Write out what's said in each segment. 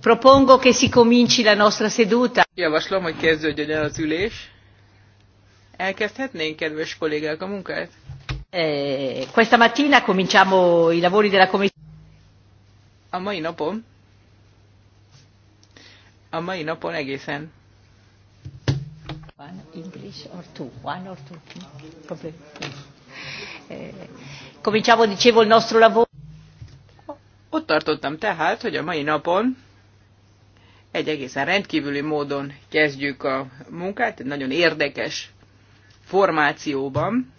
Propongo che si cominci la nostra seduta. Javaslom, hogy kezdődjön el az ülés. Elkezdhetnénk, kedves kollégák, a munkát? Eh, questa mattina cominciamo i lavori della commissione. A mai napon a mai napon egészen. One English or two, one or two. Eh, cominciamo, dicevo, il nostro lavoro. Ott tartottam tehát, hogy a mai napon egy egészen rendkívüli módon kezdjük a munkát, egy nagyon érdekes formációban.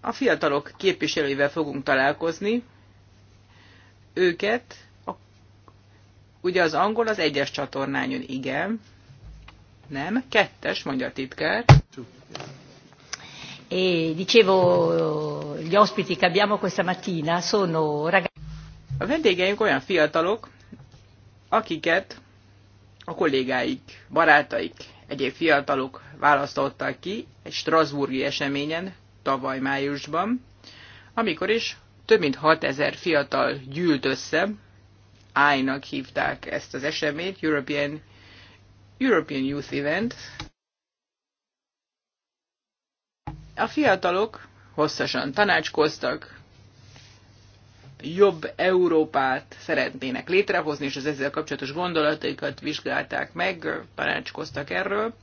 A fiatalok képviselőivel fogunk találkozni. Őket, a, ugye az angol az egyes csatornán jön, igen. Nem, kettes, mondja a titkár. E dicevo, gli ospiti che abbiamo questa mattina sono ragazzi. A vendégeink olyan fiatalok, akiket a kollégáik, barátaik, egyéb fiatalok választottak ki egy Strasburgi eseményen tavaly májusban, amikor is több mint 6000 fiatal gyűlt össze, I-nak hívták ezt az eseményt, European, European Youth Event. A fiatalok hosszasan tanácskoztak, jobb Európát szeretnének létrehozni, és az ezzel kapcsolatos gondolataikat vizsgálták meg, tanácskoztak erről.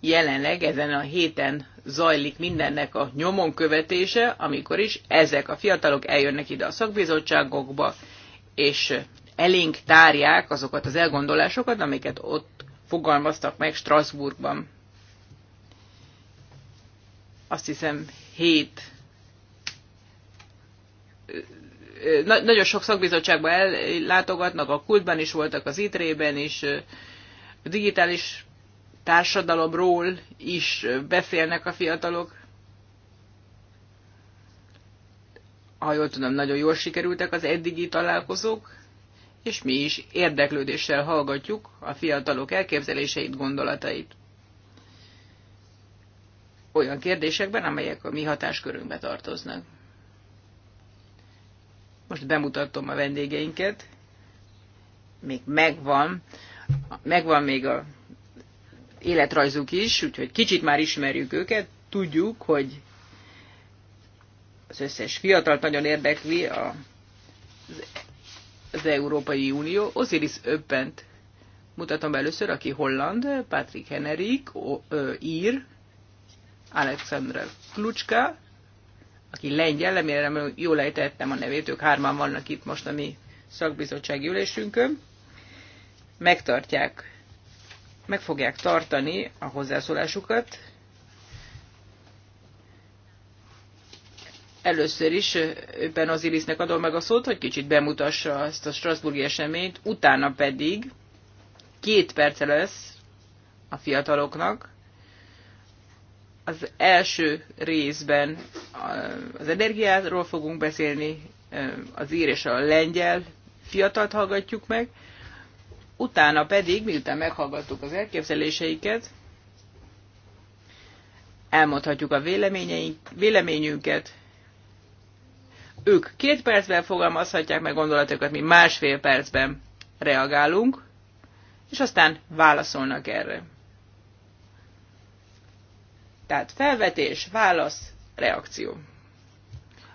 Jelenleg ezen a héten zajlik mindennek a nyomon követése, amikor is ezek a fiatalok eljönnek ide a szakbizottságokba, és elénk tárják azokat az elgondolásokat, amiket ott fogalmaztak meg Strasbourgban. Azt hiszem, hét nagyon sok szakbizottságban ellátogatnak, a kultban is voltak, az ITRE-ben is, a digitális társadalomról is beszélnek a fiatalok. Ha jól tudom, nagyon jól sikerültek az eddigi találkozók, és mi is érdeklődéssel hallgatjuk a fiatalok elképzeléseit, gondolatait. Olyan kérdésekben, amelyek a mi hatáskörünkbe tartoznak. Most bemutatom a vendégeinket. Még megvan, megvan még a életrajzuk is, úgyhogy kicsit már ismerjük őket. Tudjuk, hogy az összes fiatal nagyon érdekli a, az, az Európai Unió. Osiris Öppent mutatom be először, aki holland, Patrick Henrik, ír, Alexandra Klucska, aki lengyel, remélem jól ejtettem a nevét, ők hárman vannak itt most a mi szakbizottsági ülésünkön, megtartják, meg fogják tartani a hozzászólásukat. Először is őben az Ozirisnek adom meg a szót, hogy kicsit bemutassa ezt a Strasburgi eseményt, utána pedig két perce lesz a fiataloknak, az első részben az energiáról fogunk beszélni, az ír és a lengyel fiatalt hallgatjuk meg, utána pedig, miután meghallgattuk az elképzeléseiket, elmondhatjuk a véleményünket, ők két percben fogalmazhatják meg gondolatokat, mi másfél percben reagálunk, és aztán válaszolnak erre. Tehát felvetés, válasz, reakció.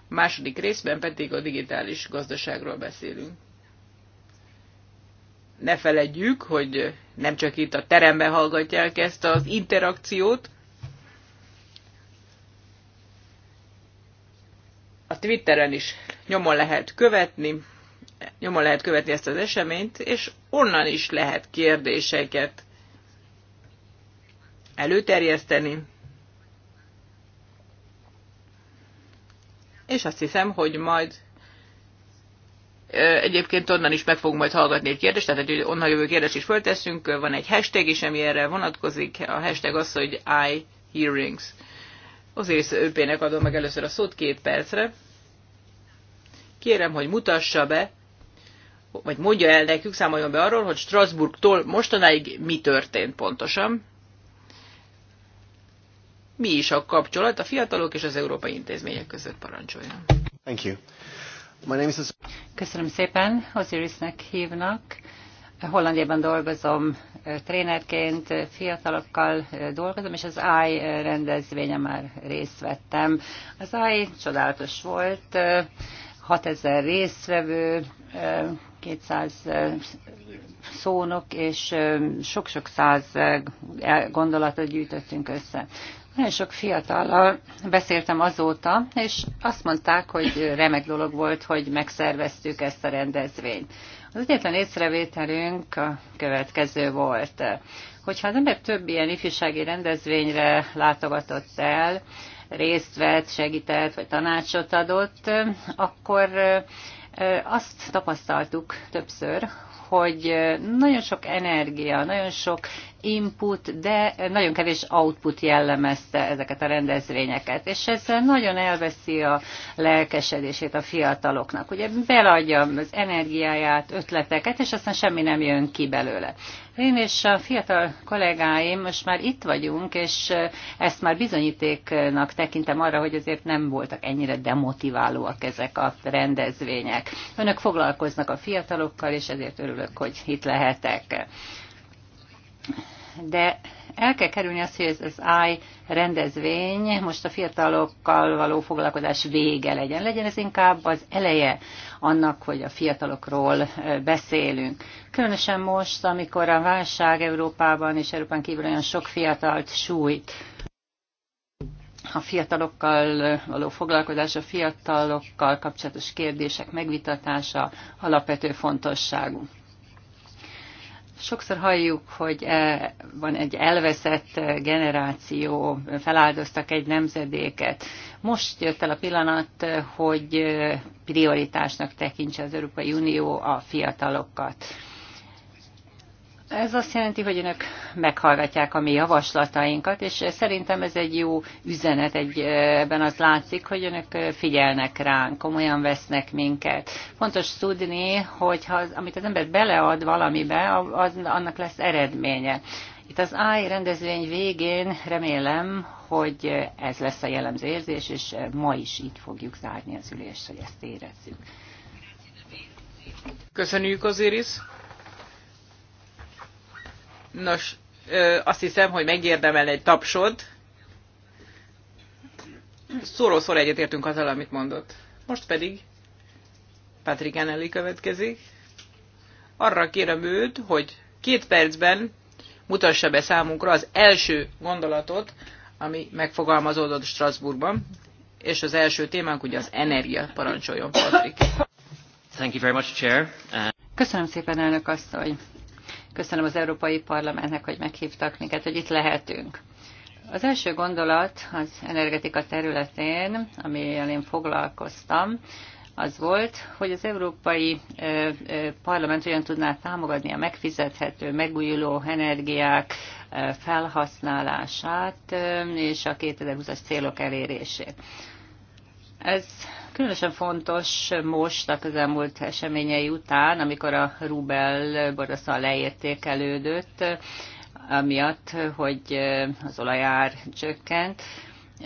A második részben pedig a digitális gazdaságról beszélünk. Ne feledjük, hogy nem csak itt a teremben hallgatják ezt az interakciót, a Twitteren is nyomon lehet követni, nyomon lehet követni ezt az eseményt, és onnan is lehet kérdéseket előterjeszteni, és azt hiszem, hogy majd Egyébként onnan is meg fogunk majd hallgatni egy kérdést, tehát egy onnan jövő kérdést is föltesszünk, Van egy hashtag is, ami erre vonatkozik. A hashtag az, hogy I hearings. Azért őpének adom meg először a szót két percre. Kérem, hogy mutassa be, vagy mondja el nekünk, számoljon be arról, hogy Strasbourgtól mostanáig mi történt pontosan mi is a kapcsolat a fiatalok és az európai intézmények között parancsoljon. Thank you. My name is... Köszönöm szépen, Osirisnek hívnak. Hollandiában dolgozom trénerként, fiatalokkal dolgozom, és az AI rendezvényen már részt vettem. Az AI csodálatos volt, 6000 résztvevő, 200 szónok, és sok-sok száz gondolatot gyűjtöttünk össze. Nagyon sok fiatallal beszéltem azóta, és azt mondták, hogy remek dolog volt, hogy megszerveztük ezt a rendezvényt. Az egyetlen észrevételünk a következő volt. Hogyha az ember több ilyen ifjúsági rendezvényre látogatott el, részt vett, segített, vagy tanácsot adott, akkor azt tapasztaltuk többször, hogy nagyon sok energia, nagyon sok input, de nagyon kevés output jellemezte ezeket a rendezvényeket, és ez nagyon elveszi a lelkesedését a fiataloknak. Ugye beleadja az energiáját, ötleteket, és aztán semmi nem jön ki belőle. Én és a fiatal kollégáim most már itt vagyunk, és ezt már bizonyítéknak tekintem arra, hogy azért nem voltak ennyire demotiválóak ezek a rendezvények. Önök foglalkoznak a fiatalokkal, és ezért örülök, hogy itt lehetek de el kell kerülni azt, hogy ez az I rendezvény most a fiatalokkal való foglalkozás vége legyen. Legyen ez inkább az eleje annak, hogy a fiatalokról beszélünk. Különösen most, amikor a válság Európában és Európán kívül olyan sok fiatalt sújt, a fiatalokkal való foglalkozás, a fiatalokkal kapcsolatos kérdések megvitatása alapvető fontosságú. Sokszor halljuk, hogy e, van egy elveszett generáció, feláldoztak egy nemzedéket. Most jött el a pillanat, hogy prioritásnak tekintse az Európai Unió a fiatalokat ez azt jelenti, hogy önök meghallgatják a mi javaslatainkat, és szerintem ez egy jó üzenet, egy, ebben az látszik, hogy önök figyelnek ránk, komolyan vesznek minket. Fontos tudni, hogy ha, amit az ember belead valamibe, az, annak lesz eredménye. Itt az AI rendezvény végén remélem, hogy ez lesz a jellemző érzés, és ma is így fogjuk zárni az ülést, hogy ezt érezzük. Köszönjük, Iris! Nos, azt hiszem, hogy megérdemel egy tapsod. Szóról-szóra egyetértünk azzal, amit mondott. Most pedig Patrick Anneli következik. Arra kérem őt, hogy két percben mutassa be számunkra az első gondolatot, ami megfogalmazódott Strasbourgban, és az első témánk ugye az energia. Parancsoljon, Patrick. Thank you very much, Chair. Uh, Köszönöm szépen, elnök asszony. Köszönöm az Európai Parlamentnek, hogy meghívtak minket, hogy itt lehetünk. Az első gondolat az energetika területén, amivel én foglalkoztam, az volt, hogy az Európai Parlament olyan tudná támogatni a megfizethető, megújuló energiák felhasználását és a 2020-as célok elérését. Ez Különösen fontos most a közelmúlt eseményei után, amikor a Rubel borzasztóan leértékelődött, amiatt, hogy az olajár csökkent.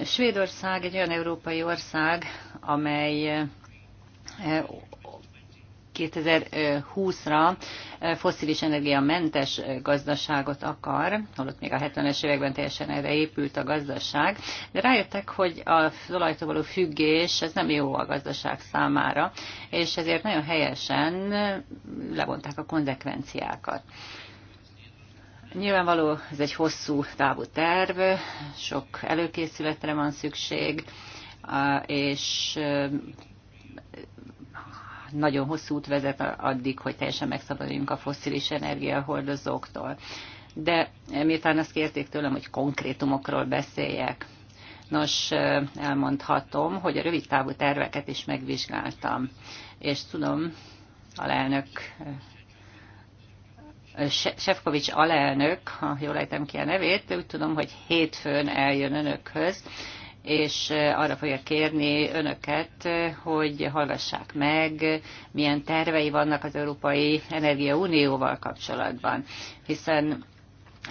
Svédország egy olyan európai ország, amely 2020-ra eh, foszilis energiamentes eh, gazdaságot akar, holott még a 70-es években teljesen erre épült a gazdaság, de rájöttek, hogy a olajtól való függés ez nem jó a gazdaság számára, és ezért nagyon helyesen eh, levonták a konzekvenciákat. Nyilvánvaló, ez egy hosszú távú terv, sok előkészületre van szükség, és nagyon hosszú út vezet addig, hogy teljesen megszabaduljunk a fosszilis energiahordozóktól. De miután azt kérték tőlem, hogy konkrétumokról beszéljek, Nos, elmondhatom, hogy a rövid távú terveket is megvizsgáltam, és tudom, alelnök Sefkovics alelnök, ha jól ejtem ki a nevét, úgy tudom, hogy hétfőn eljön önökhöz, és arra fogja kérni önöket, hogy hallgassák meg, milyen tervei vannak az Európai Energia Unióval kapcsolatban, hiszen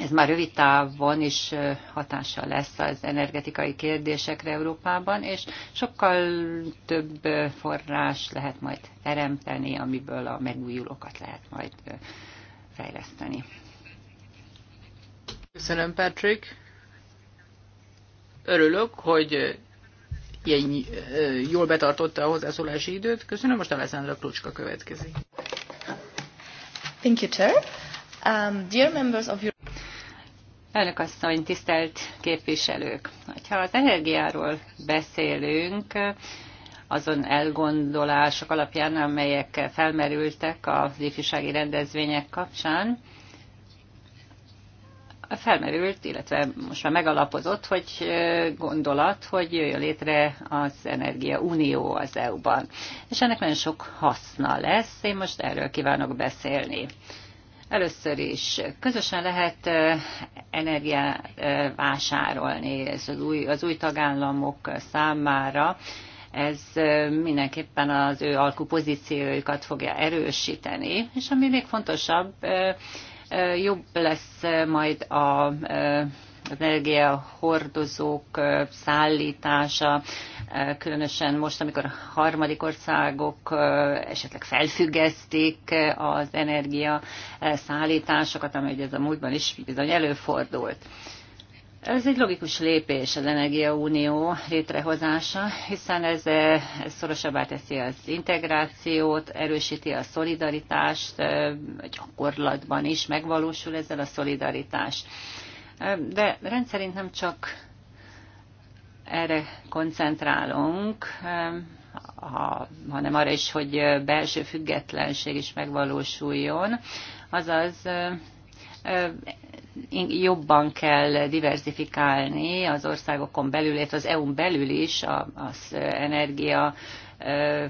ez már rövid távon is hatással lesz az energetikai kérdésekre Európában, és sokkal több forrás lehet majd teremteni, amiből a megújulókat lehet majd fejleszteni. Köszönöm, Patrick. Örülök, hogy ilyen jól betartotta a hozzászólási időt. Köszönöm, most Alessandra Klucska következik. Thank you, Chair. Um, dear members of your... Elnök asszony, tisztelt képviselők! Ha az energiáról beszélünk, azon elgondolások alapján, amelyek felmerültek az ifjúsági rendezvények kapcsán, felmerült, illetve most már megalapozott, hogy gondolat, hogy jöjjön létre az Energia Unió az EU-ban. És ennek nagyon sok haszna lesz, én most erről kívánok beszélni. Először is közösen lehet energiát vásárolni ez az, új, az új tagállamok számára. Ez mindenképpen az ő alkupozícióikat fogja erősíteni, és ami még fontosabb, jobb lesz majd a az energiahordozók szállítása, különösen most, amikor harmadik országok esetleg felfüggesztik az energia szállításokat, amely ez a múltban is bizony előfordult. Ez egy logikus lépés az Energiaunió létrehozása, hiszen ez eh, szorosabbá teszi az integrációt, erősíti a szolidaritást, eh, gyakorlatban is megvalósul ezzel a szolidaritás. Eh, de rendszerint nem csak erre koncentrálunk, hanem arra is, hogy belső függetlenség is megvalósuljon, azaz jobban kell diversifikálni az országokon belül, illetve az EU-n belül is az energia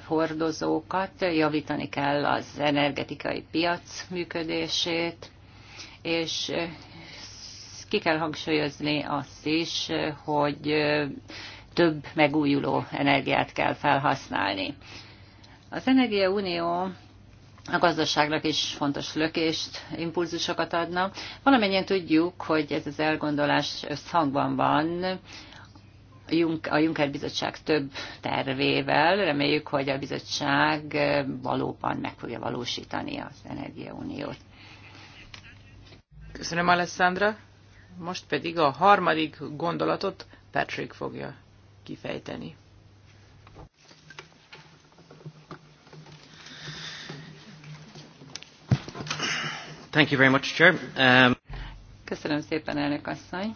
hordozókat, javítani kell az energetikai piac működését, és ki kell hangsúlyozni azt is, hogy több megújuló energiát kell felhasználni. Az energia unió a gazdaságnak is fontos lökést, impulzusokat adna. Valamennyien tudjuk, hogy ez az elgondolás összhangban van a Juncker Bizottság több tervével. Reméljük, hogy a bizottság valóban meg fogja valósítani az Energiauniót. Köszönöm, Alessandra. Most pedig a harmadik gondolatot Patrick fogja kifejteni. Thank you very much, Chair. Um... Köszönöm szépen, elnök asszony.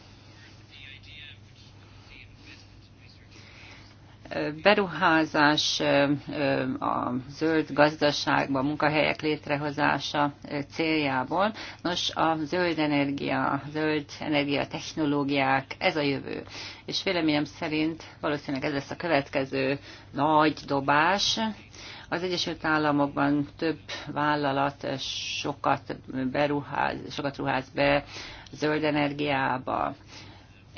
beruházás, a zöld gazdaságban munkahelyek létrehozása céljából. Nos, a zöld energia, zöld energia technológiák, ez a jövő. És véleményem szerint valószínűleg ez lesz a következő nagy dobás, az Egyesült Államokban több vállalat sokat, beruház, sokat ruház be zöld energiába,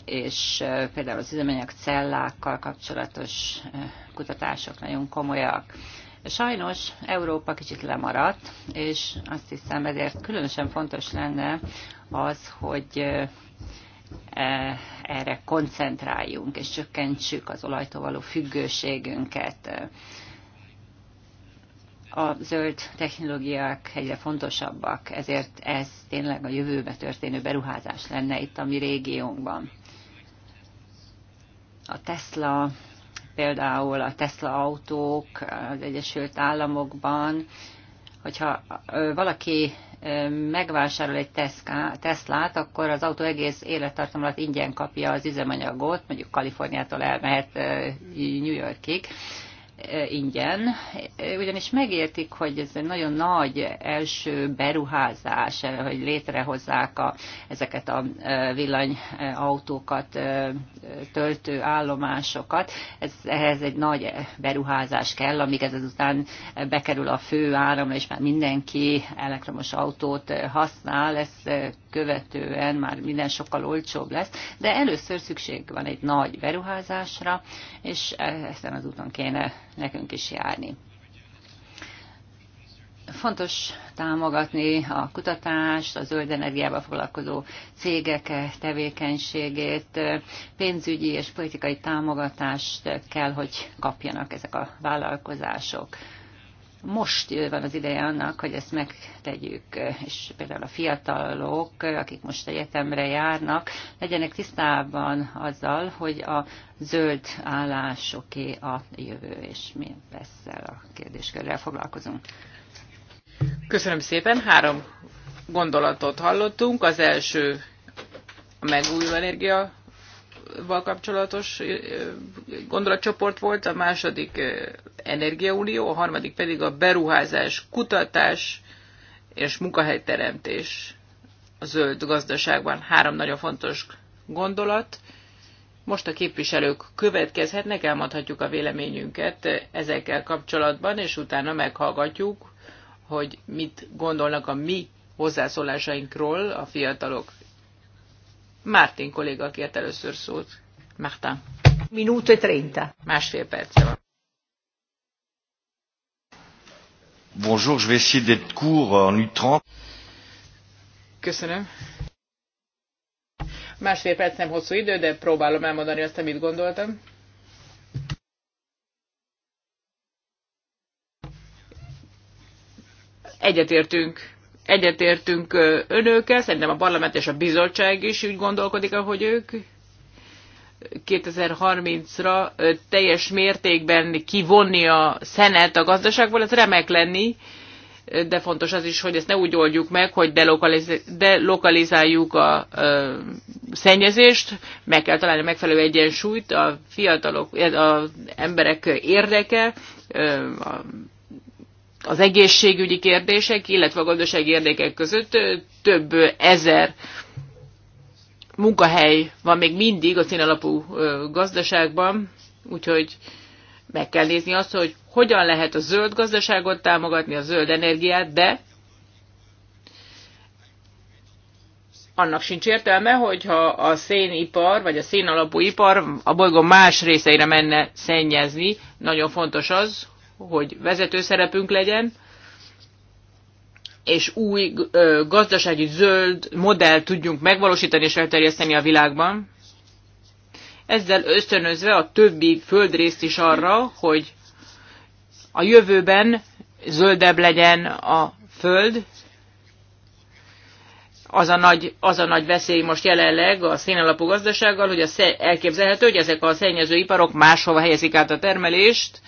és például az üzemanyag cellákkal kapcsolatos kutatások nagyon komolyak. Sajnos Európa kicsit lemaradt, és azt hiszem ezért különösen fontos lenne az, hogy e, erre koncentráljunk, és csökkentsük az olajtól való függőségünket a zöld technológiák egyre fontosabbak, ezért ez tényleg a jövőbe történő beruházás lenne itt a mi régiónkban. A Tesla, például a Tesla autók az Egyesült Államokban, hogyha valaki megvásárol egy Teslát, akkor az autó egész élettartam alatt ingyen kapja az üzemanyagot, mondjuk Kaliforniától elmehet New Yorkig, ingyen, ugyanis megértik, hogy ez egy nagyon nagy első beruházás, hogy létrehozzák a, ezeket a villanyautókat, töltő állomásokat. Ez, ehhez egy nagy beruházás kell, amíg ez azután bekerül a fő áramra, és már mindenki elektromos autót használ, lesz követően már minden sokkal olcsóbb lesz, de először szükség van egy nagy beruházásra, és ezen az úton kéne nekünk is járni. Fontos támogatni a kutatást, a zöld energiába foglalkozó cégek tevékenységét, pénzügyi és politikai támogatást kell, hogy kapjanak ezek a vállalkozások most van az ideje annak, hogy ezt megtegyük, és például a fiatalok, akik most egyetemre járnak, legyenek tisztában azzal, hogy a zöld állásoké a jövő, és mi ezzel a kérdéskörrel foglalkozunk. Köszönöm szépen, három gondolatot hallottunk. Az első a megújuló energia val kapcsolatos gondolatcsoport volt, a második energiaunió, a harmadik pedig a beruházás, kutatás és munkahelyteremtés a zöld gazdaságban. Három nagyon fontos gondolat. Most a képviselők következhetnek, elmondhatjuk a véleményünket ezekkel kapcsolatban, és utána meghallgatjuk, hogy mit gondolnak a mi hozzászólásainkról a fiatalok. Martin, kolléga kért először szót. Mártin. Minuto e trenta. Másfél perc van. Bonjour, je vais essayer d'être court en U30. Köszönöm. Másfél perc nem hosszú idő, de próbálom elmondani azt, amit gondoltam. Egyetértünk egyetértünk önökkel, szerintem a parlament és a bizottság is úgy gondolkodik, ahogy ők 2030-ra teljes mértékben kivonni a szenet a gazdaságból, ez remek lenni, de fontos az is, hogy ezt ne úgy oldjuk meg, hogy delokalizáljuk a szennyezést, meg kell találni megfelelő egyensúlyt a fiatalok, az emberek érdeke, a az egészségügyi kérdések, illetve a gazdasági érdekek között több ezer munkahely van még mindig a színalapú gazdaságban, úgyhogy meg kell nézni azt, hogy hogyan lehet a zöld gazdaságot támogatni, a zöld energiát, de annak sincs értelme, hogyha a szénipar, vagy a szénalapú ipar a bolygó más részeire menne szennyezni. Nagyon fontos az, hogy vezető szerepünk legyen, és új gazdasági zöld modellt tudjunk megvalósítani és elterjeszteni a világban. Ezzel ösztönözve a többi földrészt is arra, hogy a jövőben zöldebb legyen a föld. Az a nagy, az a nagy veszély most jelenleg a szénalapú gazdasággal, hogy az elképzelhető, hogy ezek a szennyezőiparok máshova helyezik át a termelést,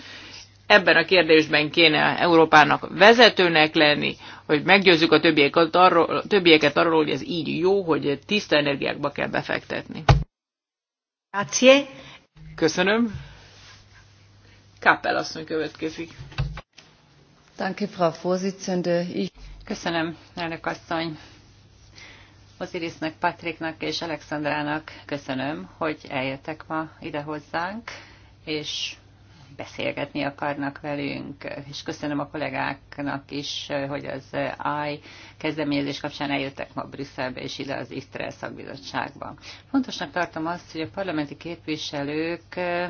Ebben a kérdésben kéne Európának vezetőnek lenni, hogy meggyőzzük a többieket arról, többieket arról hogy ez így jó, hogy tiszta energiákba kell befektetni. Grazie. Köszönöm. Kappel asszony következik. Danke, Frau Vorsitzende. Ich... Köszönöm, elnök asszony. Osirisnek, Patriknak és Alexandrának köszönöm, hogy eljöttek ma ide hozzánk, és beszélgetni akarnak velünk, és köszönöm a kollégáknak is, hogy az AI kezdeményezés kapcsán eljöttek ma Brüsszelbe és ide az Isztrel szakbizottságba. Fontosnak tartom azt, hogy a parlamenti képviselők eh,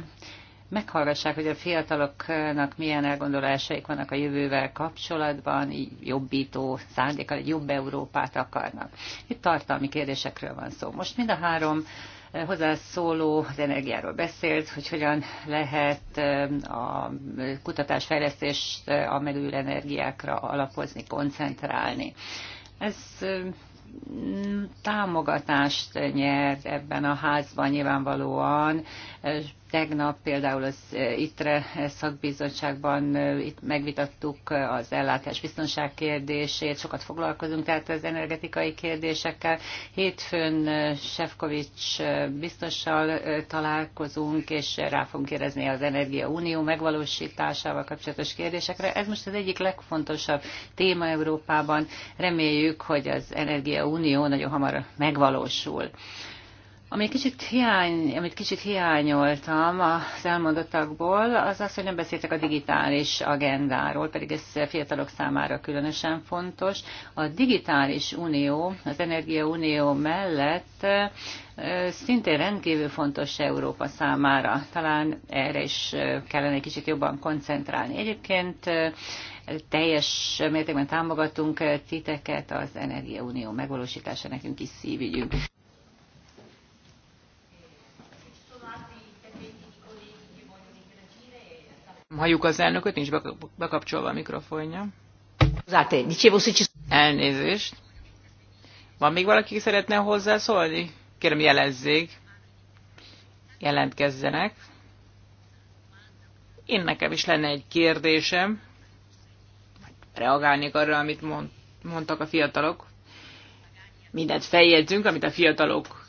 meghallgassák, hogy a fiataloknak milyen elgondolásaik vannak a jövővel kapcsolatban, így jobbító szándékkal, egy jobb Európát akarnak. Itt tartalmi kérdésekről van szó. Most mind a három hozzászóló az energiáról beszélt, hogy hogyan lehet a kutatásfejlesztést a megújuló energiákra alapozni, koncentrálni. Ez támogatást nyer ebben a házban nyilvánvalóan, Tegnap például az e, ITRE szakbizottságban e, itt megvitattuk az ellátás biztonság kérdését, sokat foglalkozunk tehát az energetikai kérdésekkel. Hétfőn e, Sefkovics biztossal találkozunk, és rá fogunk kérdezni az Energia Unió megvalósításával kapcsolatos kérdésekre. Ez most az egyik legfontosabb téma Európában. Reméljük, hogy az Energia Unió nagyon hamar megvalósul. Ami kicsit, hiány, amit kicsit hiányoltam az elmondottakból, az az, hogy nem beszéltek a digitális agendáról, pedig ez fiatalok számára különösen fontos. A digitális unió, az energiaunió mellett szintén rendkívül fontos Európa számára. Talán erre is kellene egy kicsit jobban koncentrálni. Egyébként teljes mértékben támogatunk titeket az Energiaunió megvalósítása nekünk is szívügyünk. Halljuk az elnököt, nincs bekapcsolva a mikrofonja. Elnézést. Van még valaki, ki szeretne hozzászólni? Kérem jelezzék. Jelentkezzenek. Én nekem is lenne egy kérdésem. Reagálnék arra, amit mond, mondtak a fiatalok. Mindent feljegyzünk, amit a fiatalok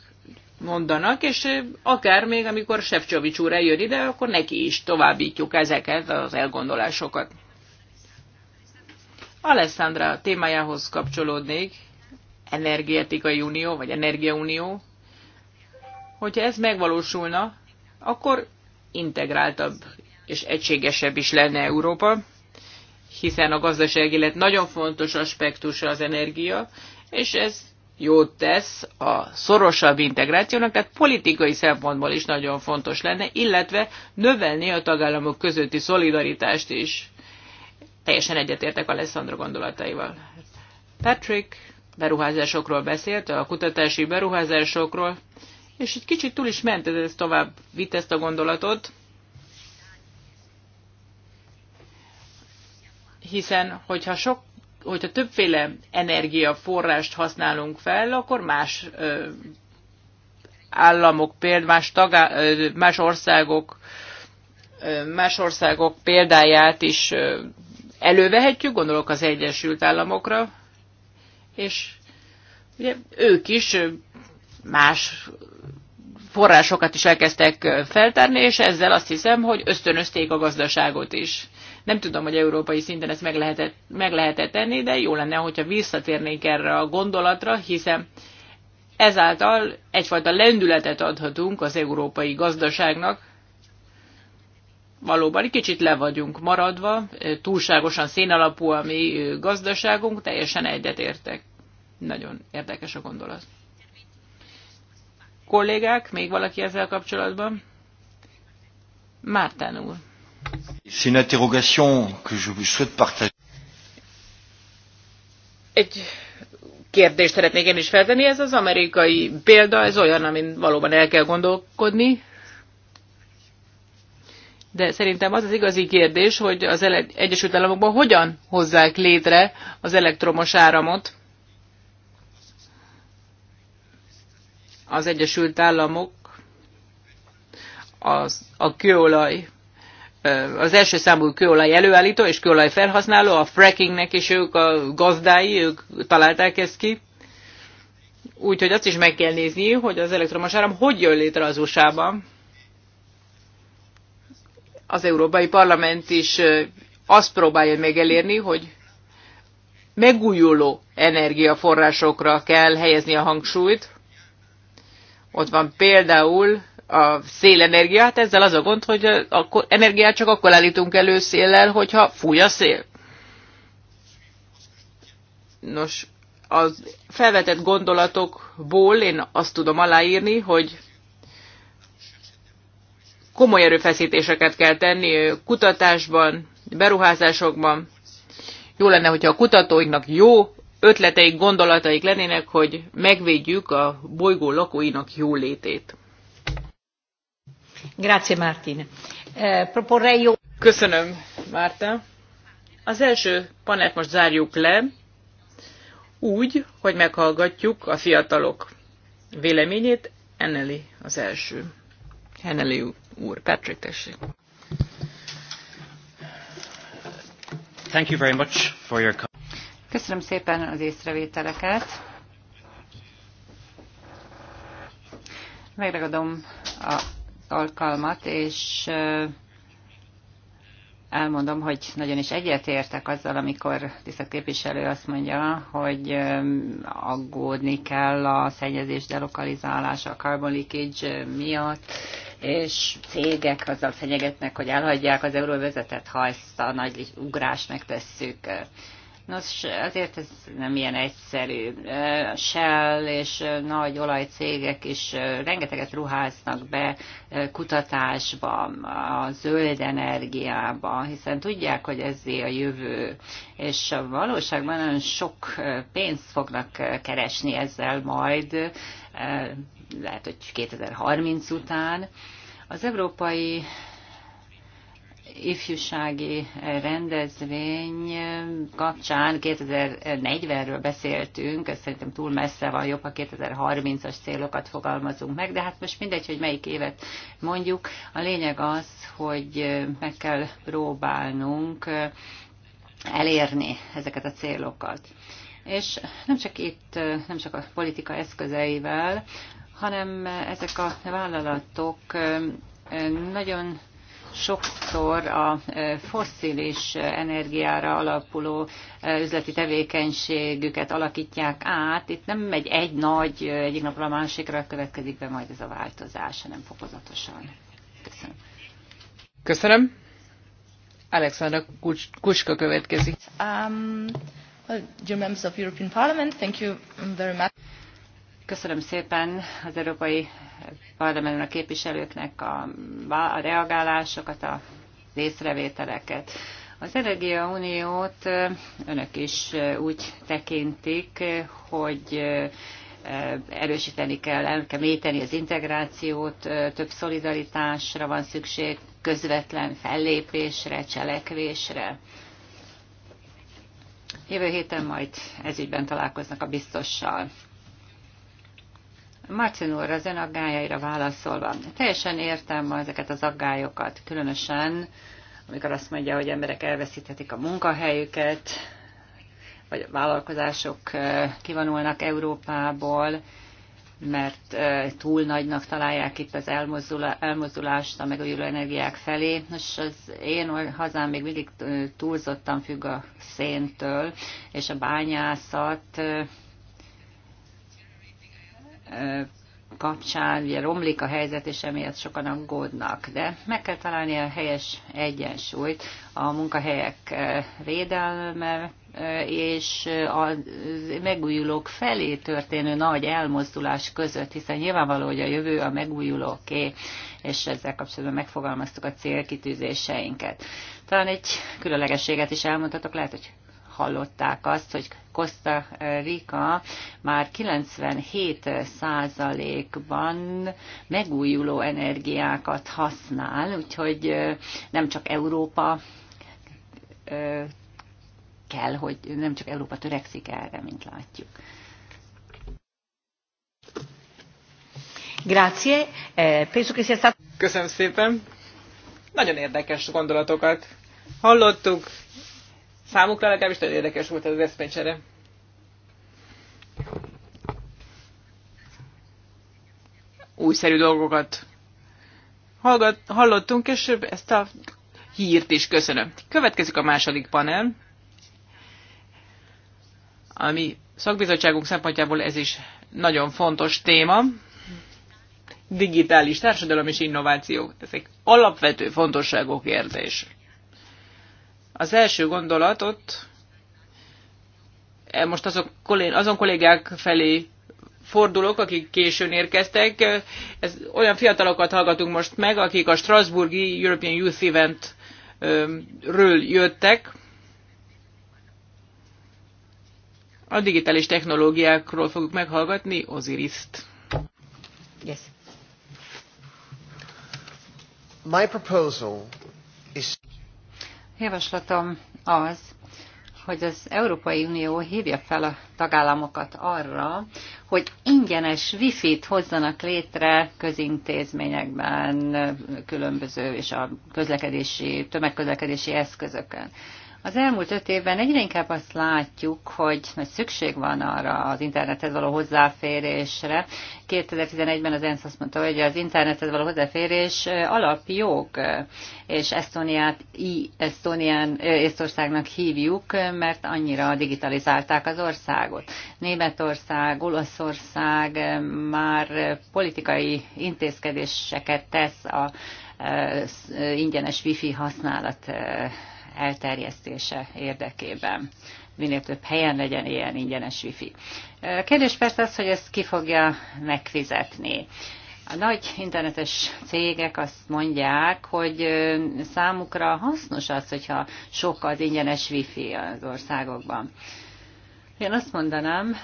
mondanak, és akár még amikor Sefcsovics úr eljön ide, akkor neki is továbbítjuk ezeket az elgondolásokat. Alessandra témájához kapcsolódnék, energetikai unió, vagy energiaunió. Hogyha ez megvalósulna, akkor integráltabb és egységesebb is lenne Európa, hiszen a gazdaság élet nagyon fontos aspektusa az energia, és ez jót tesz a szorosabb integrációnak, tehát politikai szempontból is nagyon fontos lenne, illetve növelni a tagállamok közötti szolidaritást is. Teljesen egyetértek Alessandro gondolataival. Patrick beruházásokról beszélt, a kutatási beruházásokról, és egy kicsit túl is ment, ez tovább vitt ezt a gondolatot, hiszen hogyha sok hogyha többféle energiaforrást használunk fel, akkor más államok, például más, tagá, más országok, más országok példáját is elővehetjük, gondolok az Egyesült Államokra, és ugye ők is más forrásokat is elkezdtek feltárni, és ezzel azt hiszem, hogy ösztönözték a gazdaságot is. Nem tudom, hogy európai szinten ezt meg lehetett, meg lehetett tenni, de jó lenne, hogyha visszatérnénk erre a gondolatra, hiszen ezáltal egyfajta lendületet adhatunk az európai gazdaságnak. Valóban egy kicsit le vagyunk maradva, túlságosan szénalapú a mi gazdaságunk, teljesen egyetértek. Nagyon érdekes a gondolat. Kollégák, még valaki ezzel kapcsolatban? Márten úr. Egy kérdést szeretnék én is feltenni. Ez az amerikai példa, ez olyan, amin valóban el kell gondolkodni. De szerintem az az igazi kérdés, hogy az Egyesült Államokban hogyan hozzák létre az elektromos áramot. Az Egyesült Államok az, a kőolaj az első számú kőolaj előállító és kőolaj felhasználó, a frackingnek is ők a gazdái, ők találták ezt ki. Úgyhogy azt is meg kell nézni, hogy az elektromos áram hogy jön létre az USA-ban. Az Európai Parlament is azt próbálja meg elérni, hogy megújuló energiaforrásokra kell helyezni a hangsúlyt. Ott van például a szélenergia, hát ezzel az a gond, hogy akkor, energiát csak akkor állítunk elő széllel, hogyha fúj a szél. Nos, az felvetett gondolatokból én azt tudom aláírni, hogy komoly erőfeszítéseket kell tenni kutatásban, beruházásokban. Jó lenne, hogyha a kutatóinknak jó ötleteik, gondolataik lennének, hogy megvédjük a bolygó lakóinak jólétét. Eh, Köszönöm, Márta. Az első panelt most zárjuk le úgy, hogy meghallgatjuk a fiatalok véleményét. Enneli az első. Enneli úr, Patrick, tessék. Thank you very much for your Köszönöm szépen az észrevételeket. Megragadom a alkalmat, és elmondom, hogy nagyon is egyetértek azzal, amikor tisztelt képviselő azt mondja, hogy aggódni kell a szennyezés delokalizálása, a carbon leakage miatt, és cégek azzal fenyegetnek, hogy elhagyják az euróvezetet, ha ezt a nagy ugrást megtesszük. Nos, azért ez nem ilyen egyszerű. Shell és nagy olajcégek is rengeteget ruháznak be kutatásba, a zöld energiába, hiszen tudják, hogy ezé a jövő, és a valóságban nagyon sok pénzt fognak keresni ezzel majd, lehet, hogy 2030 után. Az Európai ifjúsági rendezvény kapcsán 2040-ről beszéltünk, ez szerintem túl messze van, jobb, ha 2030-as célokat fogalmazunk meg, de hát most mindegy, hogy melyik évet mondjuk. A lényeg az, hogy meg kell próbálnunk elérni ezeket a célokat. És nem csak itt, nem csak a politika eszközeivel, hanem ezek a vállalatok nagyon sokszor a fosszilis energiára alapuló üzleti tevékenységüket alakítják át. Itt nem egy egy nagy, egyik napra a másikra következik be majd ez a változás, hanem fokozatosan. Köszönöm. Köszönöm. Alexandra Kuska következik. Um, well, dear members of European Parliament, thank you very much. Köszönöm szépen az Európai Parlamentben a képviselőknek a, reagálásokat, a észrevételeket. Az Energia Uniót önök is úgy tekintik, hogy erősíteni kell, el kell méteni az integrációt, több szolidaritásra van szükség, közvetlen fellépésre, cselekvésre. Jövő héten majd ezügyben találkoznak a biztossal. Martin úr, az ön aggájaira válaszolva, teljesen értem ezeket az aggályokat, különösen amikor azt mondja, hogy emberek elveszíthetik a munkahelyüket, vagy a vállalkozások kivonulnak Európából, mert túl nagynak találják itt az elmozdulást a megújuló energiák felé. Nos, az én hazám még mindig túlzottan függ a széntől, és a bányászat kapcsán ugye romlik a helyzet, és emiatt sokan aggódnak. De meg kell találni a helyes egyensúlyt a munkahelyek védelme és a megújulók felé történő nagy elmozdulás között, hiszen nyilvánvaló, hogy a jövő a megújulóké, és ezzel kapcsolatban megfogalmaztuk a célkitűzéseinket. Talán egy különlegességet is elmondhatok, lehet, hogy hallották azt, hogy Costa Rica már 97%-ban megújuló energiákat használ, úgyhogy nem csak Európa kell, hogy nem csak Európa törekszik erre, mint látjuk. Grazie. Eh, penso che sia stato... Köszönöm szépen. Nagyon érdekes gondolatokat hallottuk, Számukra legalábbis nagyon érdekes volt az eszmecsere. Újszerű dolgokat hallgat, hallottunk, és ezt a hírt is köszönöm. Következik a második panel, ami szakbizottságunk szempontjából ez is nagyon fontos téma. Digitális társadalom és innováció. Ezek alapvető fontosságú kérdések. Az első gondolatot e, most azok, azon kollégák felé fordulok, akik későn érkeztek. Ez, olyan fiatalokat hallgatunk most meg, akik a Strasburgi European Youth Event ről jöttek. A digitális technológiákról fogjuk meghallgatni Oziriszt. Yes. My proposal is... Javaslatom az, hogy az Európai Unió hívja fel a tagállamokat arra, hogy ingyenes wifi-t hozzanak létre közintézményekben, különböző és a közlekedési, tömegközlekedési eszközöken. Az elmúlt öt évben egyre inkább azt látjuk, hogy nagy szükség van arra az internethez való hozzáférésre. 2011-ben az ENSZ azt mondta, hogy az internethez való hozzáférés alapjog, és Esztóniát, I, Esztónián, Észtországnak hívjuk, mert annyira digitalizálták az országot. Németország, Olaszország már politikai intézkedéseket tesz a ingyenes wifi használat elterjesztése érdekében minél több helyen legyen ilyen ingyenes wifi. Kérdés persze az, hogy ezt ki fogja megfizetni. A nagy internetes cégek azt mondják, hogy számukra hasznos az, hogyha sok az ingyenes wifi az országokban. Én azt mondanám,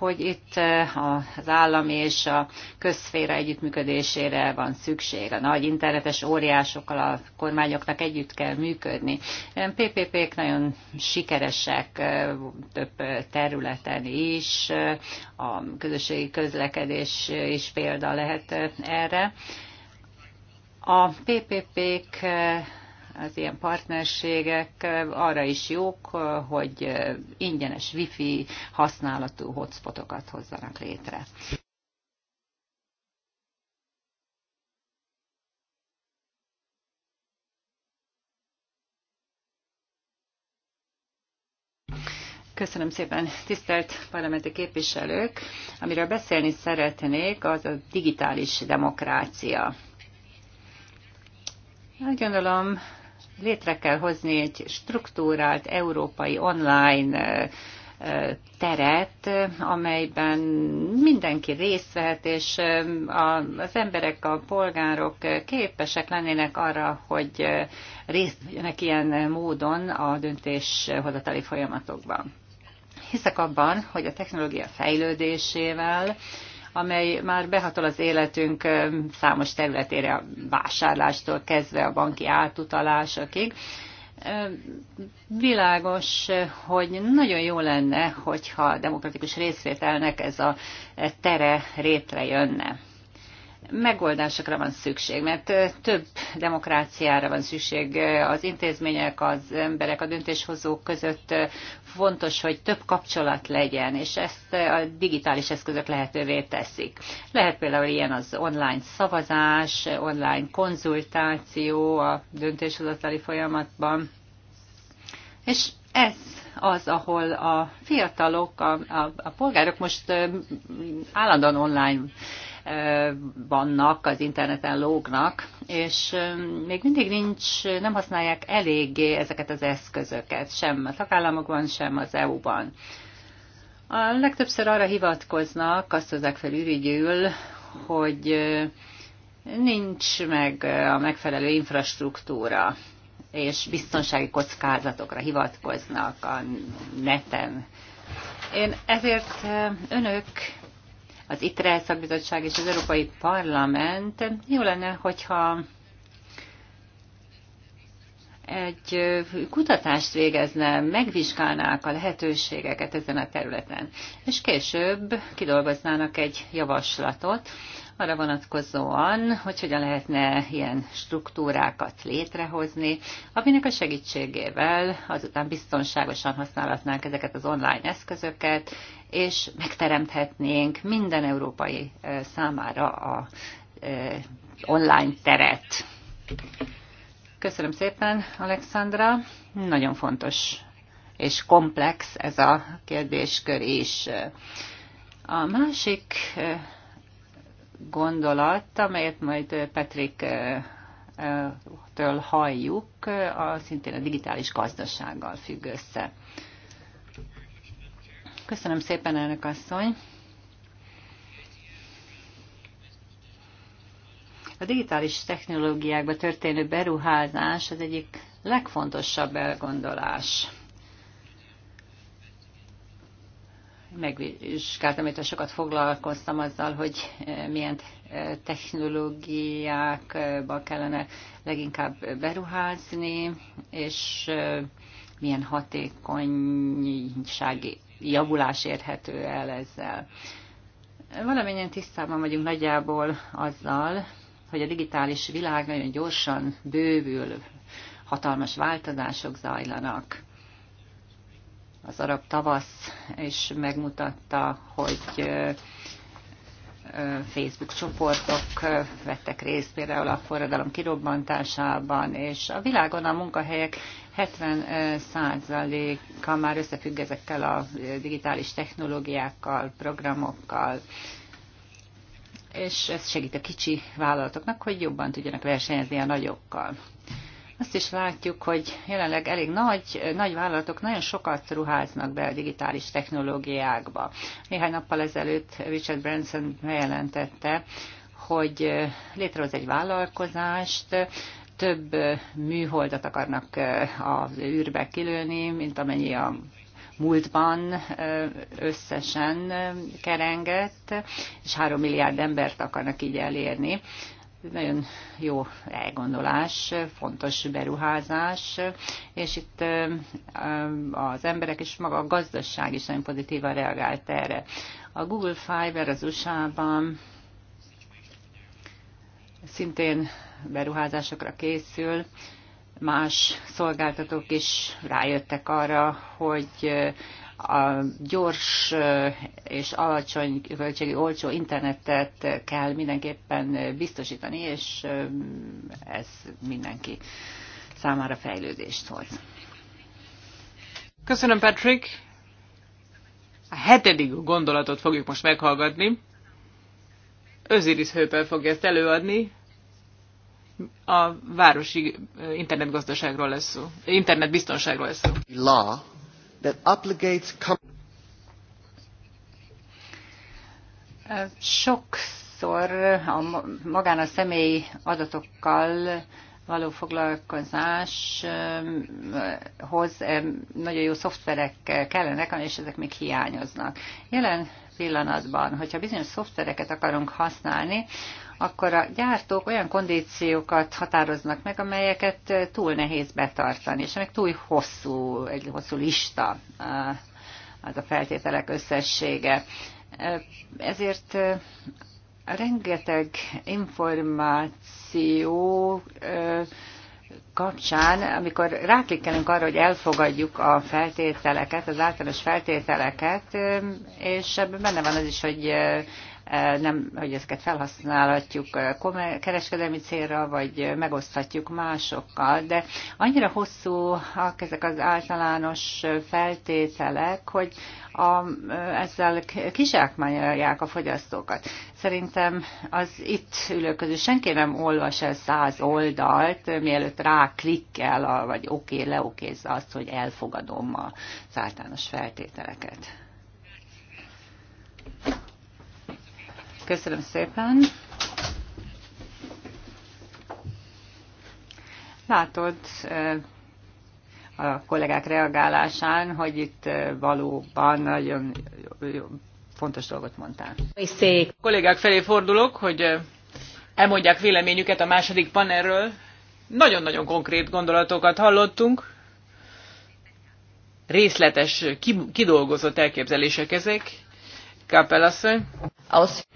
hogy itt eh, az állam és a közszféra együttműködésére van szükség. A nagy internetes óriásokkal a kormányoknak együtt kell működni. PPP-k nagyon sikeresek eh, több területen is, a közösségi közlekedés is példa lehet eh, erre. A PPP-k az ilyen partnerségek arra is jók, hogy ingyenes wifi használatú hotspotokat hozzanak létre. Köszönöm szépen, tisztelt parlamenti képviselők! Amiről beszélni szeretnék, az a digitális demokrácia. Úgy gondolom, létre kell hozni egy struktúrált európai online teret, amelyben mindenki részt vehet, és az emberek, a polgárok képesek lennének arra, hogy részt vegyenek ilyen módon a döntéshozatali folyamatokban. Hiszek abban, hogy a technológia fejlődésével amely már behatol az életünk számos területére, a vásárlástól kezdve a banki átutalásokig világos, hogy nagyon jó lenne, hogyha a demokratikus részvételnek ez a tere rétre jönne megoldásokra van szükség, mert több demokráciára van szükség az intézmények, az emberek, a döntéshozók között. Fontos, hogy több kapcsolat legyen, és ezt a digitális eszközök lehetővé teszik. Lehet például ilyen az online szavazás, online konzultáció a döntéshozatali folyamatban. És ez az, ahol a fiatalok, a, a, a polgárok most állandóan online vannak, az interneten lógnak, és még mindig nincs, nem használják eléggé ezeket az eszközöket, sem a tagállamokban, sem az EU-ban. A legtöbbször arra hivatkoznak, azt hozzák fel ürügyül, hogy nincs meg a megfelelő infrastruktúra, és biztonsági kockázatokra hivatkoznak a neten. Én ezért önök az ITRE szakbizottság és az Európai Parlament. Jó lenne, hogyha egy kutatást végezne, megvizsgálnák a lehetőségeket ezen a területen, és később kidolgoznának egy javaslatot arra vonatkozóan, hogy hogyan lehetne ilyen struktúrákat létrehozni, aminek a segítségével azután biztonságosan használhatnánk ezeket az online eszközöket, és megteremthetnénk minden európai számára a online teret. Köszönöm szépen, Alexandra. Nagyon fontos és komplex ez a kérdéskör is. A másik gondolat, amelyet majd Petrik től halljuk, a, szintén a digitális gazdasággal függ össze. Köszönöm szépen, elnök asszony. A digitális technológiákba történő beruházás az egyik legfontosabb elgondolás. Megvizsgáltam, hogy sokat foglalkoztam azzal, hogy eh, milyen eh, technológiákba kellene leginkább beruházni, és eh, milyen hatékonysági javulás érhető el ezzel. Valamennyien tisztában vagyunk nagyjából azzal, hogy a digitális világ nagyon gyorsan bővül, hatalmas változások zajlanak. Az arab tavasz is megmutatta, hogy Facebook csoportok vettek részt például a forradalom kirobbantásában, és a világon a munkahelyek 70 százalékkal már összefügg ezekkel a digitális technológiákkal, programokkal, és ez segít a kicsi vállalatoknak, hogy jobban tudjanak versenyezni a nagyokkal. Azt is látjuk, hogy jelenleg elég nagy, nagy vállalatok nagyon sokat ruháznak be a digitális technológiákba. Néhány nappal ezelőtt Richard Branson bejelentette, hogy létrehoz egy vállalkozást, több műholdat akarnak eh, az űrbe kilőni, mint amennyi a múltban eh, összesen eh, kerengett, és három milliárd embert akarnak így elérni. nagyon jó elgondolás, fontos beruházás, és itt az emberek és maga a gazdaság is nagyon pozitívan reagált erre. A Google Fiber az USA-ban szintén beruházásokra készül. Más szolgáltatók is rájöttek arra, hogy a gyors és alacsony költségi olcsó internetet kell mindenképpen biztosítani, és ez mindenki számára fejlődést hoz. Köszönöm, Patrick! A hetedik gondolatot fogjuk most meghallgatni. Öziris Höpel fogja ezt előadni. A városi internetgazdaságról lesz szó. Internetbiztonságról lesz szó. Law that obligates Sokszor a magán a személyi adatokkal való foglalkozáshoz nagyon jó szoftverek kellenek, és ezek még hiányoznak. Jelen pillanatban, hogyha bizonyos szoftvereket akarunk használni, akkor a gyártók olyan kondíciókat határoznak meg, amelyeket túl nehéz betartani, és meg túl hosszú, egy hosszú lista az a feltételek összessége. Ezért rengeteg információ kapcsán, amikor ráklikkelünk arra, hogy elfogadjuk a feltételeket, az általános feltételeket, és ebben benne van az is, hogy nem, hogy ezeket felhasználhatjuk kereskedelmi célra, vagy megoszthatjuk másokkal, de annyira hosszúak ezek az általános feltételek, hogy a, ezzel kizsákmányolják a fogyasztókat. Szerintem az itt ülők közül senki nem olvas el száz oldalt, mielőtt rá klikkel, vagy oké, okay, leokézza azt, hogy elfogadom az általános feltételeket. Köszönöm szépen. Látod eh, a kollégák reagálásán, hogy itt eh, valóban nagyon fontos dolgot mondtál. Szék. A kollégák felé fordulok, hogy eh, elmondják véleményüket a második panelről. Nagyon-nagyon konkrét gondolatokat hallottunk. Részletes, kidolgozott elképzelések ezek. Kapelasszony aus.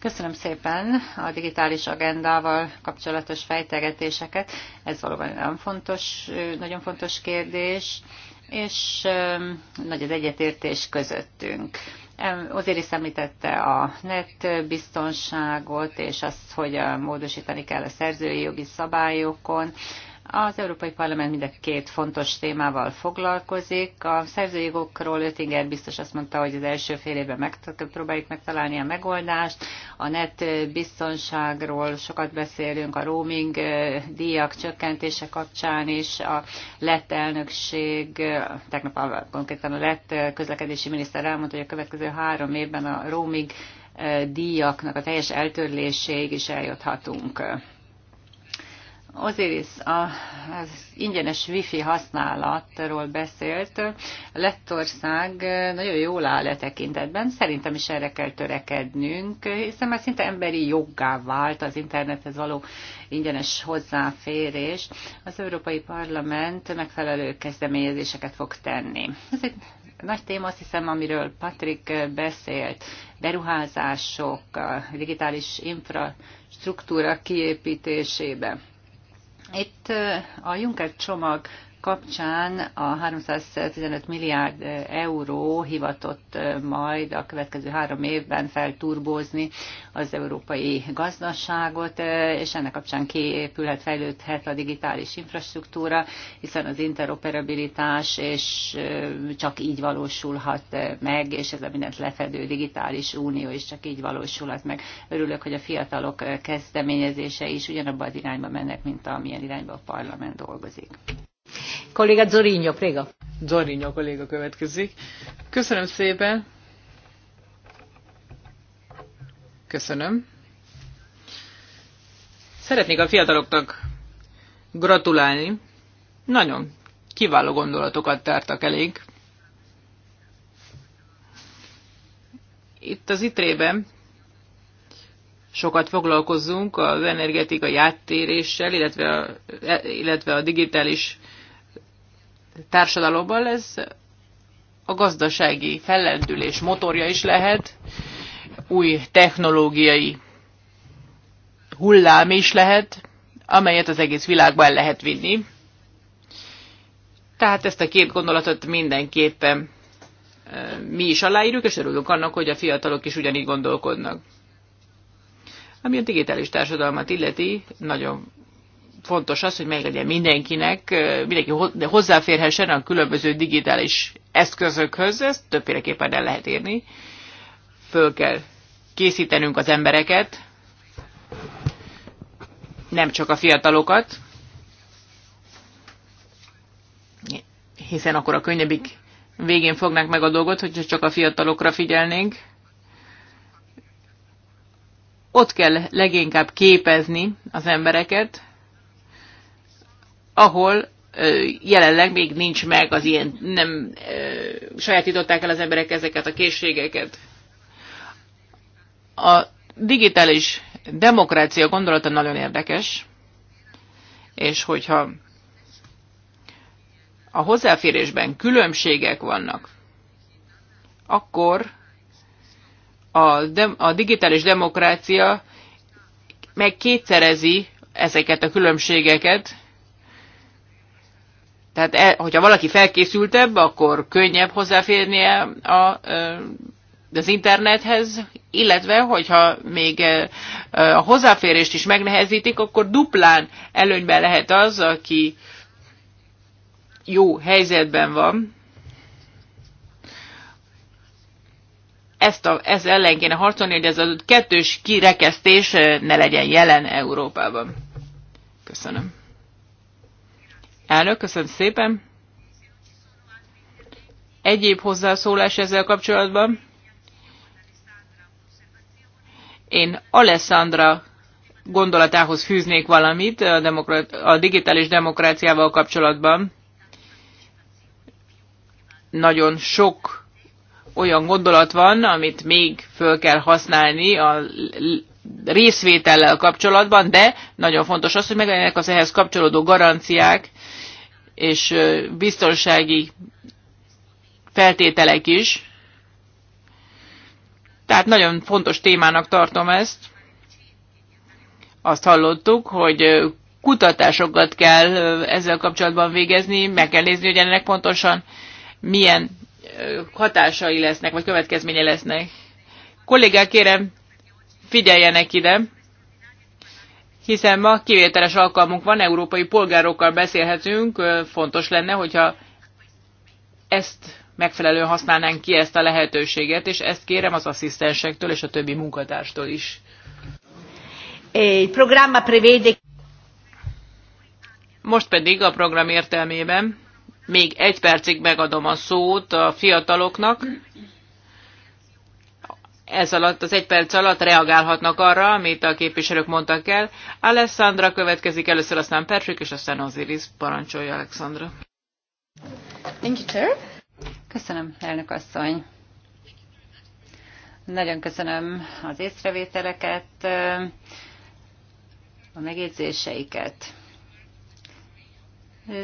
Köszönöm szépen a digitális agendával kapcsolatos fejtegetéseket. Ez valóban nagyon fontos, nagyon fontos kérdés, és nagy az egyetértés közöttünk. Azért is említette a net biztonságot, és azt, hogy módosítani kell a szerzői jogi szabályokon. Az Európai Parlament mind a két fontos témával foglalkozik. A szerzőjogokról Ötinger biztos azt mondta, hogy az első fél évben megpróbáljuk megtalálni a megoldást. A net biztonságról sokat beszélünk, a roaming díjak csökkentése kapcsán is. A lett elnökség, tegnap konkrétan a lett közlekedési miniszter elmondta, hogy a következő három évben a roaming díjaknak a teljes eltörléséig is eljuthatunk. Osiris az ingyenes wifi használatról beszélt. Lettország nagyon jól áll a e tekintetben, szerintem is erre kell törekednünk, hiszen már szinte emberi joggá vált az internethez való ingyenes hozzáférés. Az Európai Parlament megfelelő kezdeményezéseket fog tenni. Ez egy nagy téma, azt hiszem, amiről Patrik beszélt, beruházások, digitális infrastruktúra kiépítésébe. Itt a Juncker csomag kapcsán a 315 milliárd euró hivatott majd a következő három évben felturbózni az európai gazdaságot, és ennek kapcsán kiépülhet, fejlődhet a digitális infrastruktúra, hiszen az interoperabilitás és csak így valósulhat meg, és ez a mindent lefedő digitális unió is csak így valósulhat meg. Örülök, hogy a fiatalok kezdeményezése is ugyanabban az irányba mennek, mint amilyen irányba a parlament dolgozik. Kolléga Zorinho, préga. Zorinho kolléga következik. Köszönöm szépen. Köszönöm. Szeretnék a fiataloknak gratulálni. Nagyon kiváló gondolatokat tártak elég. Itt az itrében sokat foglalkozunk az energetikai áttéréssel, illetve a, e, illetve a digitális társadalomban, ez a gazdasági fellendülés motorja is lehet, új technológiai hullám is lehet, amelyet az egész világban el lehet vinni. Tehát ezt a két gondolatot mindenképpen mi is aláírjuk, és örülünk annak, hogy a fiatalok is ugyanígy gondolkodnak. Ami a digitális társadalmat illeti, nagyon fontos az, hogy meg legyen mindenkinek, mindenki hozzáférhessen a különböző digitális eszközökhöz, ezt többféleképpen el lehet érni. Föl kell készítenünk az embereket, nem csak a fiatalokat, hiszen akkor a könnyebbik végén fognánk meg a dolgot, hogyha csak a fiatalokra figyelnénk. Ott kell leginkább képezni az embereket, ahol jelenleg még nincs meg az ilyen, nem sajátították el az emberek ezeket a készségeket. A digitális demokrácia gondolata nagyon érdekes, és hogyha a hozzáférésben különbségek vannak, akkor a, de, a digitális demokrácia meg kétszerezi ezeket a különbségeket, tehát el, hogyha valaki felkészültebb, akkor könnyebb hozzáférnie a, az internethez, illetve hogyha még a hozzáférést is megnehezítik, akkor duplán előnyben lehet az, aki jó helyzetben van. Ezt a, ez ellen kéne harcolni, hogy ez a kettős kirekesztés ne legyen jelen Európában. Köszönöm. Elnök, köszönöm szépen. Egyéb hozzászólás ezzel kapcsolatban? Én Alessandra gondolatához fűznék valamit a, a digitális demokráciával kapcsolatban. Nagyon sok olyan gondolat van, amit még föl kell használni a részvétellel kapcsolatban, de nagyon fontos az, hogy megjelenek az ehhez kapcsolódó garanciák, és biztonsági feltételek is. Tehát nagyon fontos témának tartom ezt. Azt hallottuk, hogy kutatásokat kell ezzel kapcsolatban végezni, meg kell nézni, hogy ennek pontosan milyen hatásai lesznek, vagy következménye lesznek. Kollégák, kérem, figyeljenek ide! hiszen ma kivételes alkalmunk van, európai polgárokkal beszélhetünk, fontos lenne, hogyha ezt megfelelően használnánk ki ezt a lehetőséget, és ezt kérem az asszisztensektől és a többi munkatárstól is. E, Most pedig a program értelmében még egy percig megadom a szót a fiataloknak, ez alatt, az egy perc alatt reagálhatnak arra, amit a képviselők mondtak el. Alessandra következik először, aztán Patrick, és aztán Osiris. Parancsolja Alexandra. Thank you, sir. Köszönöm, elnök asszony. Nagyon köszönöm az észrevételeket, a megjegyzéseiket.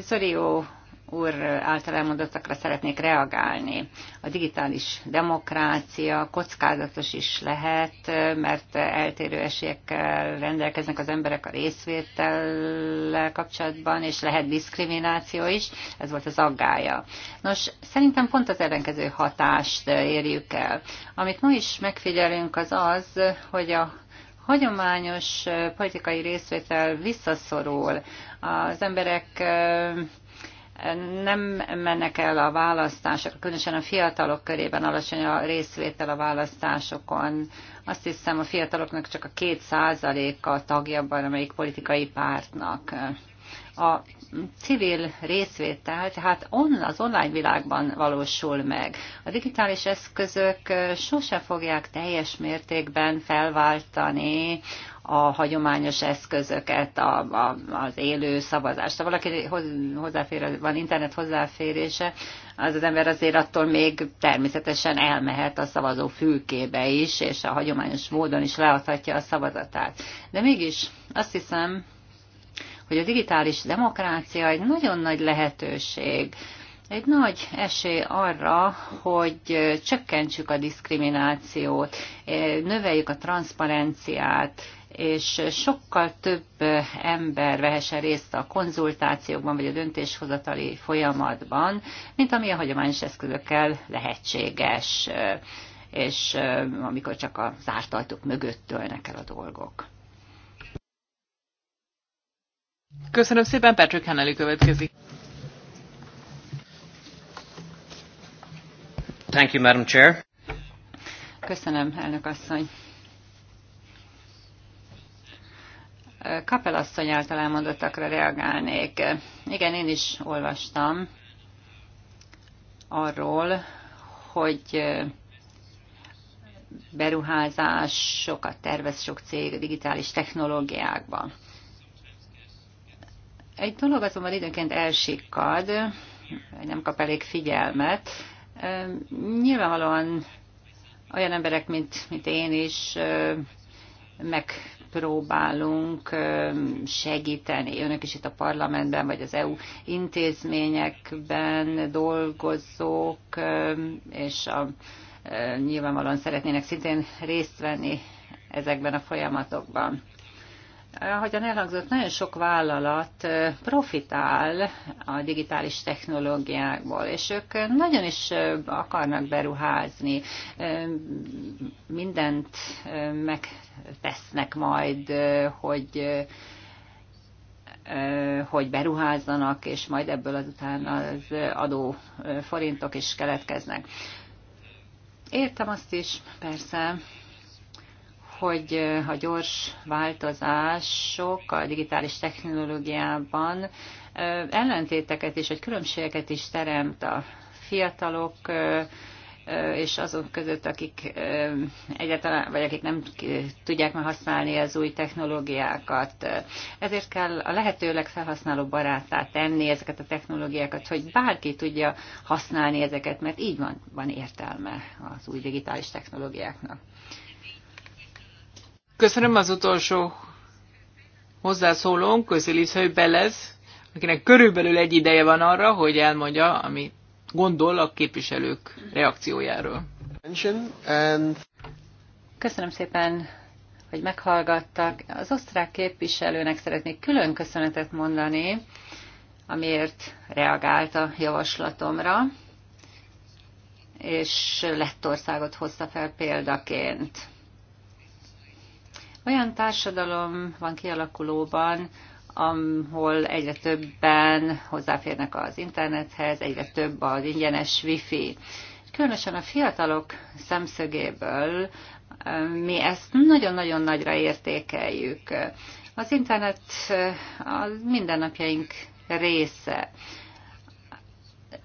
Szorió, úr által elmondottakra szeretnék reagálni. A digitális demokrácia kockázatos is lehet, mert eltérő esélyekkel rendelkeznek az emberek a részvétellel kapcsolatban, és lehet diszkrimináció is, ez volt az aggája. Nos, szerintem pont az ellenkező hatást érjük el. Amit ma is megfigyelünk az az, hogy a hagyományos politikai részvétel visszaszorul. Az emberek nem mennek el a választások, különösen a fiatalok körében alacsony a részvétel a választásokon. Azt hiszem a fiataloknak csak a két százaléka tagja valamelyik politikai pártnak. A civil részvétel, tehát on, az online világban valósul meg. A digitális eszközök sose fogják teljes mértékben felváltani a hagyományos eszközöket, a, a, az élő szavazást. Ha valaki hozzáfér, van internet hozzáférése, az az ember azért attól még természetesen elmehet a szavazó fülkébe is, és a hagyományos módon is leadhatja a szavazatát. De mégis azt hiszem, hogy a digitális demokrácia egy nagyon nagy lehetőség, egy nagy esély arra, hogy csökkentsük a diszkriminációt, eh, növeljük a transzparenciát, és sokkal több ember vehessen részt a konzultációkban vagy a döntéshozatali folyamatban, mint ami a hagyományos eszközökkel lehetséges, és amikor csak a zárt ajtók mögött tölnek el a dolgok. Köszönöm szépen, Patrick Hennelly következik. Thank you, Madam Chair. Köszönöm, elnök asszony. Kapelasszony által elmondottakra reagálnék. Igen, én is olvastam arról, hogy beruházásokat tervez sok cég a digitális technológiákban. Egy dolog azonban időnként elsikkad, nem kap elég figyelmet. Nyilvánvalóan olyan emberek, mint, mint én is, meg próbálunk segíteni. Önök is itt a parlamentben, vagy az EU intézményekben dolgozók, és a, nyilvánvalóan szeretnének szintén részt venni ezekben a folyamatokban. Ahogyan elhangzott, nagyon sok vállalat profitál a digitális technológiákból, és ők nagyon is akarnak beruházni. Mindent megtesznek majd, hogy hogy beruházzanak, és majd ebből azután az adó forintok is keletkeznek. Értem azt is, persze, hogy a gyors változások a digitális technológiában ellentéteket és egy különbségeket is teremt a fiatalok és azok között, akik egyáltalán, vagy akik nem tudják már használni az új technológiákat. Ezért kell a lehető felhasználó barátá tenni ezeket a technológiákat, hogy bárki tudja használni ezeket, mert így van, van értelme az új digitális technológiáknak. Köszönöm az utolsó hozzászólónk, Köziliszajú Belez, akinek körülbelül egy ideje van arra, hogy elmondja, ami gondol a képviselők reakciójáról. Köszönöm szépen, hogy meghallgattak. Az osztrák képviselőnek szeretnék külön köszönetet mondani, amiért reagált a javaslatomra, és Lettországot hozta fel példaként. Olyan társadalom van kialakulóban, ahol egyre többen hozzáférnek az internethez, egyre több az ingyenes wifi. Különösen a fiatalok szemszögéből um, mi ezt nagyon-nagyon nagyra értékeljük. Az internet uh, a mindennapjaink része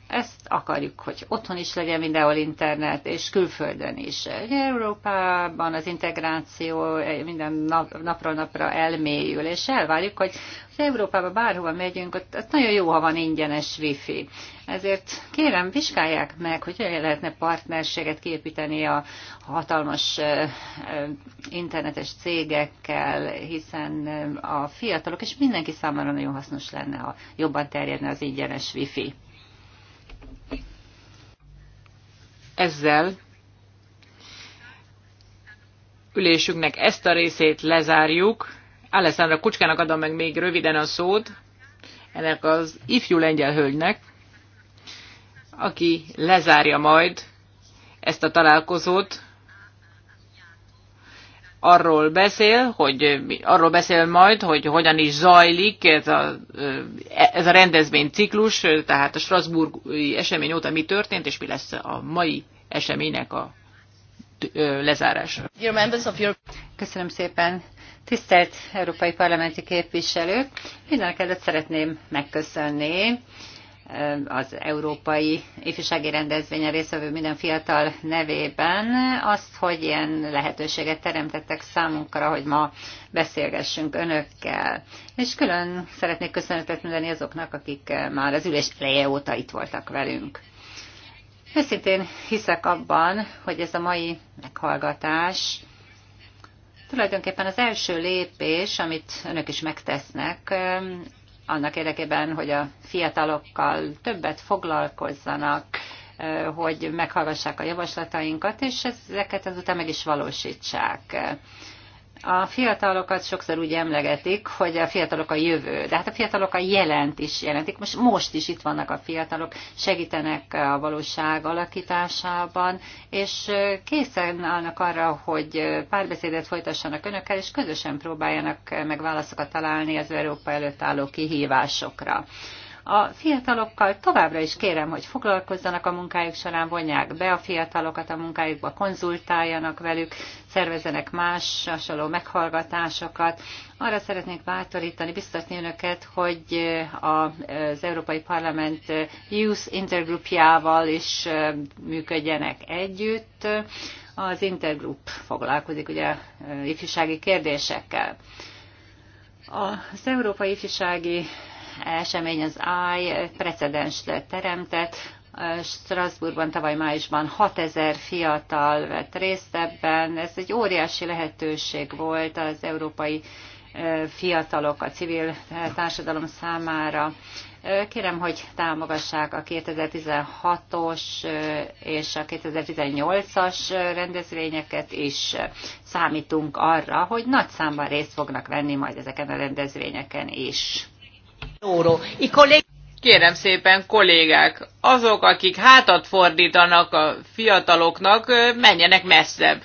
ezt akarjuk, hogy otthon is legyen mindenhol internet, és külföldön is. Ugye Európában az integráció eh, minden nap, napról napra elmélyül, és elvárjuk, hogy az Európában bárhova megyünk, ott, ott nagyon jó, ha van ingyenes wifi. Ezért kérem, vizsgálják meg, hogy hogyan lehetne partnerséget képíteni a hatalmas eh, eh, internetes cégekkel, hiszen a fiatalok és mindenki számára nagyon hasznos lenne, ha jobban terjedne az ingyenes wifi. ezzel ülésünknek ezt a részét lezárjuk. Alessandra Kucskának adom meg még röviden a szót, ennek az ifjú lengyel hölgynek, aki lezárja majd ezt a találkozót arról beszél, hogy arról beszél majd, hogy hogyan is zajlik ez a, ez a rendezvény ciklus, tehát a Strasburgi esemény óta mi történt, és mi lesz a mai eseménynek a lezárása. Köszönöm szépen. Tisztelt Európai Parlamenti Képviselők! Mindenek előtt szeretném megköszönni az európai ifjúsági rendezvényen részvevő minden fiatal nevében azt, hogy ilyen lehetőséget teremtettek számunkra, hogy ma beszélgessünk önökkel. És külön szeretnék köszönetet mondani azoknak, akik már az ülés eleje óta itt voltak velünk. Őszintén hiszek abban, hogy ez a mai meghallgatás tulajdonképpen az első lépés, amit önök is megtesznek annak érdekében, hogy a fiatalokkal többet foglalkozzanak, hogy meghallgassák a javaslatainkat, és ezeket azután meg is valósítsák. A fiatalokat sokszor úgy emlegetik, hogy a fiatalok a jövő, de hát a fiatalok a jelent is jelentik. Most, most is itt vannak a fiatalok, segítenek a valóság alakításában, és készen állnak arra, hogy párbeszédet folytassanak önökkel, és közösen próbáljanak meg válaszokat találni az Európa előtt álló kihívásokra. A fiatalokkal továbbra is kérem, hogy foglalkozzanak a munkájuk során, vonják be a fiatalokat a munkájukba, konzultáljanak velük, szervezenek más hasonló meghallgatásokat. Arra szeretnék bátorítani, biztatni önöket, hogy az Európai Parlament Youth Intergroupjával is működjenek együtt. Az Intergroup foglalkozik ugye ifjúsági kérdésekkel. Az Európai Ifjúsági esemény, az AI precedens teremtett, Strasbourgban tavaly májusban 6000 fiatal vett részt ebben. Ez egy óriási lehetőség volt az európai fiatalok, a civil társadalom számára. Kérem, hogy támogassák a 2016-os és a 2018-as rendezvényeket is. Számítunk arra, hogy nagy számban részt fognak venni majd ezeken a rendezvényeken is. Kérem szépen, kollégák, azok, akik hátat fordítanak a fiataloknak, menjenek messzebb.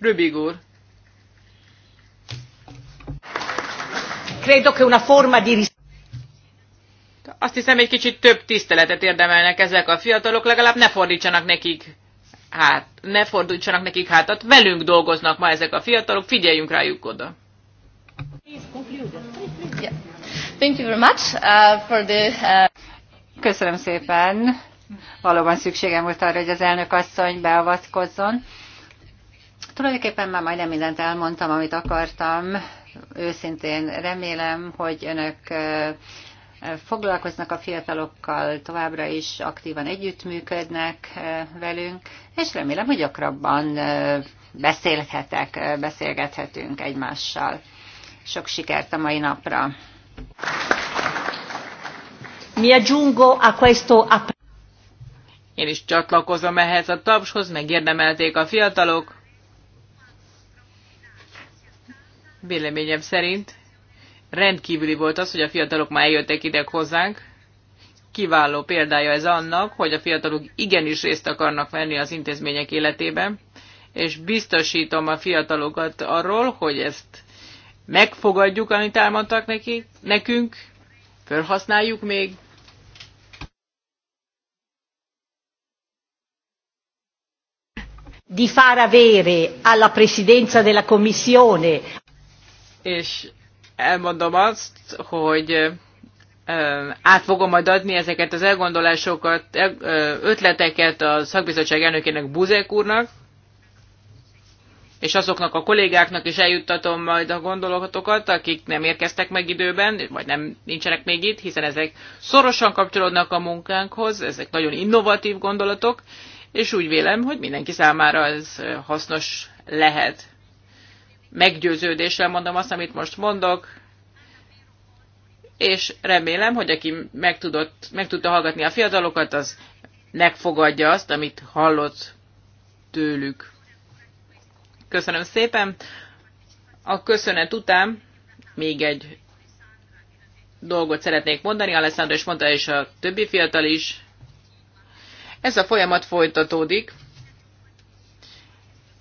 Rübig úr. Credo che una forma di azt hiszem egy kicsit több tiszteletet érdemelnek ezek a fiatalok, legalább ne fordítsanak nekik hát, ne fordítsanak nekik hátat, velünk dolgoznak ma ezek a fiatalok, figyeljünk rájuk oda. Thank you very much uh, for the, uh... Köszönöm szépen. Valóban szükségem volt arra, hogy az elnök asszony beavatkozzon. Tulajdonképpen már majdnem mindent elmondtam, amit akartam. Őszintén remélem, hogy önök uh, foglalkoznak a fiatalokkal, továbbra is aktívan együttműködnek uh, velünk, és remélem, hogy gyakrabban uh, beszélhetek, beszélgethetünk egymással. Sok sikert a mai napra! Mi aggiungo a questo Én is csatlakozom ehhez a tapshoz, megérdemelték a fiatalok. Véleményem szerint rendkívüli volt az, hogy a fiatalok már eljöttek ide hozzánk. Kiváló példája ez annak, hogy a fiatalok igenis részt akarnak venni az intézmények életében, és biztosítom a fiatalokat arról, hogy ezt megfogadjuk, amit elmondtak neki, nekünk, felhasználjuk még. di far avere alla presidenza della commissione és elmondom azt, hogy át fogom majd adni ezeket az elgondolásokat, ötleteket a szakbizottság elnökének Buzek úrnak, és azoknak a kollégáknak is eljuttatom majd a gondolatokat, akik nem érkeztek meg időben, vagy nem nincsenek még itt, hiszen ezek szorosan kapcsolódnak a munkánkhoz, ezek nagyon innovatív gondolatok, és úgy vélem, hogy mindenki számára ez hasznos lehet. Meggyőződéssel mondom azt, amit most mondok, és remélem, hogy aki meg, tudott, meg tudta hallgatni a fiatalokat, az megfogadja azt, amit hallott tőlük. Köszönöm szépen. A köszönet után még egy dolgot szeretnék mondani, Alessandro is mondta, és a többi fiatal is. Ez a folyamat folytatódik.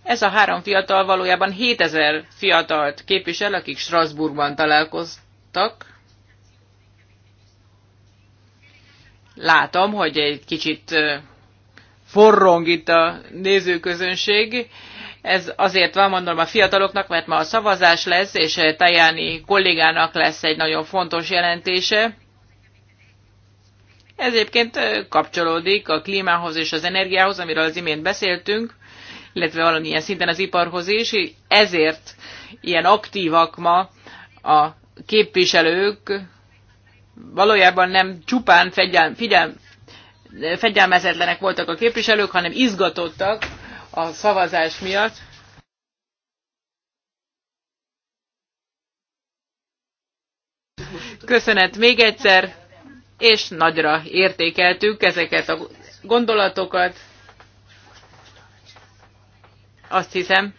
Ez a három fiatal valójában 7000 fiatalt képvisel, akik Strasbourgban találkoztak. Látom, hogy egy kicsit forrong itt a nézőközönség. Ez azért van, mondom, a fiataloknak, mert ma a szavazás lesz, és eh, Tajani kollégának lesz egy nagyon fontos jelentése. Ez egyébként eh, kapcsolódik a klímához és az energiához, amiről az imént beszéltünk, illetve valamilyen szinten az iparhoz is. Ezért ilyen aktívak ma a képviselők, valójában nem csupán fegyel, figyel, fegyelmezetlenek voltak a képviselők, hanem izgatottak a szavazás miatt. Köszönet még egyszer, és nagyra értékeltük ezeket a gondolatokat. Azt hiszem,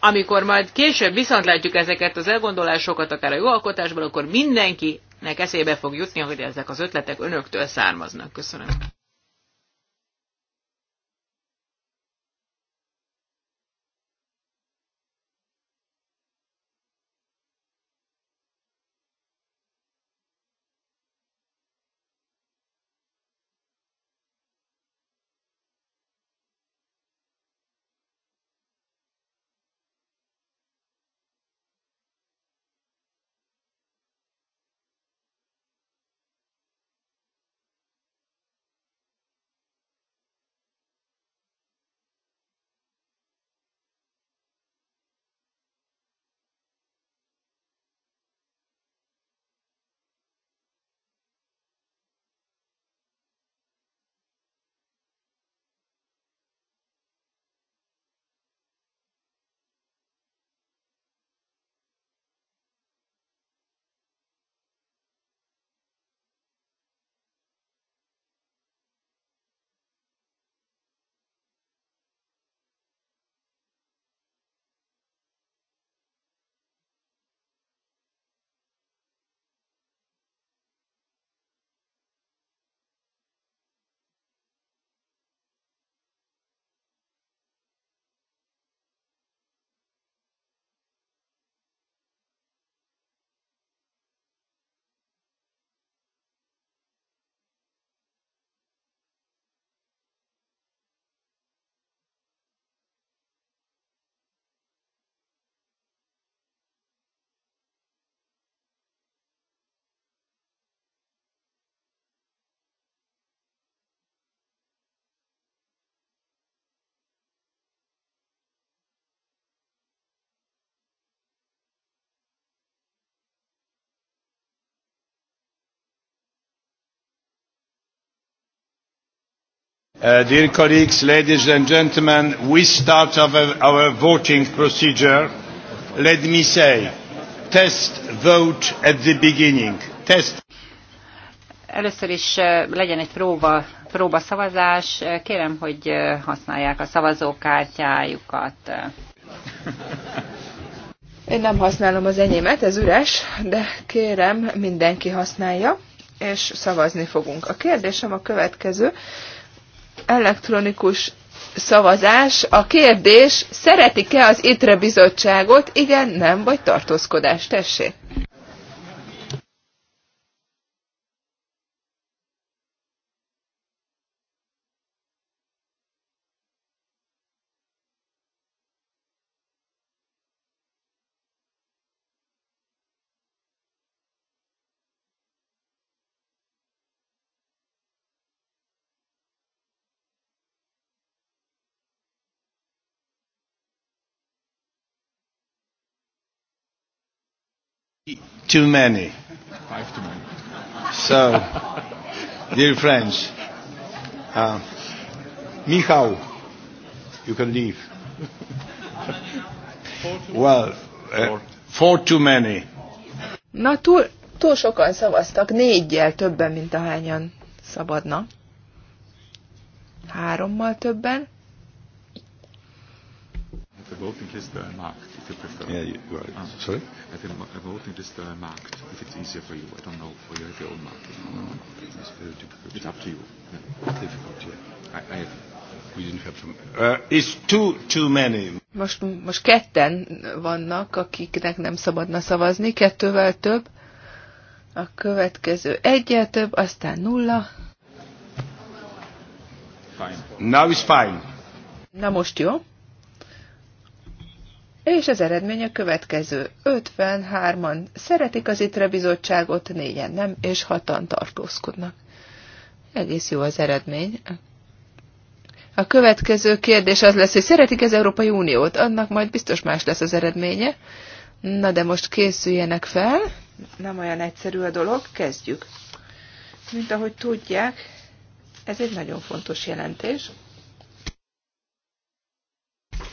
amikor majd később viszont látjuk ezeket az elgondolásokat, akár a jóalkotásban, akkor mindenkinek eszébe fog jutni, hogy ezek az ötletek önöktől származnak. Köszönöm. Uh, dear colleagues, ladies and gentlemen, we start our, our voting procedure. Let me say, test vote at the beginning. Test. Először is uh, legyen egy próba, próba szavazás. Uh, kérem, hogy uh, használják a szavazókártyájukat. Én nem használom az enyémet, ez üres, de kérem, mindenki használja, és szavazni fogunk. A kérdésem a következő elektronikus szavazás. A kérdés, szeretik-e az ITRE bizottságot? Igen, nem, vagy tartózkodás, tessék. Too many. Five too many. So, dear friends, uh, Michał, you can leave. well, uh, four too many. Na, túl, túl sokan szavaztak, négyel többen, mint ahányan szabadna. Hárommal többen. The voting is the mark if you prefer. Yeah, you, right. Ah. Sorry? I think I'm will think this uh, marked, if it's easier for you. I don't know for you if you own marking. No. Mm. It's very difficult. It's up to you. Yeah. Difficult, yeah. I, I have, we didn't have to, uh, it's too, too many. Most, most ketten vannak, akiknek nem szabadna szavazni, kettővel több. A következő egyel több, aztán nulla. Fine. Now is fine. Na most jó és az eredmény a következő. 53-an szeretik az ITRE bizottságot, négyen nem, és hatan tartózkodnak. Egész jó az eredmény. A következő kérdés az lesz, hogy szeretik az Európai Uniót, annak majd biztos más lesz az eredménye. Na de most készüljenek fel. Nem olyan egyszerű a dolog, kezdjük. Mint ahogy tudják, ez egy nagyon fontos jelentés.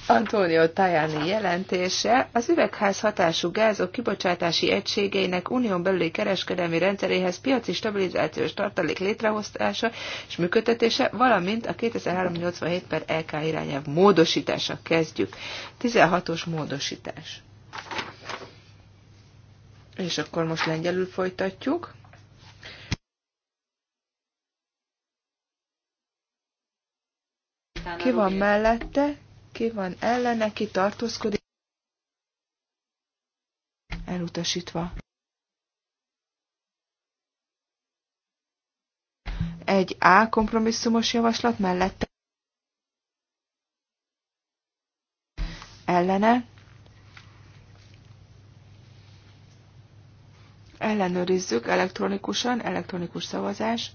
Antonio Tajani jelentése az üvegház hatású gázok kibocsátási egységeinek unión belüli kereskedelmi rendszeréhez piaci stabilizációs tartalék létrehozása és működtetése, valamint a 2387 per LK irányelv módosítása kezdjük. 16-os módosítás. És akkor most lengyelül folytatjuk. Ki van mellette? ki van ellene, ki tartózkodik, elutasítva. Egy A kompromisszumos javaslat mellette ellene ellenőrizzük elektronikusan, elektronikus szavazás.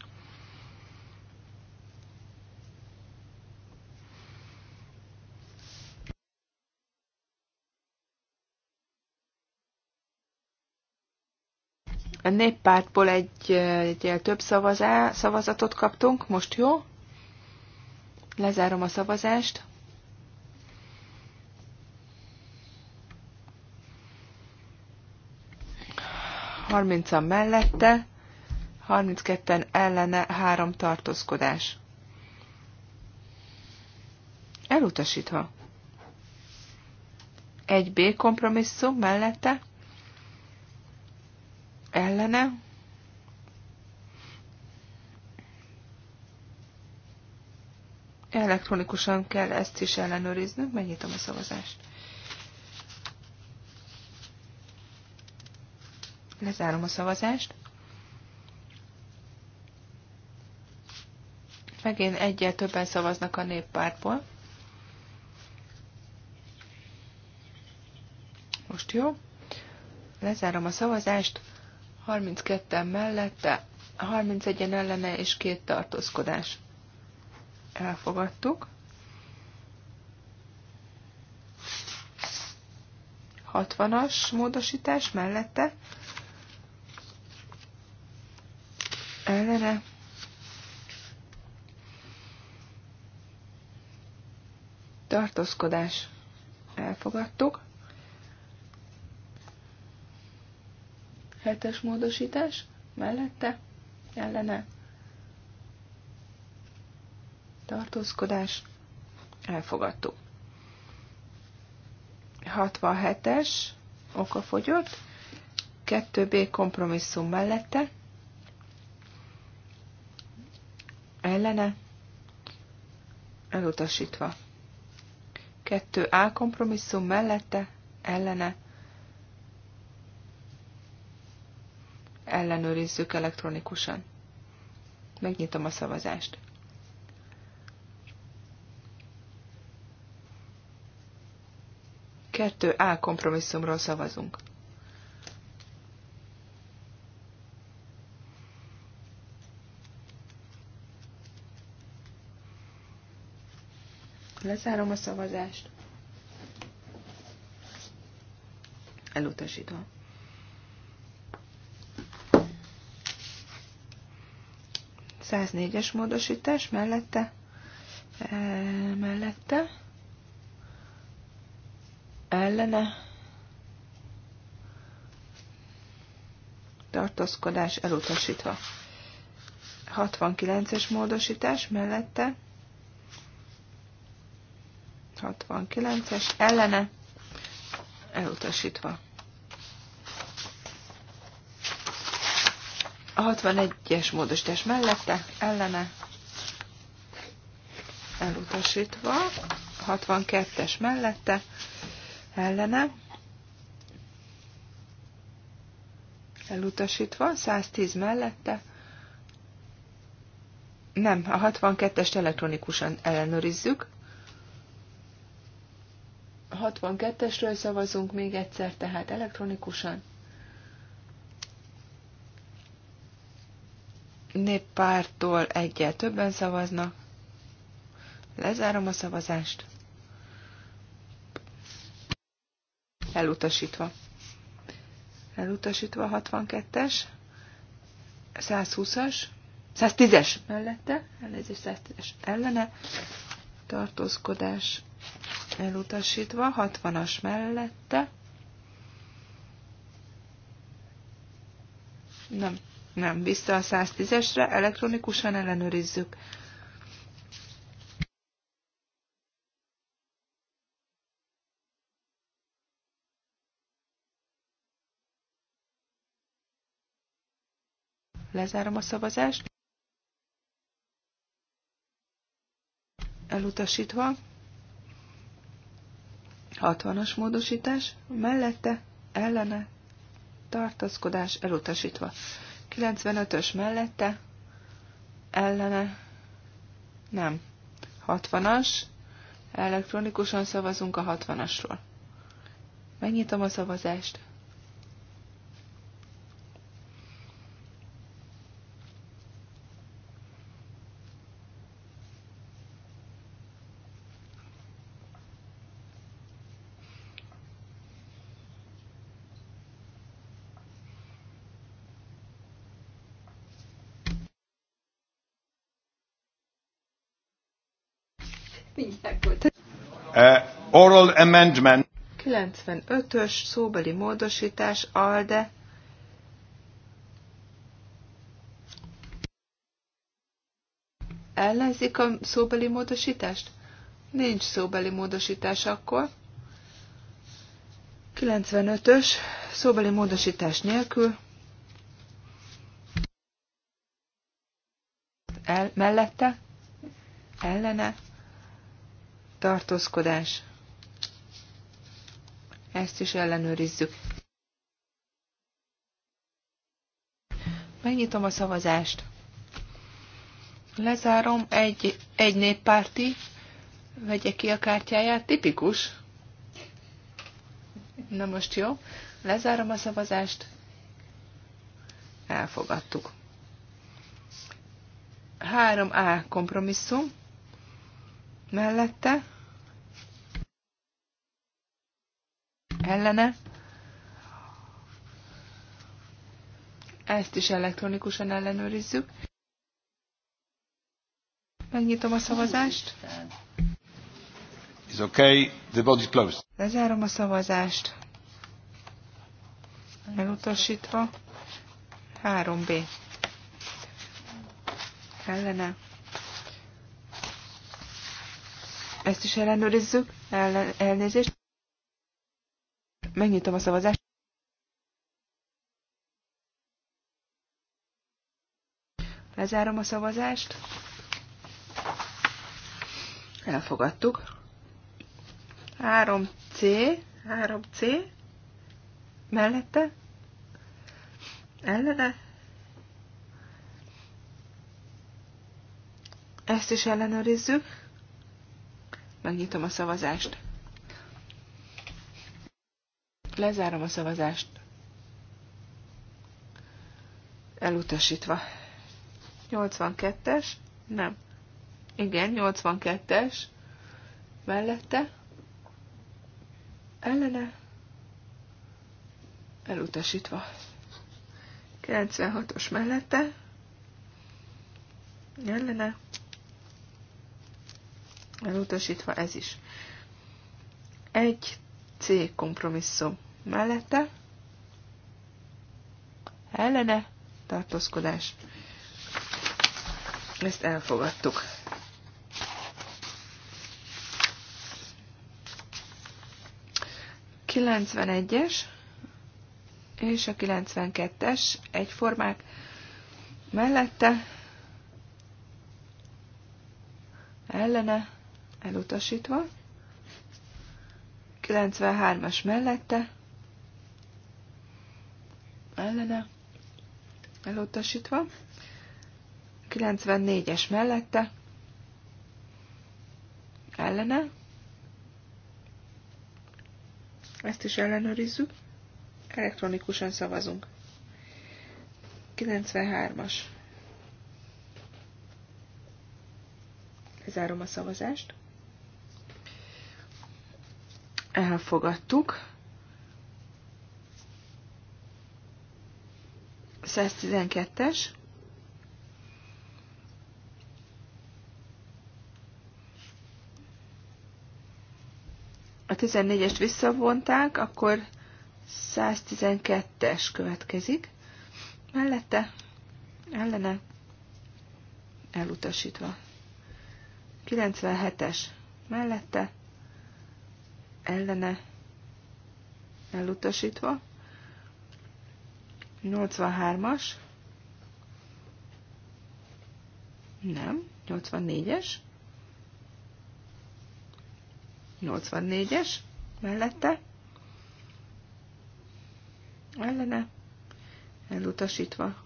A néppártból egy, egy több szavazá, szavazatot kaptunk, most jó? Lezárom a szavazást. Harmincan mellette, 32-en ellene, három tartózkodás. Elutasítva. Egy B kompromisszum mellette, ellene. Elektronikusan kell ezt is ellenőriznünk, megnyitom a szavazást. Lezárom a szavazást. Megint egyel többen szavaznak a néppártból. Most jó. Lezárom a szavazást. 32-en mellette, 31-en ellene és két tartózkodás. Elfogadtuk. 60-as módosítás mellette, ellene. Tartózkodás. Elfogadtuk. Hetes módosítás mellette ellene tartózkodás elfogadtuk. 67-es okafogyott, 2B kompromisszum mellette ellene elutasítva. 2A kompromisszum mellette ellene ellenőrizzük elektronikusan. Megnyitom a szavazást. Kettő A kompromisszumról szavazunk. Lezárom a szavazást. Elutasítom. 104-es módosítás mellette, e, mellette, ellene, tartózkodás elutasítva. 69-es módosítás mellette, 69-es ellene, elutasítva. A 61-es módosítás mellette, ellene, elutasítva, 62-es mellette, ellene, elutasítva, 110 mellette, nem, a 62-est elektronikusan ellenőrizzük. 62-esről szavazunk még egyszer, tehát elektronikusan. néppártól egyel többen szavaznak. Lezárom a szavazást. Elutasítva. Elutasítva 62-es, 120-as, 110-es mellette, elnézést 110-es ellene, tartózkodás elutasítva, 60-as mellette, nem, nem. Vissza a 110-esre, elektronikusan ellenőrizzük. Lezárom a szavazást. Elutasítva. 60-as módosítás, mellette, ellene, tartaszkodás elutasítva. 95-ös mellette, ellene, nem, 60-as, elektronikusan szavazunk a 60-asról. Megnyitom a szavazást. Oral amendment. 95-ös szóbeli módosítás ALDE. Ellenzik a szóbeli módosítást? Nincs szóbeli módosítás akkor. 95-ös szóbeli módosítás nélkül. El, mellette, ellene, tartózkodás ezt is ellenőrizzük. Megnyitom a szavazást. Lezárom. Egy, egy néppárti. Vegye ki a kártyáját. Tipikus. Na most jó. Lezárom a szavazást. Elfogadtuk. 3A kompromisszum mellette kellene. Ezt is elektronikusan ellenőrizzük. Megnyitom a szavazást. It's okay. The vote is closed. Lezárom a szavazást. Elutasítva. 3B. Ellene. Ezt is ellenőrizzük. Ellen, elnézést. Megnyitom a szavazást. Lezárom a szavazást. Elfogadtuk. 3C, 3C, mellette, ellene. Ezt is ellenőrizzük. Megnyitom a szavazást. Lezárom a szavazást. Elutasítva. 82-es? Nem. Igen, 82-es. Mellette. Ellene. Elutasítva. 96-os mellette. Ellene. Elutasítva ez is. Egy C kompromisszum mellette, ellene, tartózkodás. Ezt elfogadtuk. es és a 92-es egyformák mellette ellene elutasítva, 93-as mellette ellene elutasítva, 94-es mellette ellene, ezt is ellenőrizzük, elektronikusan szavazunk. 93-as. Lezárom a szavazást. Elfogadtuk. 112-es. A 14-est visszavonták, akkor 112-es következik. Mellette, ellene, elutasítva. 97-es mellette, ellene, elutasítva. 83-as. Nem, 84-es. 84-es mellette. Ellene. Elutasítva.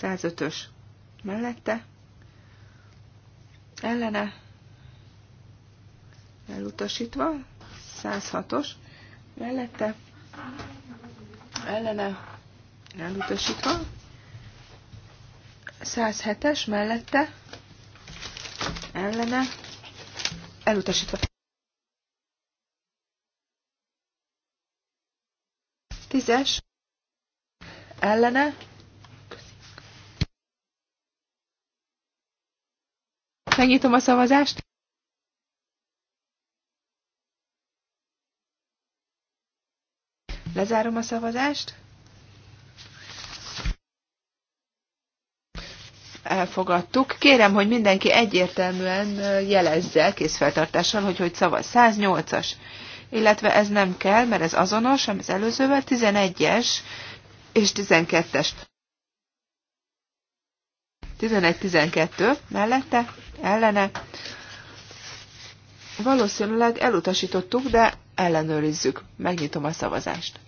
105-ös mellette. Ellene. Elutasítva. 106-os mellette ellene elutasítva. 107-es mellette ellene elutasítva. 10-es ellene Megnyitom a szavazást. bezárom a szavazást. Elfogadtuk. Kérem, hogy mindenki egyértelműen jelezze készfeltartással, hogy hogy szavaz. 108-as. Illetve ez nem kell, mert ez azonos, az előzővel 11-es és 12-es. 11-12 mellette, ellene. Valószínűleg elutasítottuk, de ellenőrizzük. Megnyitom a szavazást.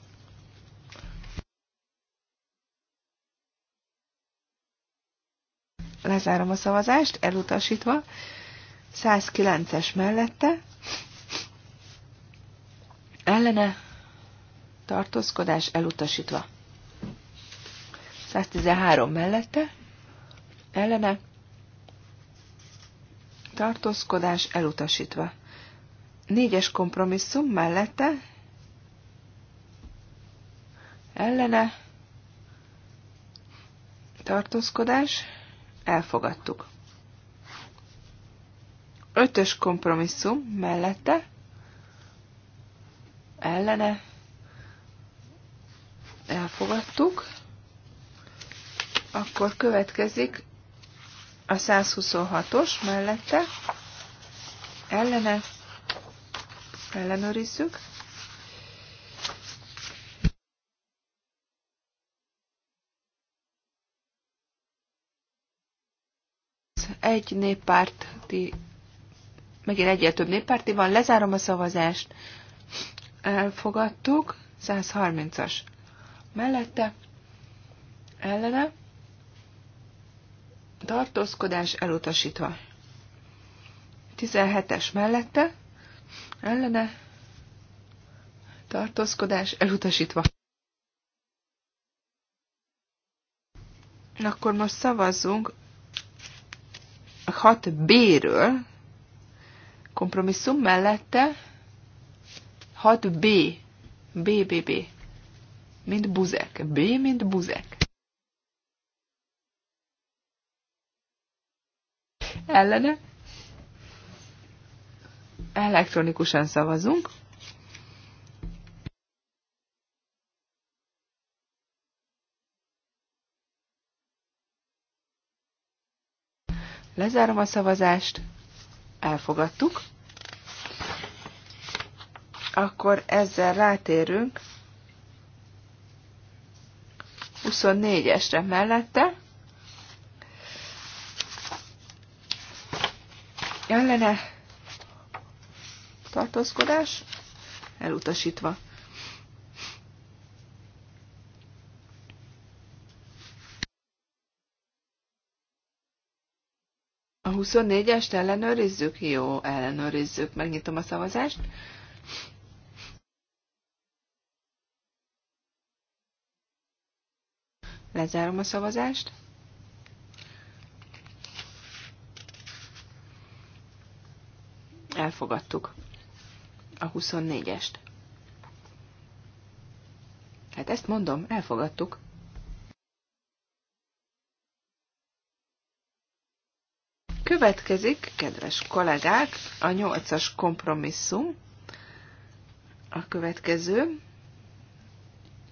Lezárom a szavazást, elutasítva. 109-es mellette. Ellene tartózkodás elutasítva. 113 mellette. Ellene tartózkodás elutasítva. Négyes kompromisszum mellette. Ellene tartózkodás elfogadtuk. Ötös kompromisszum mellette, ellene, elfogadtuk. Akkor következik a 126-os mellette, ellene, ellenőrizzük. egy néppárti, megint egyet több néppárti van, lezárom a szavazást, elfogadtuk, 130-as mellette, ellene, tartózkodás elutasítva. 17-es mellette, ellene, tartózkodás elutasítva. Akkor most szavazzunk 6B-ről, kompromisszum mellette 6B, B, B, B, mint buzek, B, mint buzek. Ellene elektronikusan szavazunk. Lezárom a szavazást. Elfogadtuk. Akkor ezzel rátérünk 24-esre mellette. lenne tartózkodás elutasítva. 24-est ellenőrizzük? Jó, ellenőrizzük. Megnyitom a szavazást. Lezárom a szavazást. Elfogadtuk a 24-est. Hát ezt mondom, elfogadtuk. Következik, kedves kollégák, a nyolcas kompromisszum. A következő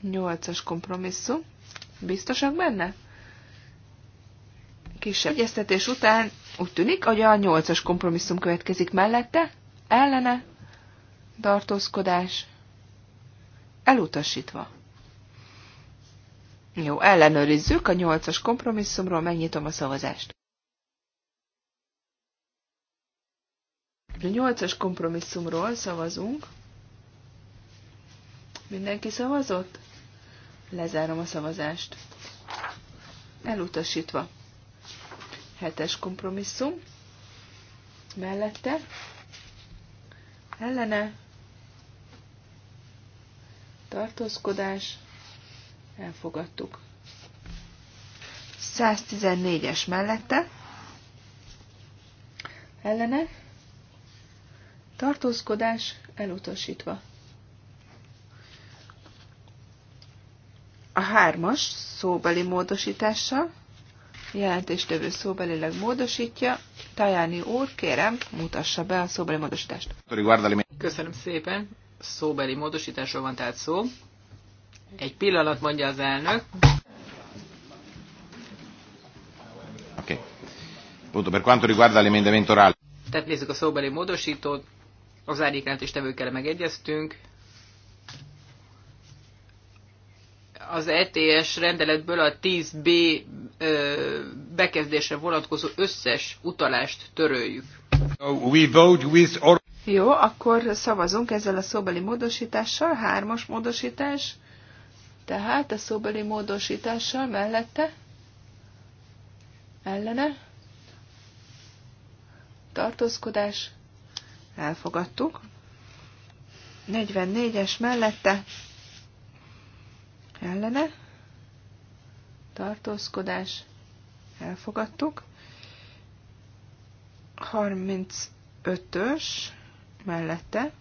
nyolcas kompromisszum. Biztosak benne? Kisebb egyeztetés után úgy tűnik, hogy a nyolcas kompromisszum következik mellette, ellene, tartózkodás, elutasítva. Jó, ellenőrizzük a nyolcas kompromisszumról, megnyitom a szavazást. A nyolcas kompromisszumról szavazunk. Mindenki szavazott? Lezárom a szavazást. Elutasítva. Hetes kompromisszum. Mellette. Ellene. Tartózkodás. Elfogadtuk. 114-es mellette. Ellene tartózkodás elutasítva. A hármas szóbeli módosítással, jelentéstevő szóbelileg módosítja, Tajáni úr, kérem, mutassa be a szóbeli módosítást. Köszönöm szépen, szóbeli módosításról van tehát szó. Egy pillanat, mondja az elnök. Oké. Okay. Per quanto riguarda l'emendamento orale. Tehát nézzük a szóbeli módosítót az tevőkkel megegyeztünk. Az ETS rendeletből a 10B bekezdésre vonatkozó összes utalást töröljük. We vote with or- Jó, akkor szavazunk ezzel a szóbeli módosítással, hármas módosítás, tehát a szóbeli módosítással mellette, ellene, tartózkodás, elfogadtuk. 44-es mellette ellene tartózkodás elfogadtuk. 35-ös mellette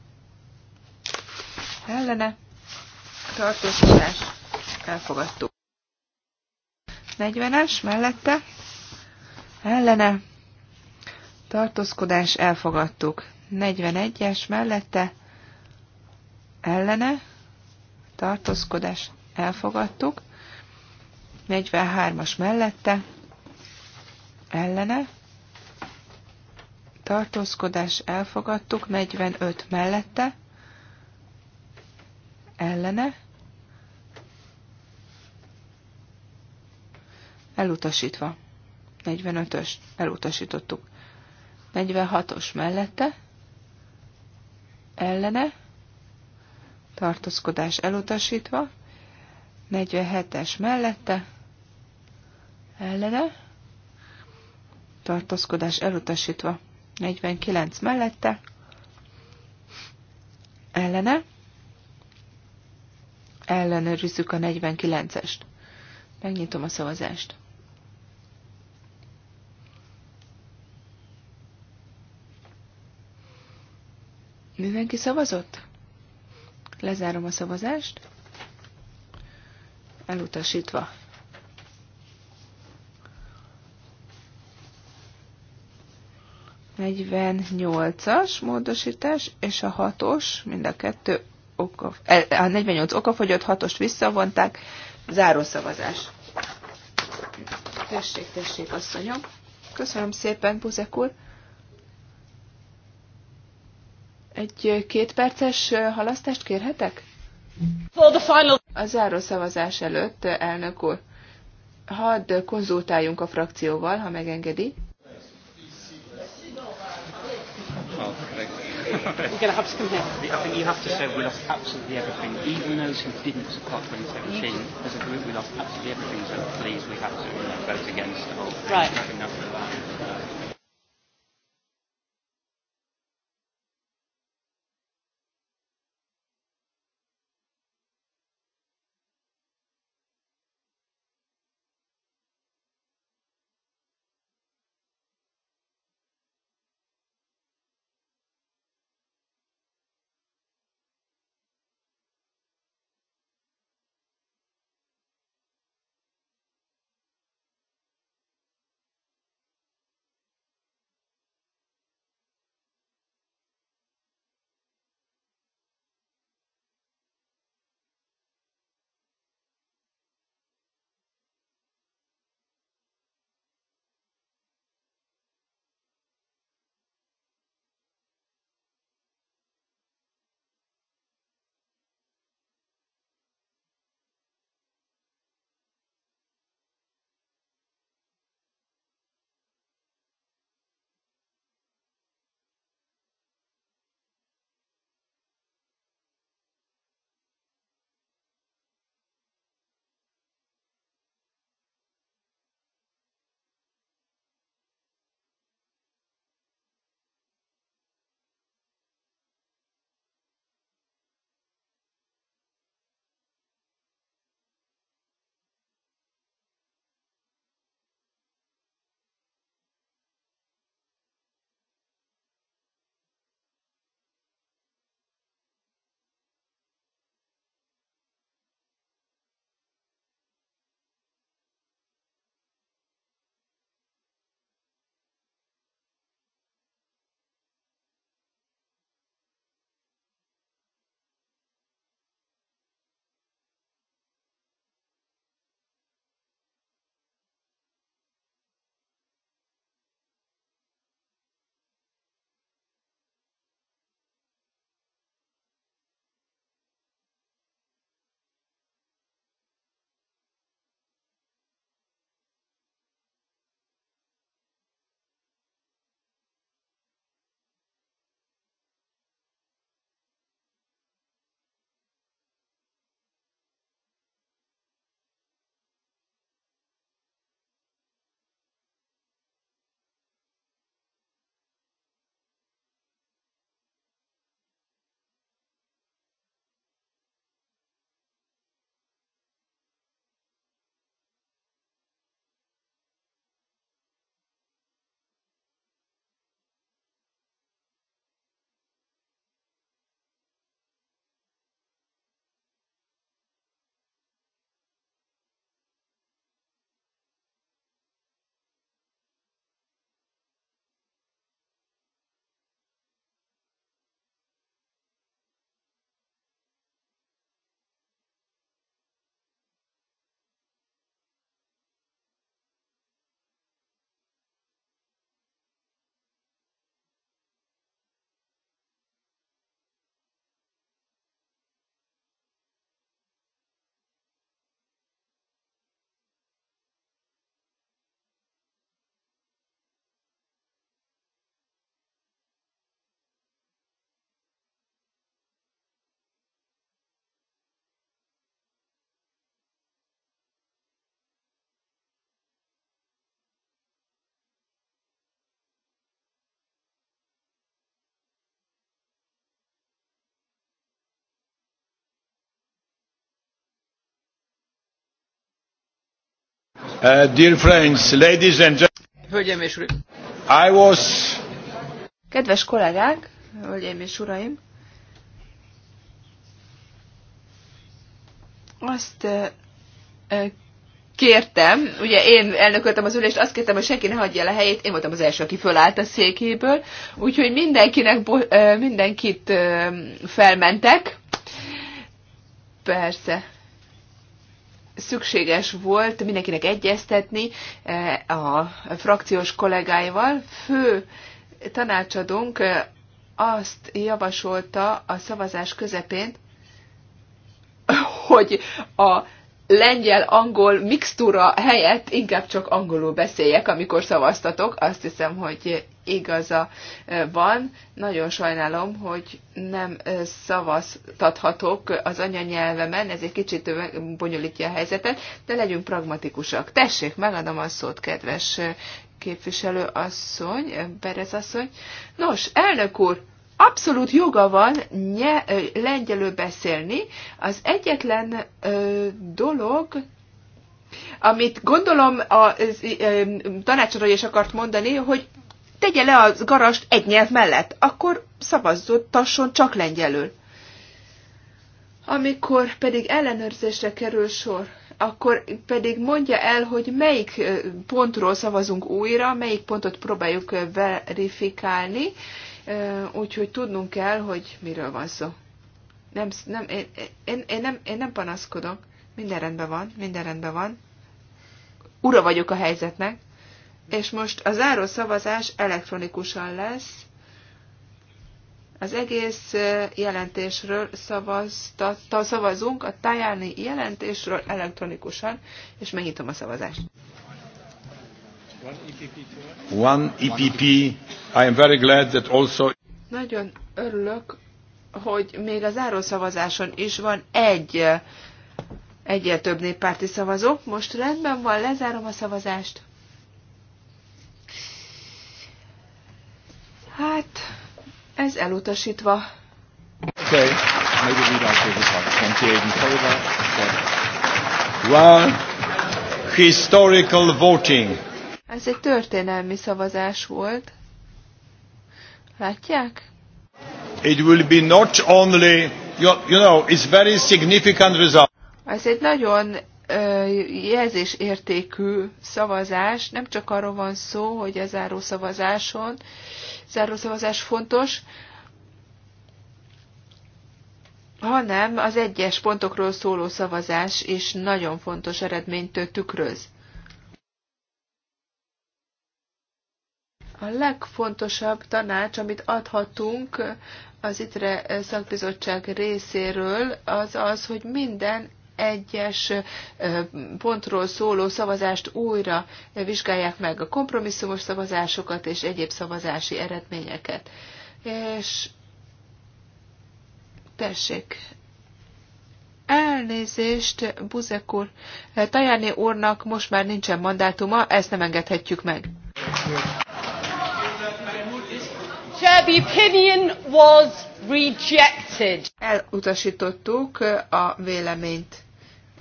ellene tartózkodás elfogadtuk. 40-es mellette ellene tartózkodás elfogadtuk. 41-es mellette ellene tartózkodás elfogadtuk. 43-as mellette ellene tartózkodás elfogadtuk. 45 mellette ellene elutasítva. 45-ös elutasítottuk. 46-os mellette ellene, tartózkodás elutasítva, 47-es mellette, ellene, tartózkodás elutasítva, 49 mellette, ellene, ellenőrizzük a 49-est. Megnyitom a szavazást. Mindenki szavazott? Lezárom a szavazást. Elutasítva. Negyvennyolcas módosítás és a hatos, mind a kettő oka, eh, a 48 okafogyott, hatost visszavonták, zárószavazás. Tessék, tessék, asszonyom. Köszönöm szépen, Buzek úr. Egy két perces halasztást kérhetek? A záró szavazás előtt, elnök úr, hadd konzultáljunk a frakcióval, ha megengedi. a Right. Uh, dear friends, ladies and gentlemen. és uraim. I was... Kedves kollégák, hölgyeim és uraim. Azt uh, uh, kértem, ugye én elnököltem az ülést, azt kértem, hogy senki ne hagyja le helyét, én voltam az első, aki fölállt a székéből, úgyhogy mindenkinek, uh, mindenkit um, felmentek. Persze, szükséges volt mindenkinek egyeztetni eh, a frakciós kollégáival. Fő tanácsadónk eh, azt javasolta a szavazás közepén, hogy a lengyel-angol mixtúra helyett inkább csak angolul beszéljek, amikor szavaztatok. Azt hiszem, hogy igaza van. Nagyon sajnálom, hogy nem szavaztathatok az anyanyelvemen, ez egy kicsit bonyolítja a helyzetet, de legyünk pragmatikusak. Tessék, megadom a szót, kedves képviselő asszony, Berez asszony. Nos, elnök úr, abszolút joga van nye, lengyelül beszélni. Az egyetlen ö, dolog, amit gondolom a tanácsadó is akart mondani, hogy tegye le az garast egy nyelv mellett, akkor tasson csak lengyelül. Amikor pedig ellenőrzésre kerül sor, akkor pedig mondja el, hogy melyik pontról szavazunk újra, melyik pontot próbáljuk verifikálni, úgyhogy tudnunk kell, hogy miről van szó. Nem, nem, én, én, én, nem, én nem panaszkodom. Minden rendben van, minden rendben van. Ura vagyok a helyzetnek és most a záró szavazás elektronikusan lesz. Az egész jelentésről szavazta, szavazunk, a tájáni jelentésről elektronikusan, és megnyitom a szavazást. One EPP. I am very glad that also... Nagyon örülök, hogy még a szavazáson is van egy egyet több néppárti szavazó. Most rendben van, lezárom a szavazást. Hát, ez elutasítva. Okay. Maybe we don't have this one. Well, historical voting. Ez egy történelmi szavazás volt. Látják? It will be not only, you, you know, it's very significant result. Ez egy nagyon jelzésértékű szavazás, nem csak arról van szó, hogy a záró szavazáson zárószavazás fontos, hanem az egyes pontokról szóló szavazás is nagyon fontos eredményt tükröz. A legfontosabb tanács, amit adhatunk az ITRE szakbizottság részéről, az az, hogy minden egyes pontról szóló szavazást újra vizsgálják meg a kompromisszumos szavazásokat és egyéb szavazási eredményeket. És tessék, elnézést, Buzek úr, Tajani úrnak most már nincsen mandátuma, ezt nem engedhetjük meg. The opinion was rejected. Elutasítottuk a véleményt.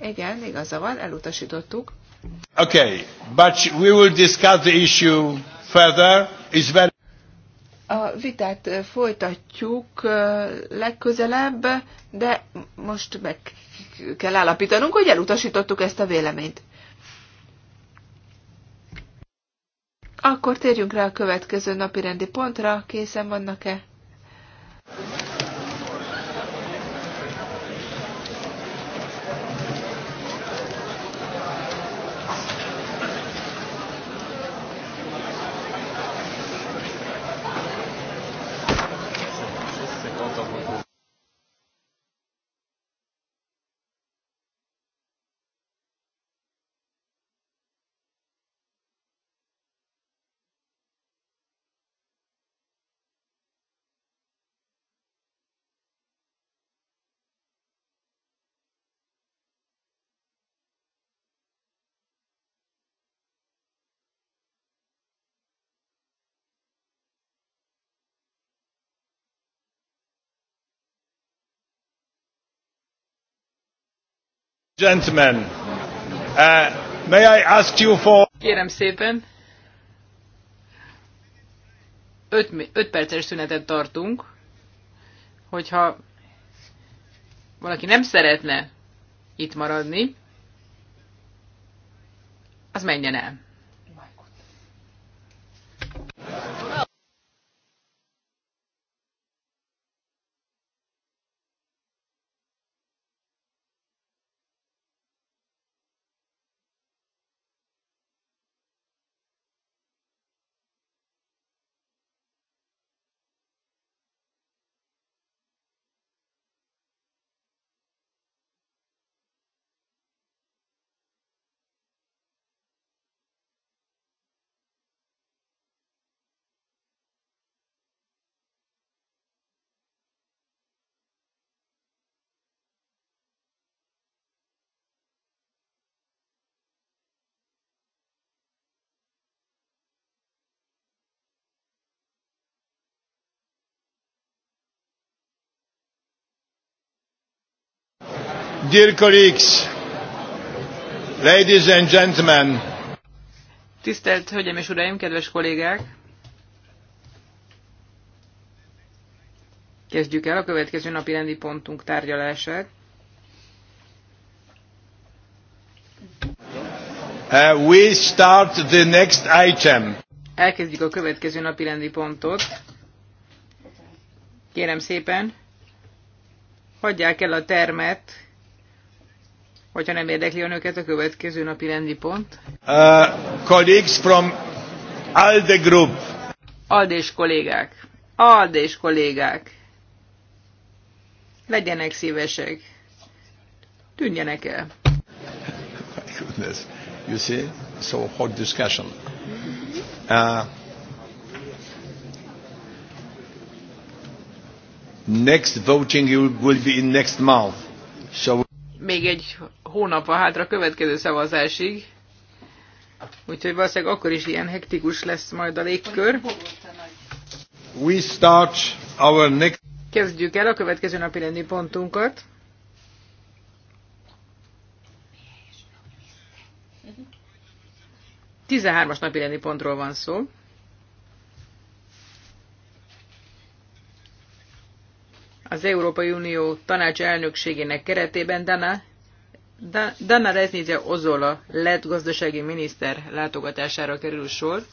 Igen, igaza van, elutasítottuk. Okay, but we will discuss the issue further. It's very... A vitát eh, folytatjuk eh, legközelebb, de most meg kell állapítanunk, hogy elutasítottuk ezt a véleményt. Akkor térjünk rá a következő napi rendi pontra. Készen vannak-e? Gentlemen, uh, may I ask you for... Kérem szépen, 5, 5 perces szünetet tartunk, hogyha valaki nem szeretne itt maradni, az menjen el. Dear colleagues, ladies and gentlemen. Tisztelt Hölgyeim és Uraim, kedves kollégák! Kezdjük el a következő napi rendi pontunk tárgyalását. Uh, we start the next item. Elkezdjük a következő napi rendi pontot. Kérem szépen, hagyják el a termet Hogyha nem érdekli önöket, a következő napi rendi pont. Uh, colleagues from ALDE Group. és kollégák. és kollégák. Legyenek szívesek. Tűnjenek el. My goodness. You see? So hot discussion. Uh, next voting will be in next month. So még egy hónap a hátra következő szavazásig, úgyhogy valószínűleg akkor is ilyen hektikus lesz majd a légkör. We start our next... Kezdjük el a következő napi rendi pontunkat. Tizenhármas napi rendi pontról van szó. az Európai Unió tanács elnökségének keretében Dana, Dana Reznice Ozola lett gazdasági miniszter látogatására kerül sor.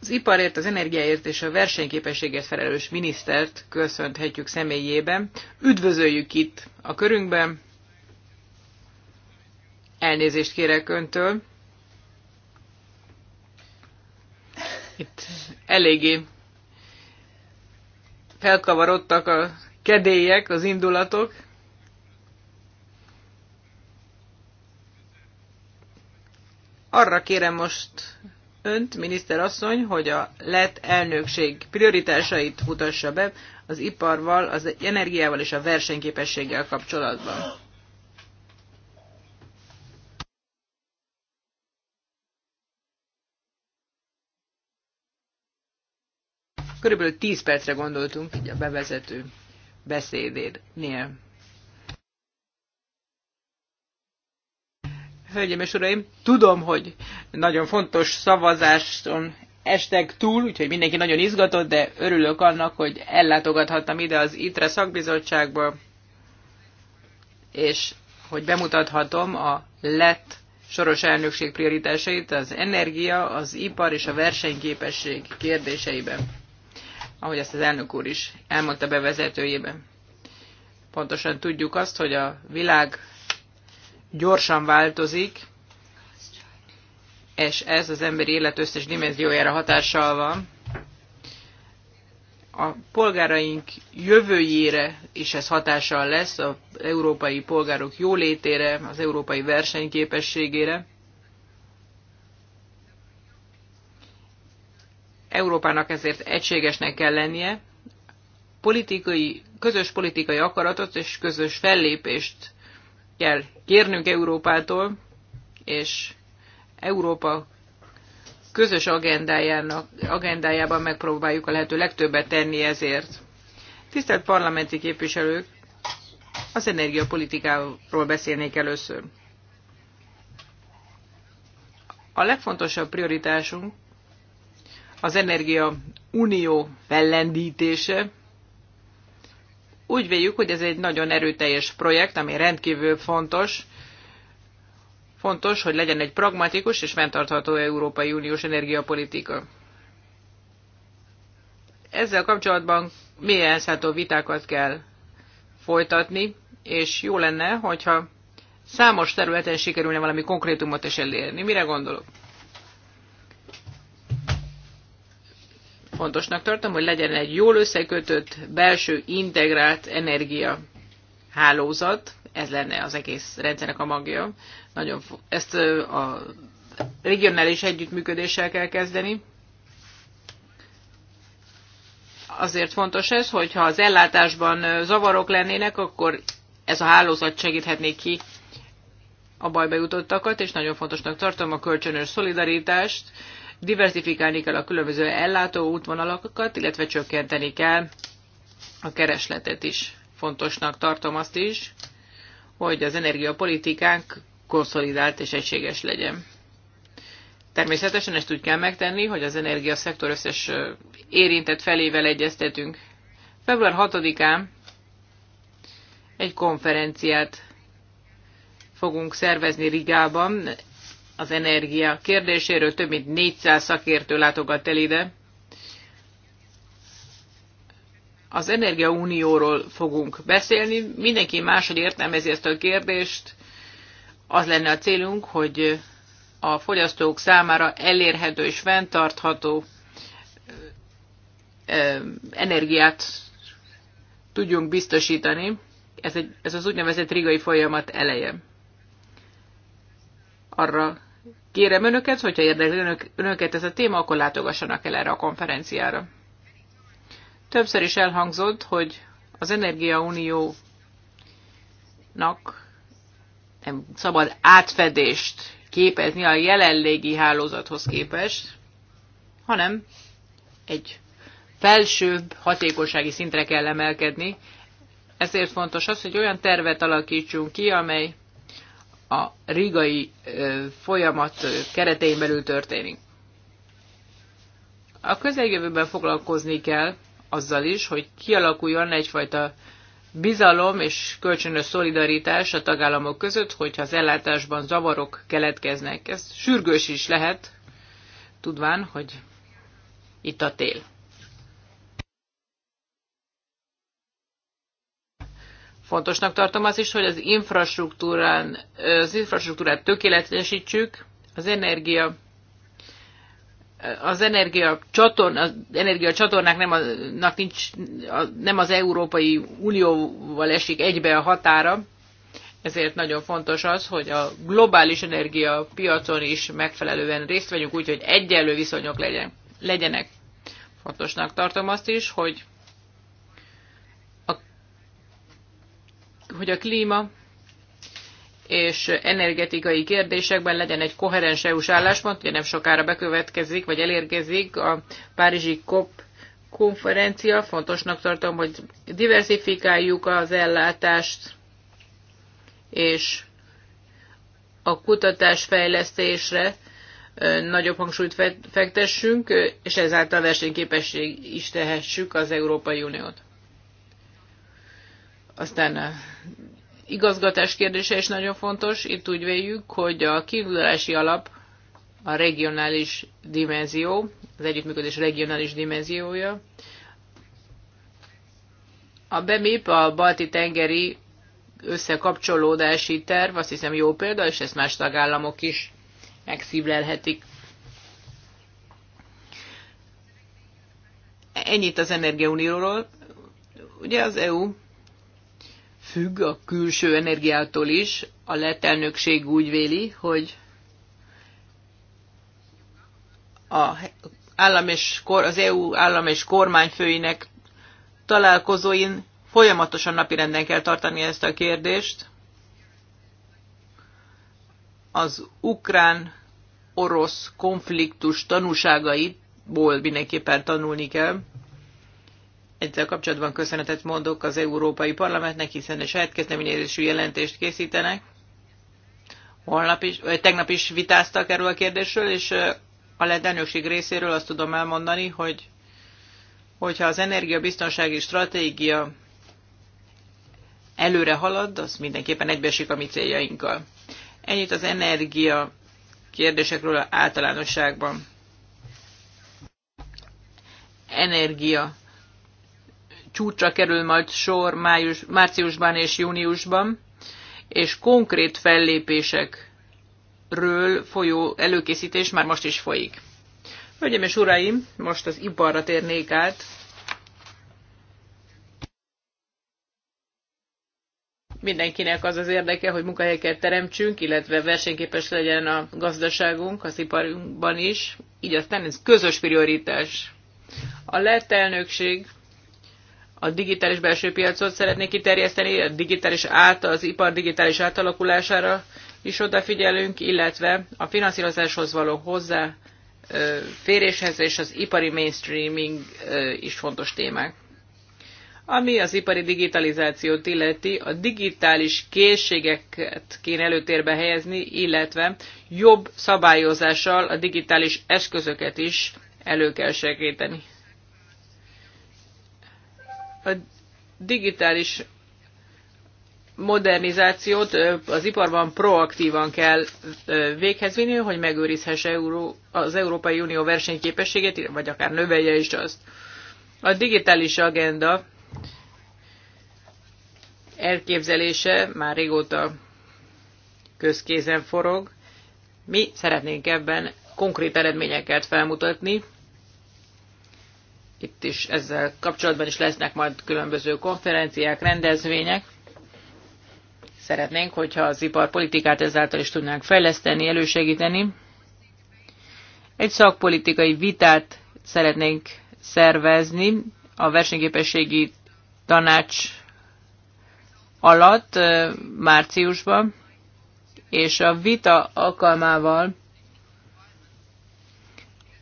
Az iparért, az energiáért és a versenyképességért felelős minisztert köszönhetjük személyében. Üdvözöljük itt a körünkben. Elnézést kérek öntől. Itt eléggé felkavarodtak a kedélyek, az indulatok. Arra kérem most önt, miniszterasszony, hogy a lett elnökség prioritásait mutassa be az iparval, az energiával és a versenyképességgel kapcsolatban. Körülbelül 10 percre gondoltunk így a bevezető beszédénél. Hölgyeim és Uraim, tudom, hogy nagyon fontos szavazáson estek túl, úgyhogy mindenki nagyon izgatott, de örülök annak, hogy ellátogathattam ide az ITRE szakbizottságba, és hogy bemutathatom a lett soros elnökség prioritásait az energia, az ipar és a versenyképesség kérdéseiben ahogy ezt az elnök úr is elmondta bevezetőjében. Pontosan tudjuk azt, hogy a világ gyorsan változik, és ez az emberi élet összes dimenziójára hatással van. A polgáraink jövőjére is ez hatással lesz, az európai polgárok jólétére, az európai versenyképességére. Európának ezért egységesnek kell lennie, politikai, közös politikai akaratot és közös fellépést kell kérnünk Európától, és Európa közös agendájának, agendájában megpróbáljuk a lehető legtöbbet tenni ezért. Tisztelt parlamenti képviselők, az energiapolitikáról beszélnék először. A legfontosabb prioritásunk az Energia Unió fellendítése. Úgy véljük, hogy ez egy nagyon erőteljes projekt, ami rendkívül fontos. Fontos, hogy legyen egy pragmatikus és fenntartható Európai Uniós energiapolitika. Ezzel kapcsolatban milyen szálltó vitákat kell folytatni, és jó lenne, hogyha számos területen sikerülne valami konkrétumot is elérni. Mire gondolok? Fontosnak tartom, hogy legyen egy jól összekötött, belső, integrált energia hálózat, ez lenne az egész rendszernek a magja. Nagyon ezt a regionális együttműködéssel kell kezdeni. Azért fontos ez, hogyha az ellátásban zavarok lennének, akkor ez a hálózat segíthetné ki a bajba jutottakat, és nagyon fontosnak tartom a kölcsönös szolidaritást, diversifikálni kell a különböző ellátó útvonalakat, illetve csökkenteni kell a keresletet is. Fontosnak tartom azt is, hogy az energiapolitikánk konszolidált és egységes legyen. Természetesen ezt úgy kell megtenni, hogy az energiaszektor összes érintett felével egyeztetünk. Február 6-án egy konferenciát fogunk szervezni Rigában az energia kérdéséről. Több mint 400 szakértő látogat el ide. Az Energiaunióról fogunk beszélni. Mindenki máshogy értelmezi ezt a kérdést. Az lenne a célunk, hogy a fogyasztók számára elérhető és fenntartható energiát tudjunk biztosítani. Ez, egy, ez az úgynevezett rigai folyamat eleje. Arra kérem önöket, hogyha érdekli önök, önöket ez a téma, akkor látogassanak el erre a konferenciára. Többször is elhangzott, hogy az Energiauniónak nem szabad átfedést képezni a jelenlegi hálózathoz képest, hanem egy felsőbb hatékonysági szintre kell emelkedni. Ezért fontos az, hogy olyan tervet alakítsunk ki, amely a rigai folyamat keretein belül történik. A közeljövőben foglalkozni kell azzal is, hogy kialakuljon egyfajta bizalom és kölcsönös szolidaritás a tagállamok között, hogyha az ellátásban zavarok keletkeznek. Ez sürgős is lehet, tudván, hogy itt a tél. Fontosnak tartom azt is, hogy az, infrastruktúrán, az infrastruktúrát tökéletesítsük, az energia az energia, csatorn, az energia csatornák nem, a, nincs, nem az Európai Unióval esik egybe a határa, ezért nagyon fontos az, hogy a globális energia piacon is megfelelően részt vegyünk, úgyhogy egyenlő viszonyok legyen, legyenek. Fontosnak tartom azt is, hogy hogy a klíma és energetikai kérdésekben legyen egy koherens EU-s álláspont, ugye nem sokára bekövetkezik, vagy elérkezik a Párizsi COP konferencia. Fontosnak tartom, hogy diversifikáljuk az ellátást, és a kutatás fejlesztésre nagyobb hangsúlyt fektessünk, és ezáltal versenyképesség is tehessük az Európai Uniót. Aztán a eh, igazgatás kérdése is nagyon fontos. Itt úgy véljük, hogy a kiindulási alap a regionális dimenzió, az együttműködés regionális dimenziója. A BEMIP, a balti tengeri összekapcsolódási terv, azt hiszem jó példa, és ezt más tagállamok is megszívlelhetik. Ennyit az Energiaunióról. Ugye az EU függ a külső energiától is. A lett elnökség úgy véli, hogy a állam és kor, az EU állam és kormányfőinek találkozóin folyamatosan napirenden kell tartani ezt a kérdést. Az ukrán-orosz konfliktus tanúságaiból mindenképpen tanulni kell. Ezzel kapcsolatban köszönetet mondok az Európai Parlamentnek, hiszen a saját kezdeményezésű jelentést készítenek. Holnap is, vagy tegnap is vitáztak erről a kérdésről, és a lett elnökség részéről azt tudom elmondani, hogy hogyha az energiabiztonsági stratégia előre halad, az mindenképpen egybesik a mi céljainkkal. Ennyit az energia kérdésekről általánosságban. Energia csúcsra kerül majd sor május, márciusban és júniusban, és konkrét fellépésekről folyó előkészítés már most is folyik. Hölgyeim és uraim, most az iparra térnék át. Mindenkinek az az érdeke, hogy munkahelyeket teremtsünk, illetve versenyképes legyen a gazdaságunk, az iparunkban is. Így aztán ez közös prioritás. A lett elnökség a digitális belső piacot szeretnék kiterjeszteni, a digitális át, az ipar digitális átalakulására is odafigyelünk, illetve a finanszírozáshoz való hozzá féréshez és az ipari mainstreaming is fontos témák. Ami az ipari digitalizációt illeti, a digitális készségeket kéne előtérbe helyezni, illetve jobb szabályozással a digitális eszközöket is elő kell segíteni a digitális modernizációt az iparban proaktívan kell véghez vinni, hogy megőrizhesse az Európai Unió versenyképességét, vagy akár növelje is azt. A digitális agenda elképzelése már régóta közkézen forog. Mi szeretnénk ebben konkrét eredményeket felmutatni, itt is ezzel kapcsolatban is lesznek majd különböző konferenciák, rendezvények. Szeretnénk, hogyha az iparpolitikát ezáltal is tudnánk fejleszteni, elősegíteni. Egy szakpolitikai vitát szeretnénk szervezni a versenyképességi tanács alatt márciusban, és a vita alkalmával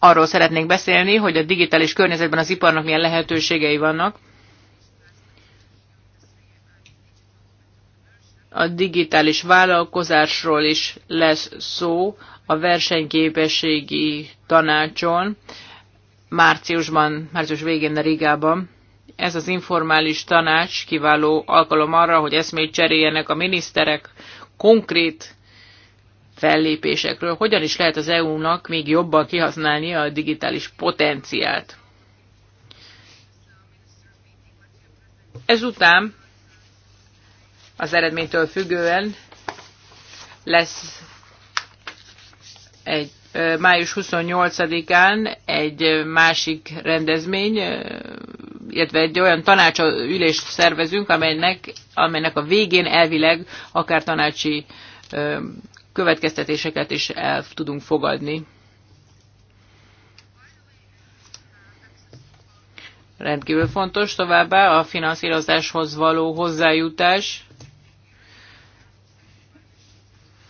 arról szeretnék beszélni, hogy a digitális környezetben az iparnak milyen lehetőségei vannak. A digitális vállalkozásról is lesz szó a versenyképességi tanácson márciusban, március végén a Rigában. Ez az informális tanács kiváló alkalom arra, hogy eszmét cseréljenek a miniszterek konkrét fellépésekről, hogyan is lehet az EU-nak még jobban kihasználni a digitális potenciált. Ezután az eredménytől függően lesz egy május 28-án egy másik rendezmény, illetve egy olyan tanácsülést szervezünk, amelynek, amelynek a végén elvileg akár tanácsi következtetéseket is el tudunk fogadni. Rendkívül fontos továbbá a finanszírozáshoz való hozzájutás.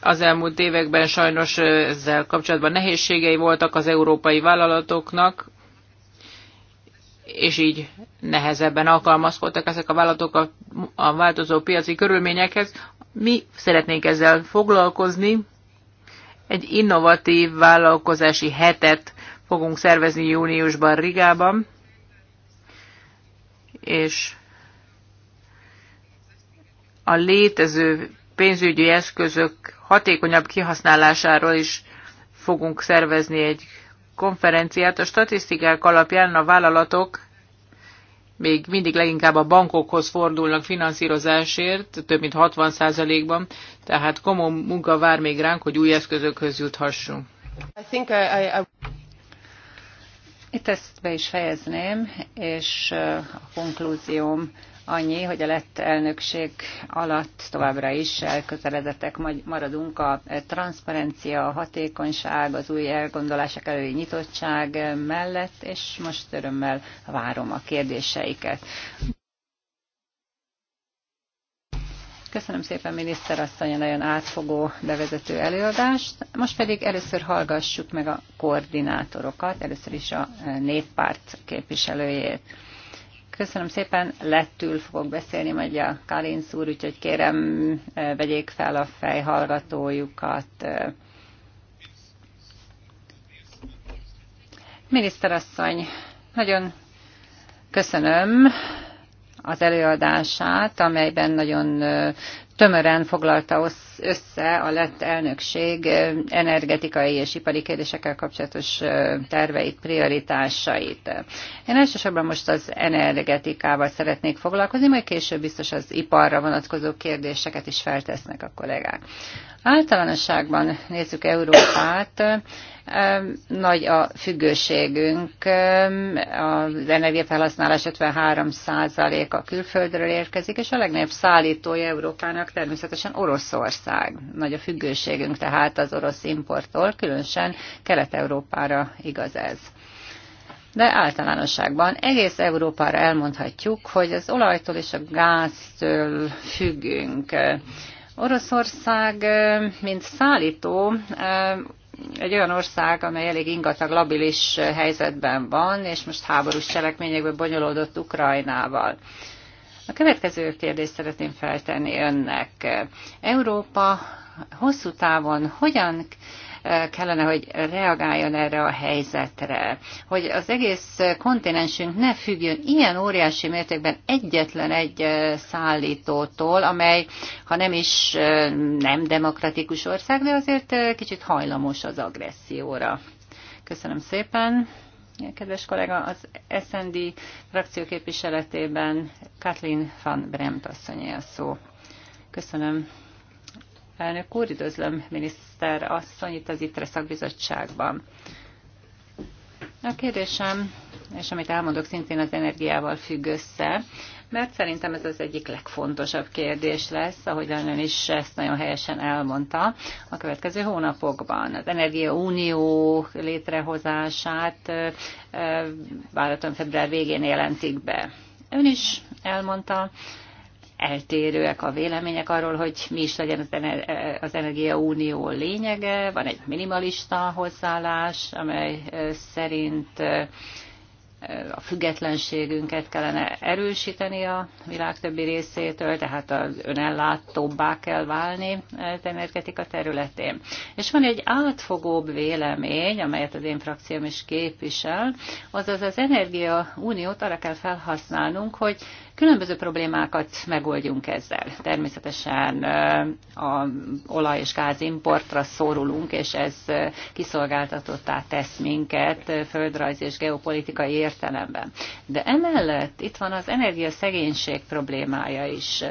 Az elmúlt években sajnos ezzel kapcsolatban nehézségei voltak az európai vállalatoknak, és így nehezebben alkalmazkodtak ezek a vállalatok a, a változó piaci körülményekhez. Mi szeretnénk ezzel foglalkozni. Egy innovatív vállalkozási hetet fogunk szervezni júniusban Rigában, és a létező pénzügyi eszközök hatékonyabb kihasználásáról is fogunk szervezni egy konferenciát. A statisztikák alapján a vállalatok még mindig leginkább a bankokhoz fordulnak finanszírozásért, több mint 60%-ban, tehát komoly munka vár még ránk, hogy új eszközökhöz juthassunk. I think I, I, Itt ezt be is fejezném, és a konklúzióm annyi, hogy a lett elnökség alatt továbbra is elközeledettek. maradunk a transzparencia, a hatékonyság, az új elgondolások elői nyitottság mellett, és most örömmel várom a kérdéseiket. Köszönöm szépen miniszter asszony a nagyon átfogó bevezető előadást. Most pedig először hallgassuk meg a koordinátorokat, először is a néppárt képviselőjét. Köszönöm szépen, lettül fogok beszélni, a Kalinsz úr, úgyhogy kérem, eh, vegyék fel a fejhallgatójukat. Eh. Miniszterasszony, nagyon köszönöm az előadását, amelyben nagyon eh, tömören foglalta össze a lett elnökség energetikai és ipari kérdésekkel kapcsolatos terveit, prioritásait. Én elsősorban most az energetikával szeretnék foglalkozni, majd később biztos az iparra vonatkozó kérdéseket is feltesznek a kollégák. Általánosságban nézzük Európát. Nagy a függőségünk, az energiafelhasználás 53 a külföldről érkezik, és a legnagyobb szállítója Európának természetesen Oroszország. Nagy a függőségünk tehát az orosz importtól, különösen Kelet-Európára igaz ez de általánosságban egész Európára elmondhatjuk, hogy az olajtól és a gáztől függünk. Oroszország, mint szállító, egy olyan ország, amely elég ingatag, labilis helyzetben van, és most háborús cselekményekben bonyolódott Ukrajnával. A következő kérdést szeretném feltenni önnek. Európa hosszú távon hogyan kellene, hogy reagáljon erre a helyzetre, hogy az egész kontinensünk ne függjön ilyen óriási mértékben egyetlen egy szállítótól, amely, ha nem is nem demokratikus ország, de azért kicsit hajlamos az agresszióra. Köszönöm szépen. Kedves kollega, az SND frakció képviseletében Kathleen van Bremt asszonyé a szó. Köszönöm, elnök úr, üdvözlöm miniszter asszony itt az ITRE szakbizottságban. A kérdésem, és amit elmondok, szintén az energiával függ össze, mert szerintem ez az egyik legfontosabb kérdés lesz, ahogy ön is ezt nagyon helyesen elmondta a következő hónapokban. Az Energia Unió létrehozását váratom február végén jelentik be. Ön is elmondta, eltérőek a vélemények arról, hogy mi is legyen az Energia Unió lényege. Van egy minimalista hozzáállás, amely szerint a függetlenségünket kellene erősíteni a világ többi részétől, tehát az önellátóbbá kell válni az energetika területén. És van egy átfogóbb vélemény, amelyet az én frakcióm is képvisel, azaz az energiauniót arra kell felhasználnunk, hogy Különböző problémákat megoldjunk ezzel. Természetesen a olaj- és gázimportra szorulunk, és ez kiszolgáltatottá tesz minket földrajz és geopolitikai értelemben. De emellett itt van az energiaszegénység problémája is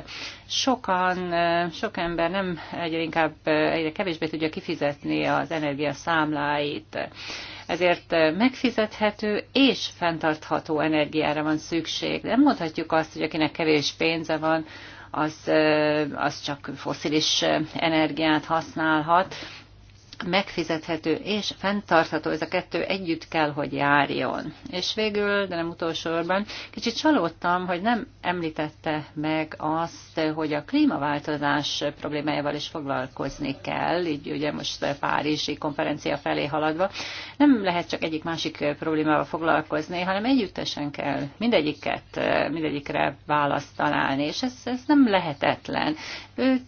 sokan, sok ember nem egyre inkább, egyre kevésbé tudja kifizetni az energia számláit ezért eh, megfizethető és fenntartható energiára van szükség. Nem mondhatjuk azt, hogy akinek kevés pénze van, az, eh, az csak foszilis eh, energiát használhat megfizethető és fenntartható, ez a kettő együtt kell, hogy járjon. És végül, de nem utolsóban, kicsit csalódtam, hogy nem említette meg azt, hogy a klímaváltozás problémájával is foglalkozni kell, így ugye most Párizsi konferencia felé haladva. Nem lehet csak egyik másik problémával foglalkozni, hanem együttesen kell mindegyiket, mindegyikre választ találni, és ez, ez nem lehetetlen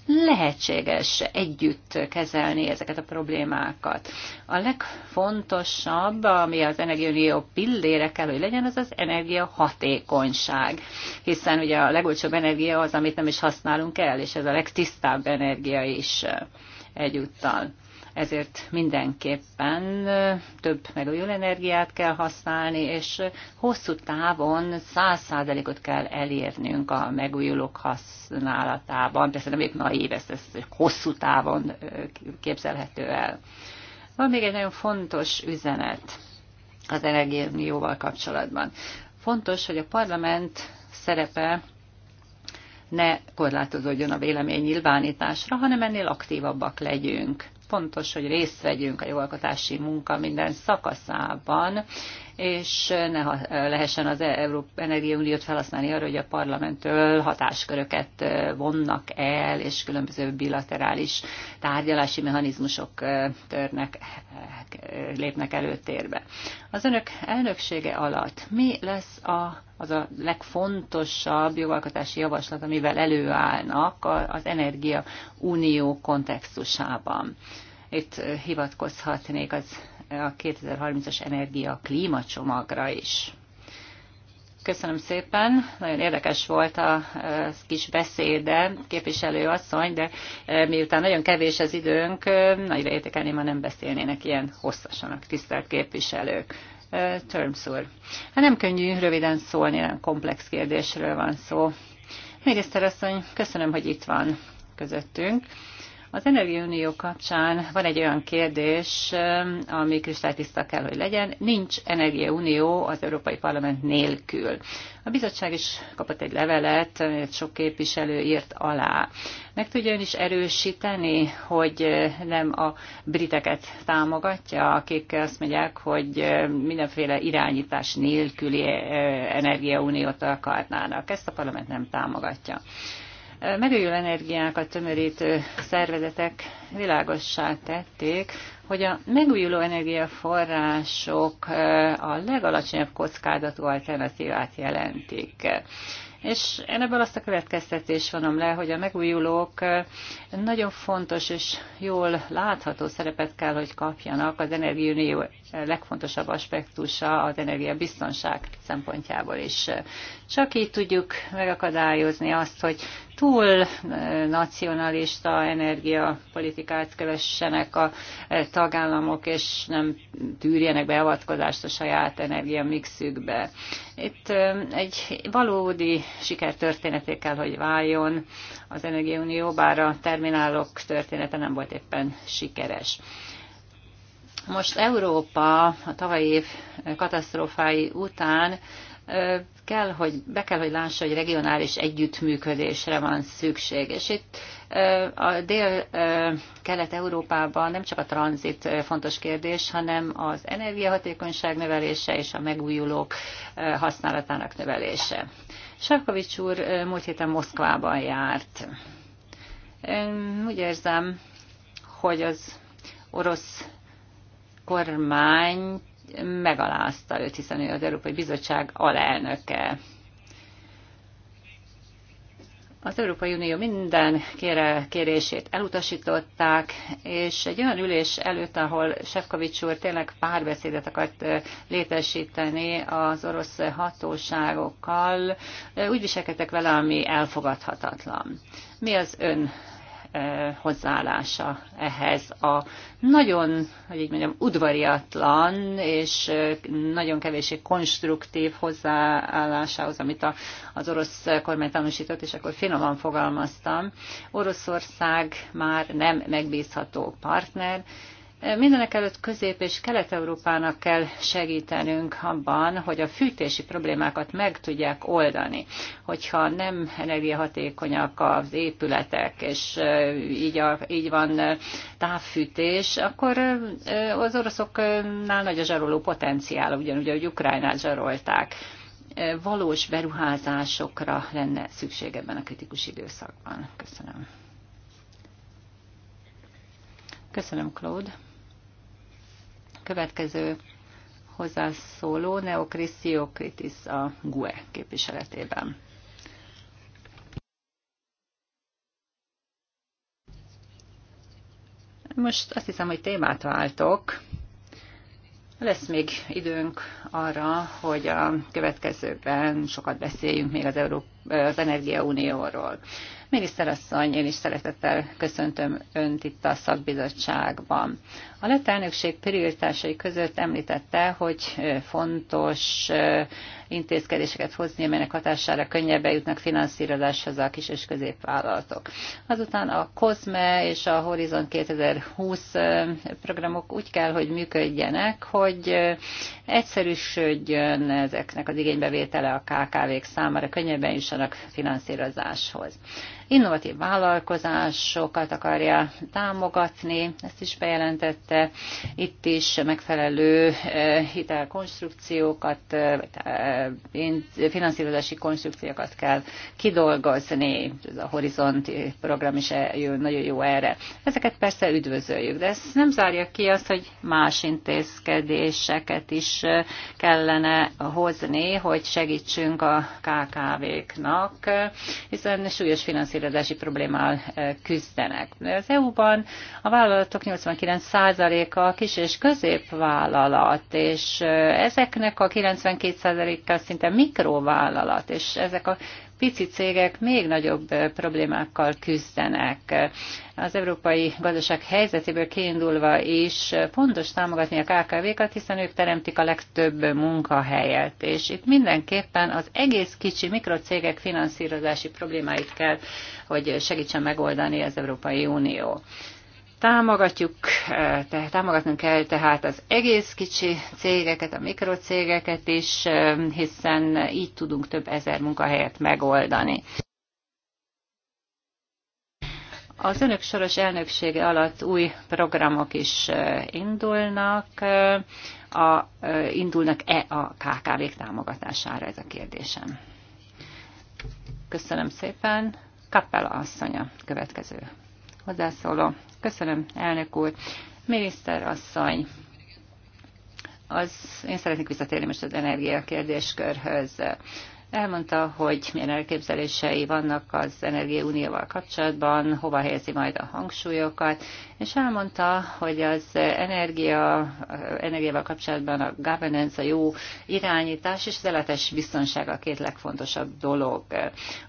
lehetséges együtt kezelni ezeket a problémákat. A legfontosabb, ami az energiaunió pillére kell, hogy legyen, az az energia hatékonyság. Hiszen ugye a legolcsóbb energia az, amit nem is használunk el, és ez a legtisztább energia is eh, egyúttal ezért mindenképpen több megújuló energiát kell használni, és hosszú távon 100%-ot kell elérnünk a megújulók használatában. Persze nem még naív, ez, ezt hosszú távon képzelhető el. Van még egy nagyon fontos üzenet az energiával kapcsolatban. Fontos, hogy a parlament szerepe ne korlátozódjon a vélemény nyilvánításra, hanem ennél aktívabbak legyünk fontos, hogy részt vegyünk a jogalkotási munka minden szakaszában, és ne lehessen az Európai Uniót felhasználni arra, hogy a parlamenttől hatásköröket vonnak el, és különböző bilaterális tárgyalási mechanizmusok törnek, lépnek előtérbe. Az önök elnöksége alatt mi lesz a, az a legfontosabb jogalkotási javaslat, amivel előállnak az Energia Unió kontextusában? Itt hivatkozhatnék az a 2030-as energia klímacsomagra is. Köszönöm szépen. Nagyon érdekes volt a kis beszéde, képviselő asszony, de miután nagyon kevés az időnk, nagyra értékelni ma nem beszélnének ilyen hosszasanak tisztelt képviselők. Terms úr. Hát nem könnyű röviden szólni, nem komplex kérdésről van szó. Miniszter asszony, köszönöm, hogy itt van közöttünk. Az Energiaunió kapcsán van egy olyan kérdés, um, ami kristálytiszta kell, hogy legyen. Nincs Energiaunió az Európai Parlament nélkül. A bizottság is kapott egy levelet, sok képviselő írt alá. Meg tudja ön is erősíteni, hogy nem a briteket támogatja, akik azt mondják, hogy um, mindenféle irányítás nélküli uh, energiauniót akarnának. Ezt a parlament nem támogatja megújuló energiákat tömörítő szervezetek világossá tették, hogy a megújuló energiaforrások a legalacsonyabb kockázatú alternatívát jelentik. És én ebből azt a következtetés vonom le, hogy a megújulók nagyon fontos és jól látható szerepet kell, hogy kapjanak az energiunió legfontosabb aspektusa az energiabiztonság szempontjából is. Csak így tudjuk megakadályozni azt, hogy túl eh, nacionalista energiapolitikát kövessenek a eh, tagállamok, és nem tűrjenek beavatkozást a saját energiamixükbe. Itt eh, egy valódi sikertörténeté kell, hogy váljon az Energiaunió, bár a terminálok története nem volt éppen sikeres. Most Európa a tavalyi év katasztrófái után kell, hogy be kell, hogy lássa, hogy regionális együttműködésre van szükség. És itt a dél-kelet-európában nem csak a tranzit fontos kérdés, hanem az energiahatékonyság növelése és a megújulók használatának növelése. Sarkovics úr múlt héten Moszkvában járt. Én úgy érzem, hogy az orosz kormányt megalázta őt, hiszen ő az Európai Bizottság alelnöke. Az Európai Unió minden kére, kérését elutasították, és egy olyan ülés előtt, ahol Sefkovics úr tényleg párbeszédet akart létesíteni az orosz hatóságokkal, úgy viselkedtek vele, ami elfogadhatatlan. Mi az ön hozzáállása ehhez a nagyon, hogy így mondjam, udvariatlan és nagyon kevéssé konstruktív hozzáállásához, amit a, az orosz kormány tanúsított, és akkor finoman fogalmaztam. Oroszország már nem megbízható partner, Mindenek előtt Közép- és Kelet-Európának kell segítenünk abban, hogy a fűtési problémákat meg tudják oldani. Hogyha nem energiahatékonyak az épületek, és így, a, így van távfűtés, akkor az oroszoknál nagy a zsaroló potenciál, ugyanúgy, ahogy Ukrajnát zsarolták. Valós beruházásokra lenne szükség ebben a kritikus időszakban. Köszönöm. Köszönöm, Claude következő hozzászóló Neokris a GUE képviseletében. Most azt hiszem, hogy témát váltok. Lesz még időnk arra, hogy a következőben sokat beszéljünk még az, Európa, az Energiaunióról. Miniszterasszony, én is szeretettel köszöntöm Önt itt a szakbizottságban. A lett elnökség prioritásai között említette, hogy fontos intézkedéseket hozni, amelynek hatására könnyebben jutnak finanszírozáshoz a kis és középvállalatok. Azután a COSME és a Horizon 2020 programok úgy kell, hogy működjenek, hogy egyszerűsödjön ezeknek az igénybevétele a KKV-k számára, könnyebben jussanak finanszírozáshoz innovatív vállalkozásokat akarja támogatni, ezt is bejelentette. Itt is megfelelő eh, hitelkonstrukciókat, eh, eh, finanszírozási konstrukciókat kell kidolgozni. Ez a horizonti program is e-, nagyon jó erre. Ezeket persze üdvözöljük, de ez nem zárja ki azt, hogy más intézkedéseket is kellene hozni, hogy segítsünk a KKV-knak, hiszen súlyos finanszírozási finanszírozási problémával e, küzdenek. Az EU-ban a vállalatok 89%-a kis és középvállalat, és e, ezeknek a 92%-a szinte mikrovállalat, és ezek a pici cégek még nagyobb problémákkal küzdenek. Az európai gazdaság helyzetéből kiindulva is fontos támogatni a KKV-kat, hiszen ők teremtik a legtöbb munkahelyet, és itt mindenképpen az egész kicsi mikrocégek finanszírozási problémáit kell, hogy segítsen megoldani az Európai Unió. Támogatjuk, tehát támogatnunk kell tehát az egész kicsi cégeket, a mikrocégeket is, hiszen így tudunk több ezer munkahelyet megoldani. Az önök soros elnöksége alatt új programok is indulnak. A, indulnak-e a KKV-k támogatására ez a kérdésem? Köszönöm szépen. Kappela asszonya következő hozzászóló. Köszönöm, elnök úr. Miniszter asszony, az, én szeretnék visszatérni most az energiakérdéskörhöz. Elmondta, hogy milyen elképzelései vannak az Energiaunióval kapcsolatban, hova helyezi majd a hangsúlyokat, és elmondta, hogy az energia, energiával kapcsolatban a governance, a jó irányítás és az eletes biztonság a két legfontosabb dolog.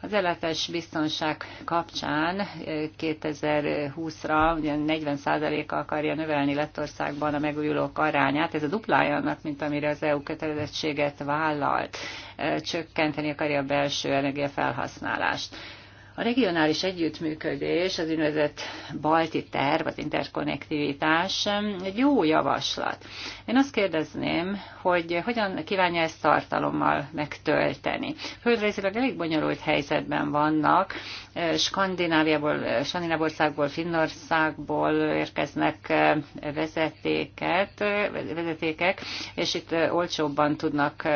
Az eletes biztonság kapcsán 2020-ra eh, 40%-a akarja növelni Lettországban a megújulók arányát, ez a duplája annak, mint amire az EU kötelezettséget vállalt eh, csökkenteni akarja a belső energiafelhasználást. A regionális együttműködés, az úgynevezett balti terv, az interkonnektivitás egy jó javaslat. Én azt kérdezném, hogy hogyan kívánja ezt tartalommal megtölteni. Földrajzilag elég bonyolult helyzetben vannak, Skandináviából, Skandinávországból, Finnországból érkeznek eh, vezetéket, eh, vezetékek, és itt eh, olcsóbban tudnak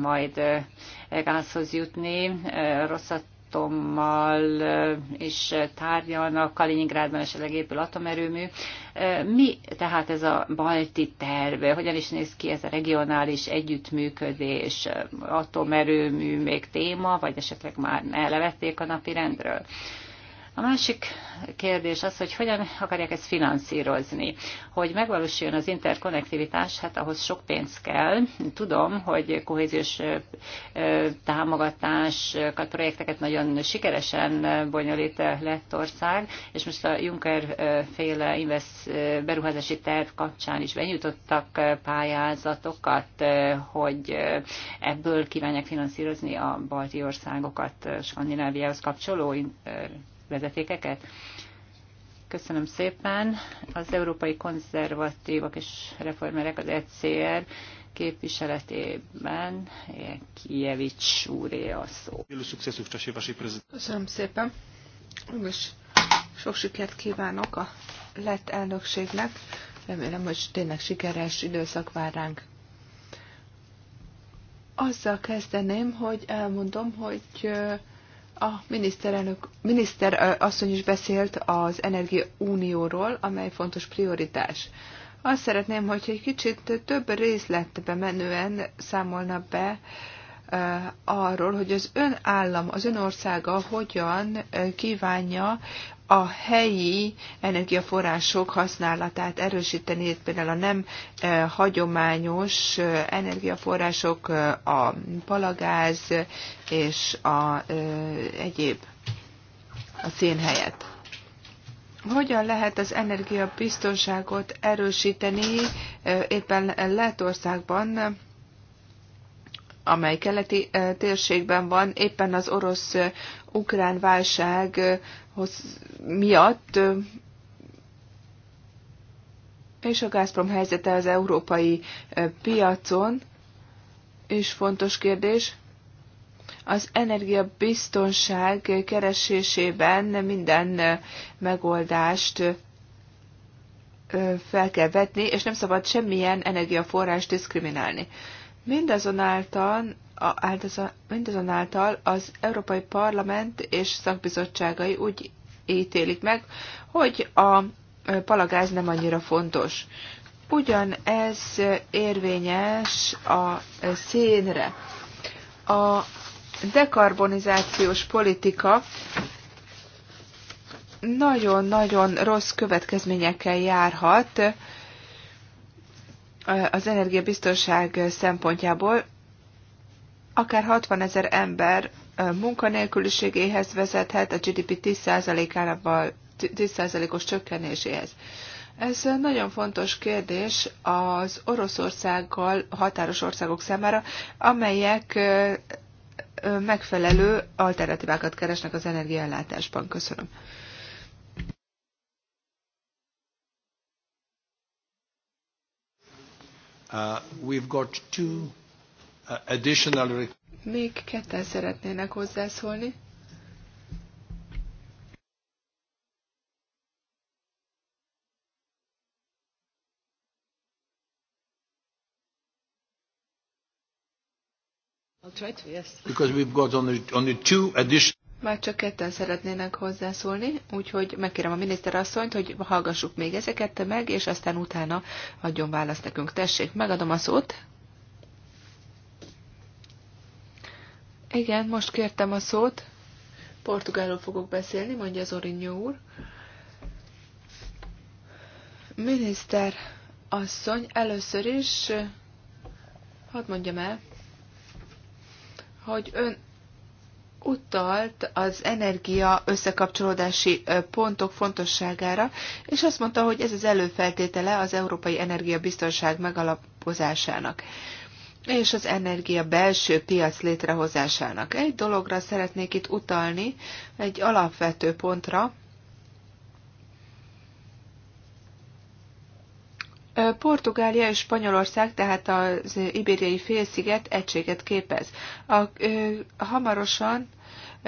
majd gázhoz jutni, rosszat Rosatommal eh, is eh, tárgyalnak, Kaliningrádban esetleg épül atomerőmű. Eh, mi tehát ez a balti terv, hogyan is néz ki ez a regionális együttműködés, atomerőmű még téma, vagy esetleg már levették a napi rendről? A másik kérdés az, hogy hogyan akarják ezt finanszírozni. Hogy megvalósuljon az interkonnektivitás, hát ahhoz sok pénz kell. Tudom, hogy kohéziós támogatásokat, projekteket nagyon sikeresen bonyolít ország, és most a Juncker féle invest beruházási terv kapcsán is benyújtottak pályázatokat, hogy ebből kívánják finanszírozni a balti országokat Skandináviához kapcsoló vezetékeket? Köszönöm szépen. Az Európai Konzervatívak és Reformerek, az ECR képviseletében Kijevics úré a szó. Köszönöm szépen. És sok sikert kívánok a lett elnökségnek. Remélem, hogy tényleg sikeres időszak vár ránk. Azzal kezdeném, hogy elmondom, hogy a miniszterelnök, miniszter asszony is beszélt az Energia Unióról, amely fontos prioritás. Azt szeretném, hogy egy kicsit több részletbe menően számolna be arról, hogy az ön állam, az ön országa hogyan kívánja a helyi energiaforrások használatát erősíteni, például a nem eh, hagyományos eh, energiaforrások, eh, a palagáz és a egyéb a szén helyett. Hogyan lehet az energiabiztonságot erősíteni éppen Lettországban amely keleti térségben van, éppen az orosz-ukrán válság miatt és a Gazprom helyzete az európai piacon is fontos kérdés. Az energiabiztonság keresésében minden megoldást fel kell vetni, és nem szabad semmilyen energiaforrást diszkriminálni. Mindazonáltal, a, mindazonáltal az Európai Parlament és szakbizottságai úgy ítélik meg, hogy a palagáz nem annyira fontos. Ugyanez érvényes a szénre. A dekarbonizációs politika nagyon-nagyon rossz következményekkel járhat, az energiabiztonság szempontjából akár 60 ezer ember munkanélküliségéhez vezethet, a GDP 10%-os csökkenéséhez. Ez nagyon fontos kérdés az Oroszországgal határos országok számára, amelyek megfelelő alternatívákat keresnek az energiaellátásban. Köszönöm. Uh, we've got two uh, additional... Még ketten szeretnének hozzászólni. I'll try to, yes. Because we've got only, only two additional... Már csak ketten szeretnének hozzászólni, úgyhogy megkérem a miniszter asszonyt, hogy hallgassuk még ezeket meg, és aztán utána adjon választ nekünk. Tessék, megadom a szót. Igen, most kértem a szót. Portugálról fogok beszélni, mondja az Orinyó úr. Miniszter asszony, először is, hadd mondjam el, hogy ön utalt az energia összekapcsolódási pontok fontosságára, és azt mondta, hogy ez az előfeltétele az európai energiabiztonság megalapozásának és az energia belső piac létrehozásának. Egy dologra szeretnék itt utalni, egy alapvető pontra, Portugália és Spanyolország, tehát az ibériai félsziget egységet képez. A, hamarosan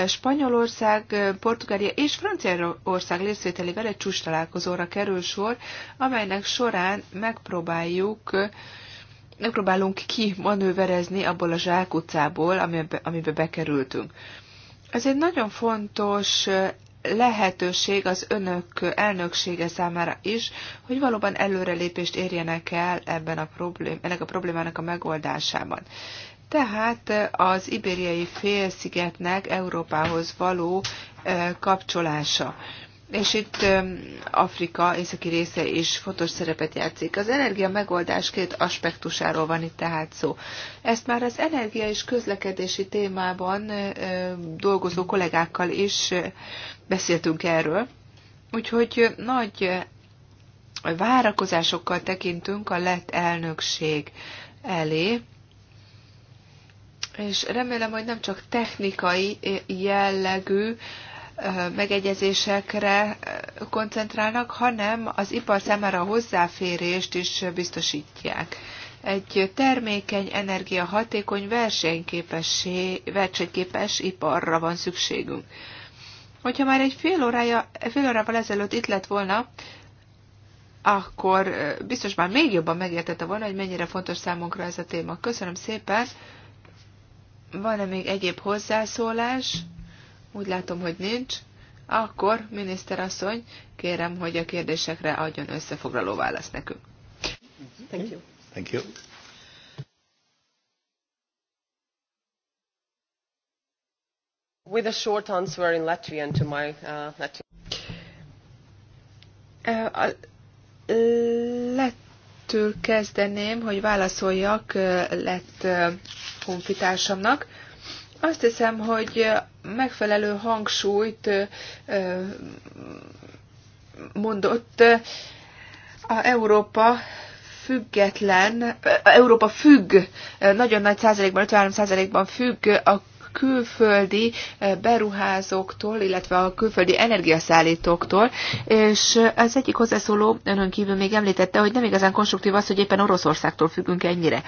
Spanyolország, Portugália és Franciaország részvételével egy csúcs találkozóra kerül sor, amelynek során megpróbáljuk megpróbálunk kimanőverezni abból a zsákutcából, amibe, amibe bekerültünk. Ez egy nagyon fontos lehetőség az önök elnöksége számára is, hogy valóban előrelépést érjenek el ebben a problém, ennek a problémának a megoldásában. Tehát az ibériai félszigetnek Európához való eh, kapcsolása és itt Afrika északi része is fontos szerepet játszik. Az energia megoldás két aspektusáról van itt tehát szó. Ezt már az energia és közlekedési témában dolgozó kollégákkal is beszéltünk erről. Úgyhogy nagy várakozásokkal tekintünk a lett elnökség elé, és remélem, hogy nem csak technikai jellegű, megegyezésekre koncentrálnak, hanem az ipar számára a hozzáférést is biztosítják. Egy termékeny, energiahatékony, versenyképes iparra van szükségünk. Hogyha már egy fél, órája, fél órával ezelőtt itt lett volna, akkor biztos már még jobban megértette volna, hogy mennyire fontos számunkra ez a téma. Köszönöm szépen! Van-e még egyéb hozzászólás? Úgy látom, hogy nincs. Akkor, miniszterasszony, kérem, hogy a kérdésekre adjon összefoglaló választ nekünk. Thank you. Thank you. With a short answer in Latvian to my uh, Latvian. Uh, lettől kezdeném, hogy válaszoljak uh, lett uh, honfitársamnak. Azt hiszem, hogy megfelelő hangsúlyt mondott a Európa független, Európa függ, nagyon nagy százalékban, 53 százalékban függ a külföldi beruházóktól, illetve a külföldi energiaszállítóktól, és az egyik hozzászóló önön kívül még említette, hogy nem igazán konstruktív az, hogy éppen Oroszországtól függünk ennyire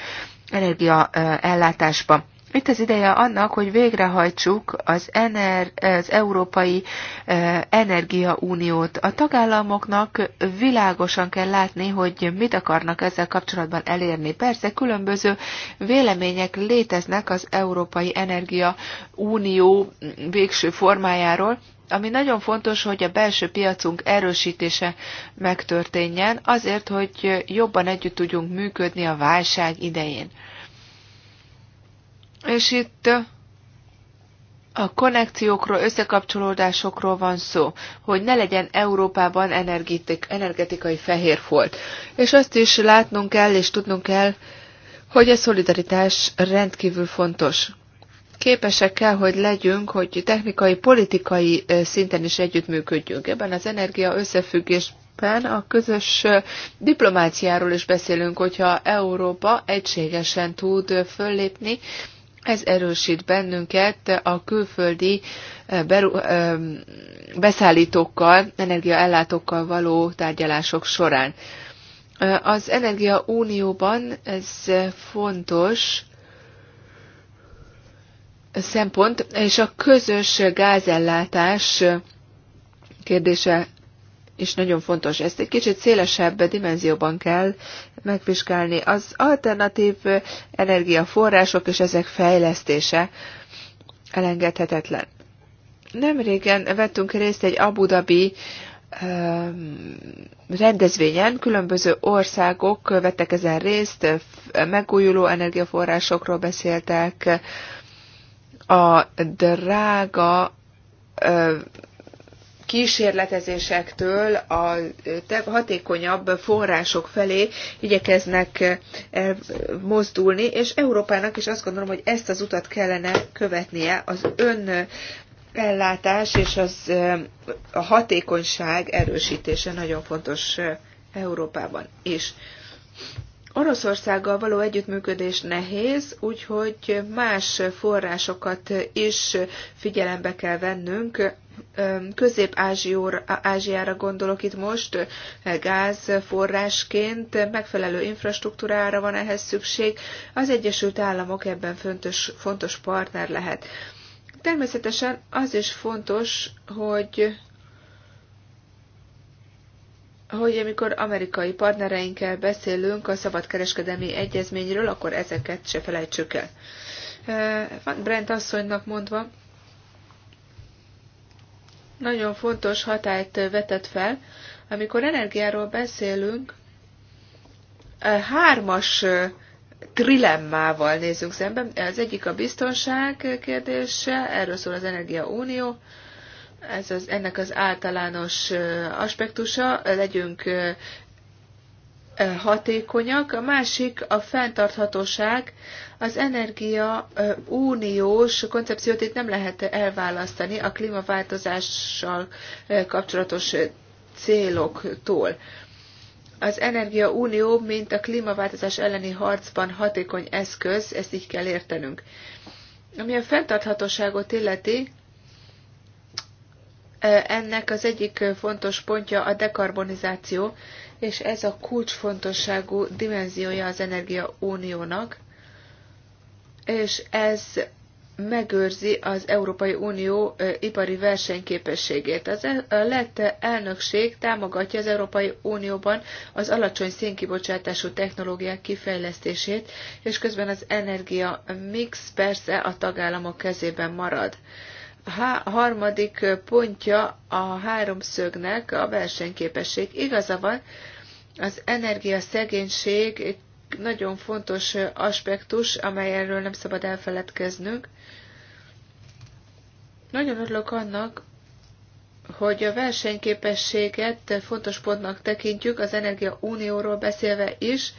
energiaellátásba. Itt az ideje annak, hogy végrehajtsuk az, ener, az Európai eh, Energia Uniót. A tagállamoknak világosan kell látni, hogy mit akarnak ezzel kapcsolatban elérni. Persze különböző vélemények léteznek az Európai Energia Unió végső formájáról, ami nagyon fontos, hogy a belső piacunk erősítése megtörténjen, azért, hogy jobban együtt tudjunk működni a válság idején. És itt a konnekciókról, összekapcsolódásokról van szó, hogy ne legyen Európában energetik, energetikai fehér folt. És azt is látnunk kell és tudnunk kell, hogy a szolidaritás rendkívül fontos. Képesek kell, hogy legyünk, hogy technikai, politikai szinten is együttműködjünk. Ebben az energia összefüggésben a közös diplomáciáról is beszélünk, hogyha Európa egységesen tud föllépni, ez erősít bennünket a külföldi eh, beru, eh, beszállítókkal, energiaellátókkal való tárgyalások során. Eh, az Energia Unióban ez fontos szempont, és a közös gázellátás kérdése is nagyon fontos. Ezt egy kicsit szélesebb dimenzióban kell megvizsgálni. Az alternatív energiaforrások és ezek fejlesztése elengedhetetlen. Nem régen vettünk részt egy Abu Dhabi rendezvényen különböző országok vettek ezen részt, megújuló energiaforrásokról beszéltek, a drága kísérletezésektől a hatékonyabb források felé igyekeznek e, mozdulni, és Európának is azt gondolom, hogy ezt az utat kellene követnie az ön ellátás és az, a hatékonyság erősítése nagyon fontos Európában is. Oroszországgal való együttműködés nehéz, úgyhogy más forrásokat is figyelembe kell vennünk. Közép-Ázsiára gondolok itt most, gázforrásként megfelelő infrastruktúrára van ehhez szükség. Az Egyesült Államok ebben fontos, fontos partner lehet. Természetesen az is fontos, hogy hogy amikor amerikai partnereinkkel beszélünk a szabadkereskedelmi egyezményről, akkor ezeket se felejtsük el. Van Brent asszonynak mondva, nagyon fontos hatályt vetett fel, amikor energiáról beszélünk, hármas trilemmával nézünk szemben. Az egyik a biztonság kérdése, erről szól az Energia Unió, ez az, ennek az általános aspektusa, legyünk hatékonyak. A másik a fenntarthatóság, az energia uniós koncepciót itt nem lehet elválasztani a klímaváltozással kapcsolatos céloktól. Az Energia Unió, mint a klímaváltozás elleni harcban hatékony eszköz, ezt így kell értenünk. Ami a fenntarthatóságot illeti, ennek az egyik fontos pontja a dekarbonizáció, és ez a kulcsfontosságú dimenziója az Energia Uniónak, és ez megőrzi az Európai Unió ipari versenyképességét. Az a lett elnökség támogatja az Európai Unióban az alacsony szénkibocsátású technológiák kifejlesztését, és közben az energia mix persze a tagállamok kezében marad harmadik pontja a háromszögnek a versenyképesség. Igaza van, az energiaszegénység egy nagyon fontos aspektus, amelyről nem szabad elfeledkeznünk. Nagyon örülök annak, hogy a versenyképességet fontos pontnak tekintjük, az Energia Unióról beszélve is,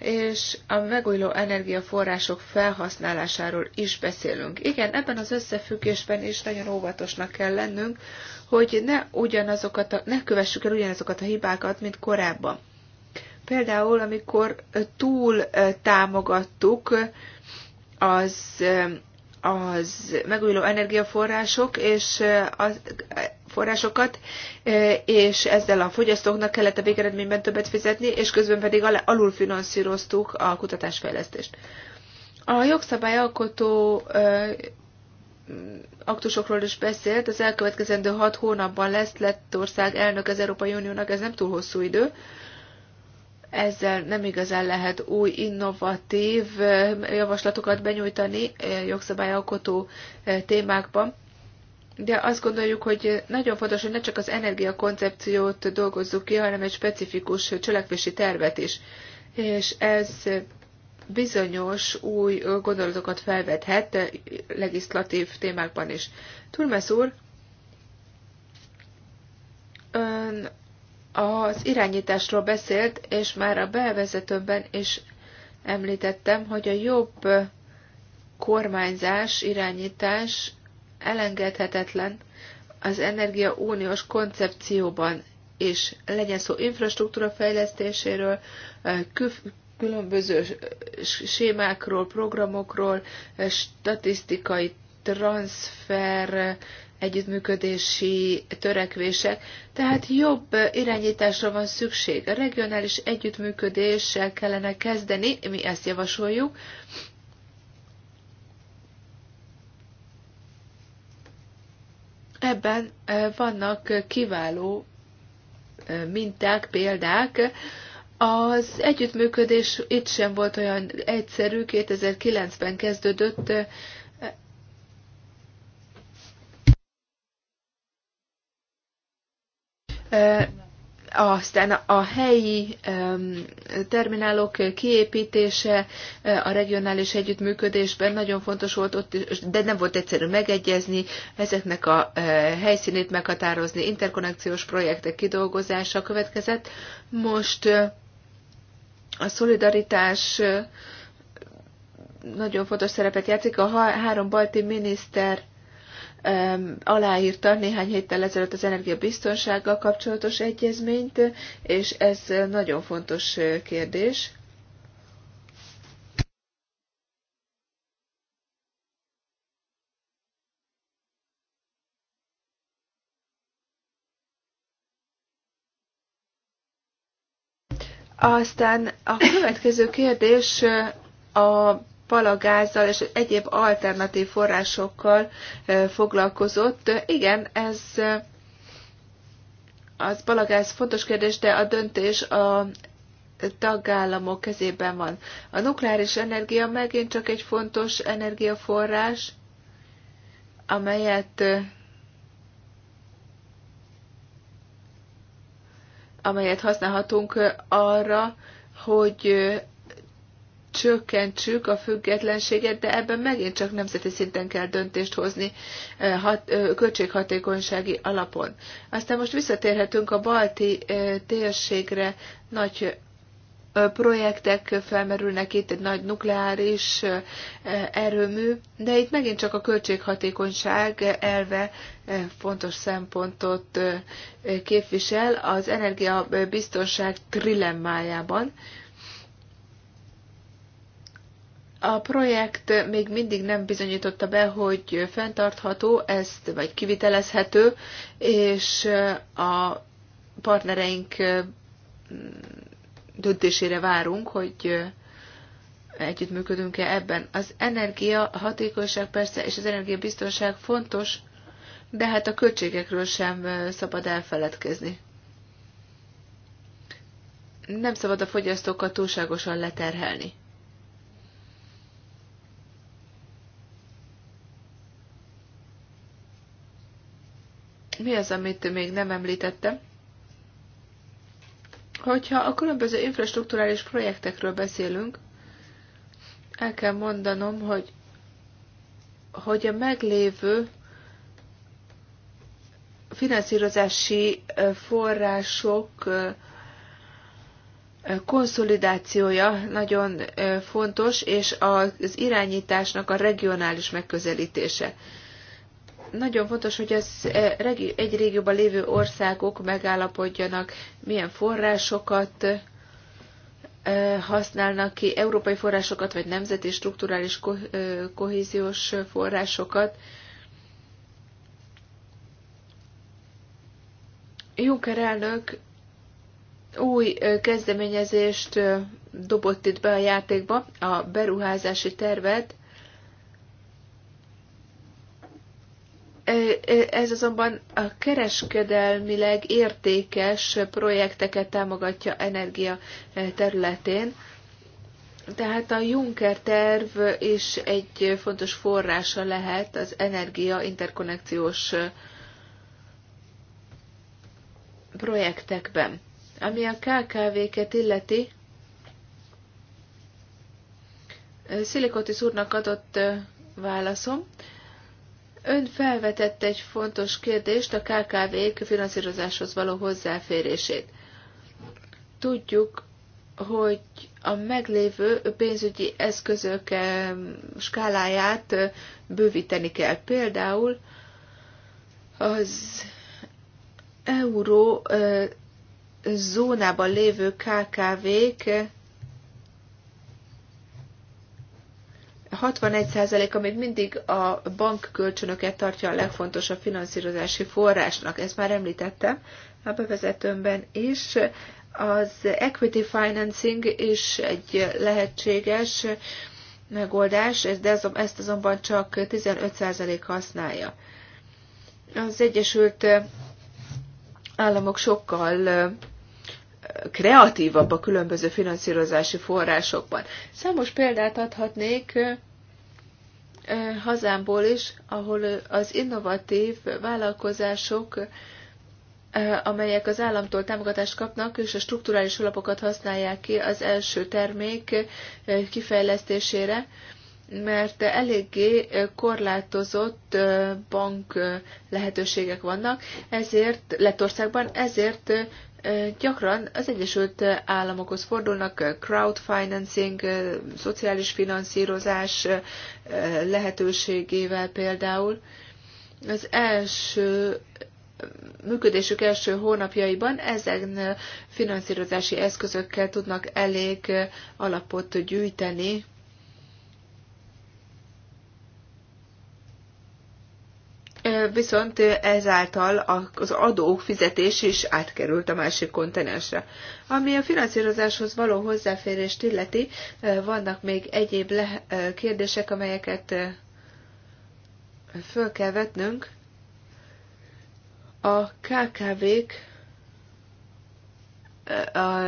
és a megújuló energiaforrások felhasználásáról is beszélünk. Igen, ebben az összefüggésben is nagyon óvatosnak kell lennünk, hogy ne, ugyanazokat a, ne kövessük el ugyanazokat a hibákat, mint korábban. Például, amikor túl támogattuk az, az megújuló energiaforrások, és az, forrásokat, és ezzel a fogyasztóknak kellett a végeredményben többet fizetni, és közben pedig alulfinanszíroztuk a kutatásfejlesztést. A jogszabályalkotó aktusokról is beszélt, az elkövetkezendő hat hónapban lesz Lettország elnök az Európai Uniónak, ez nem túl hosszú idő, ezzel nem igazán lehet új, innovatív javaslatokat benyújtani jogszabályalkotó témákban de azt gondoljuk, hogy nagyon fontos, hogy ne csak az energiakoncepciót dolgozzuk ki, hanem egy specifikus cselekvési tervet is. És ez bizonyos új gondolatokat felvethet legislatív témákban is. Turmes úr, ön az irányításról beszélt, és már a bevezetőben is említettem, hogy a jobb kormányzás, irányítás elengedhetetlen az energia uniós koncepcióban és Legyen szó infrastruktúra fejlesztéséről, különböző sémákról, programokról, statisztikai transfer, együttműködési törekvések, tehát jobb irányításra van szükség. A regionális együttműködéssel kellene kezdeni, mi ezt javasoljuk, Ebben vannak kiváló minták, példák. Az együttműködés itt sem volt olyan egyszerű, 2009-ben kezdődött, aztán a helyi terminálok kiépítése e, a regionális együttműködésben nagyon fontos volt ott, de nem volt egyszerű megegyezni, ezeknek a e, helyszínét meghatározni, interkonnekciós projektek kidolgozása következett. Most e, a szolidaritás nagyon fontos szerepet játszik. A három balti miniszter aláírta néhány héttel ezelőtt az energiabiztonsággal kapcsolatos egyezményt, és ez nagyon fontos kérdés. Aztán a következő kérdés a palagázzal és egyéb alternatív forrásokkal foglalkozott. Igen, ez az palagáz fontos kérdés, de a döntés a tagállamok kezében van. A nukleáris energia megint csak egy fontos energiaforrás, amelyet amelyet használhatunk arra, hogy csökkentsük a függetlenséget, de ebben megint csak nemzeti szinten kell döntést hozni eh, hat, eh, költséghatékonysági alapon. Aztán most visszatérhetünk a balti eh, térségre, nagy projektek felmerülnek itt, egy nagy nukleáris erőmű, de itt megint csak a költséghatékonyság elve fontos szempontot képvisel az energiabiztonság trilemmájában. A projekt még mindig nem bizonyította be, hogy fenntartható, ezt vagy kivitelezhető, és a partnereink mm, döntésére várunk, hogy együttműködünk-e ebben. Az energia hatékonyság persze, és az energiabiztonság fontos, de hát a költségekről sem szabad elfeledkezni. Nem szabad a fogyasztókat túlságosan leterhelni. Mi az, amit még nem említettem? Hogyha a különböző infrastruktúrális projektekről beszélünk, el kell mondanom, hogy, hogy a meglévő finanszírozási források konszolidációja nagyon fontos, és az irányításnak a regionális megközelítése nagyon fontos, hogy az e, egy régióban lévő országok megállapodjanak, milyen forrásokat e, használnak ki, európai forrásokat, vagy nemzeti strukturális e, kohéziós forrásokat. Juncker elnök új kezdeményezést dobott itt be a játékba, a beruházási tervet, Ez azonban a kereskedelmileg értékes projekteket támogatja energia területén, tehát a Juncker terv is egy fontos forrása lehet az energia interkonnekciós projektekben. Ami a KKV-ket illeti, Szilikotis úrnak adott válaszom. Ön felvetett egy fontos kérdést, a KKV-k finanszírozáshoz való hozzáférését. Tudjuk, hogy a meglévő pénzügyi eszközök eh, skáláját eh, bővíteni kell. Például az euró eh, zónában lévő KKV-k 61%-a még mindig a bankkölcsönöket tartja a legfontosabb finanszírozási forrásnak. Ezt már említettem a bevezetőmben is. Az equity financing is egy lehetséges megoldás, de ezt azonban csak 15% használja. Az Egyesült Államok sokkal kreatívabb a különböző finanszírozási forrásokban. Számos példát adhatnék hazámból is, ahol az innovatív vállalkozások, amelyek az államtól támogatást kapnak, és a strukturális alapokat használják ki az első termék kifejlesztésére, mert eléggé korlátozott bank lehetőségek vannak, ezért Lettországban ezért Gyakran az Egyesült Államokhoz fordulnak, crowdfinancing, szociális finanszírozás lehetőségével például. Az első működésük első hónapjaiban ezen finanszírozási eszközökkel tudnak elég alapot gyűjteni viszont ezáltal az adók fizetés is átkerült a másik kontinensre. Ami a finanszírozáshoz való hozzáférést illeti, vannak még egyéb kérdések, amelyeket föl kell vetnünk. A KKV-k a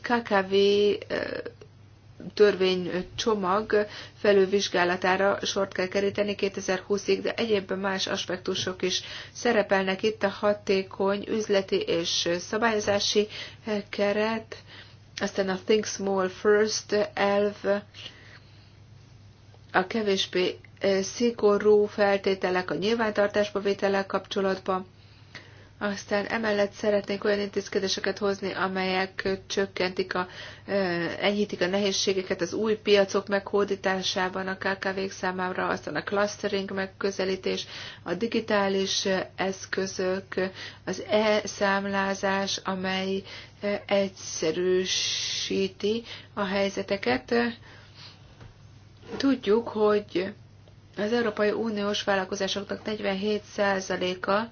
KKV törvénycsomag felülvizsgálatára sort kell keríteni 2020-ig, de egyébben más aspektusok is szerepelnek itt a hatékony üzleti és szabályozási keret, aztán a Think Small First elv, a kevésbé szigorú feltételek a nyilvántartásba vétellel kapcsolatban, aztán emellett szeretnék olyan intézkedéseket hozni, amelyek csökkentik a, enyhítik a nehézségeket az új piacok meghódításában a KKV-k számára, aztán a clustering megközelítés, a digitális eszközök, az e-számlázás, amely egyszerűsíti a helyzeteket. Tudjuk, hogy az Európai Uniós vállalkozásoknak 47%-a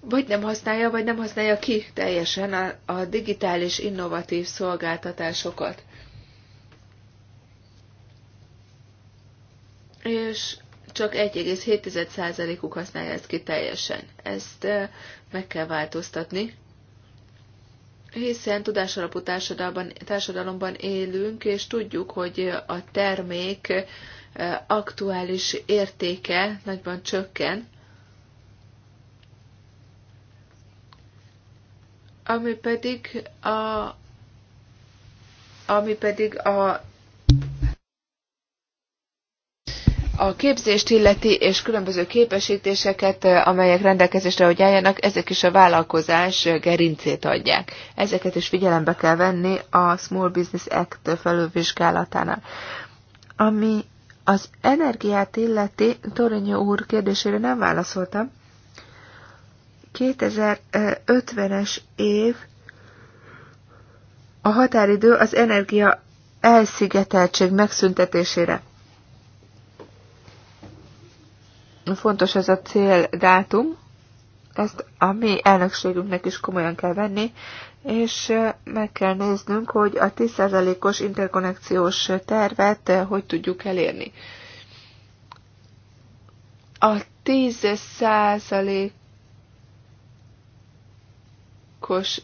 vagy nem használja, vagy nem használja ki teljesen a, a digitális innovatív szolgáltatásokat. És csak 1,7%-uk használja ezt ki teljesen. Ezt meg kell változtatni, hiszen tudásalapú társadalomban, társadalomban élünk, és tudjuk, hogy a termék aktuális értéke nagyban csökken, ami pedig a ami pedig a a képzést illeti és különböző képesítéseket, eh, amelyek rendelkezésre, hogy álljanak, ezek is a vállalkozás gerincét adják. Ezeket is figyelembe kell venni a Small Business Act felülvizsgálatánál. Ami az energiát illeti, Torinyó úr kérdésére nem válaszoltam, 2050-es év a határidő az energia elszigeteltség megszüntetésére. Fontos ez a dátum, ezt a mi elnökségünknek is komolyan kell venni, és meg kell néznünk, hogy a 10%-os interkonnekciós tervet hogy tudjuk elérni. A 10% százalékos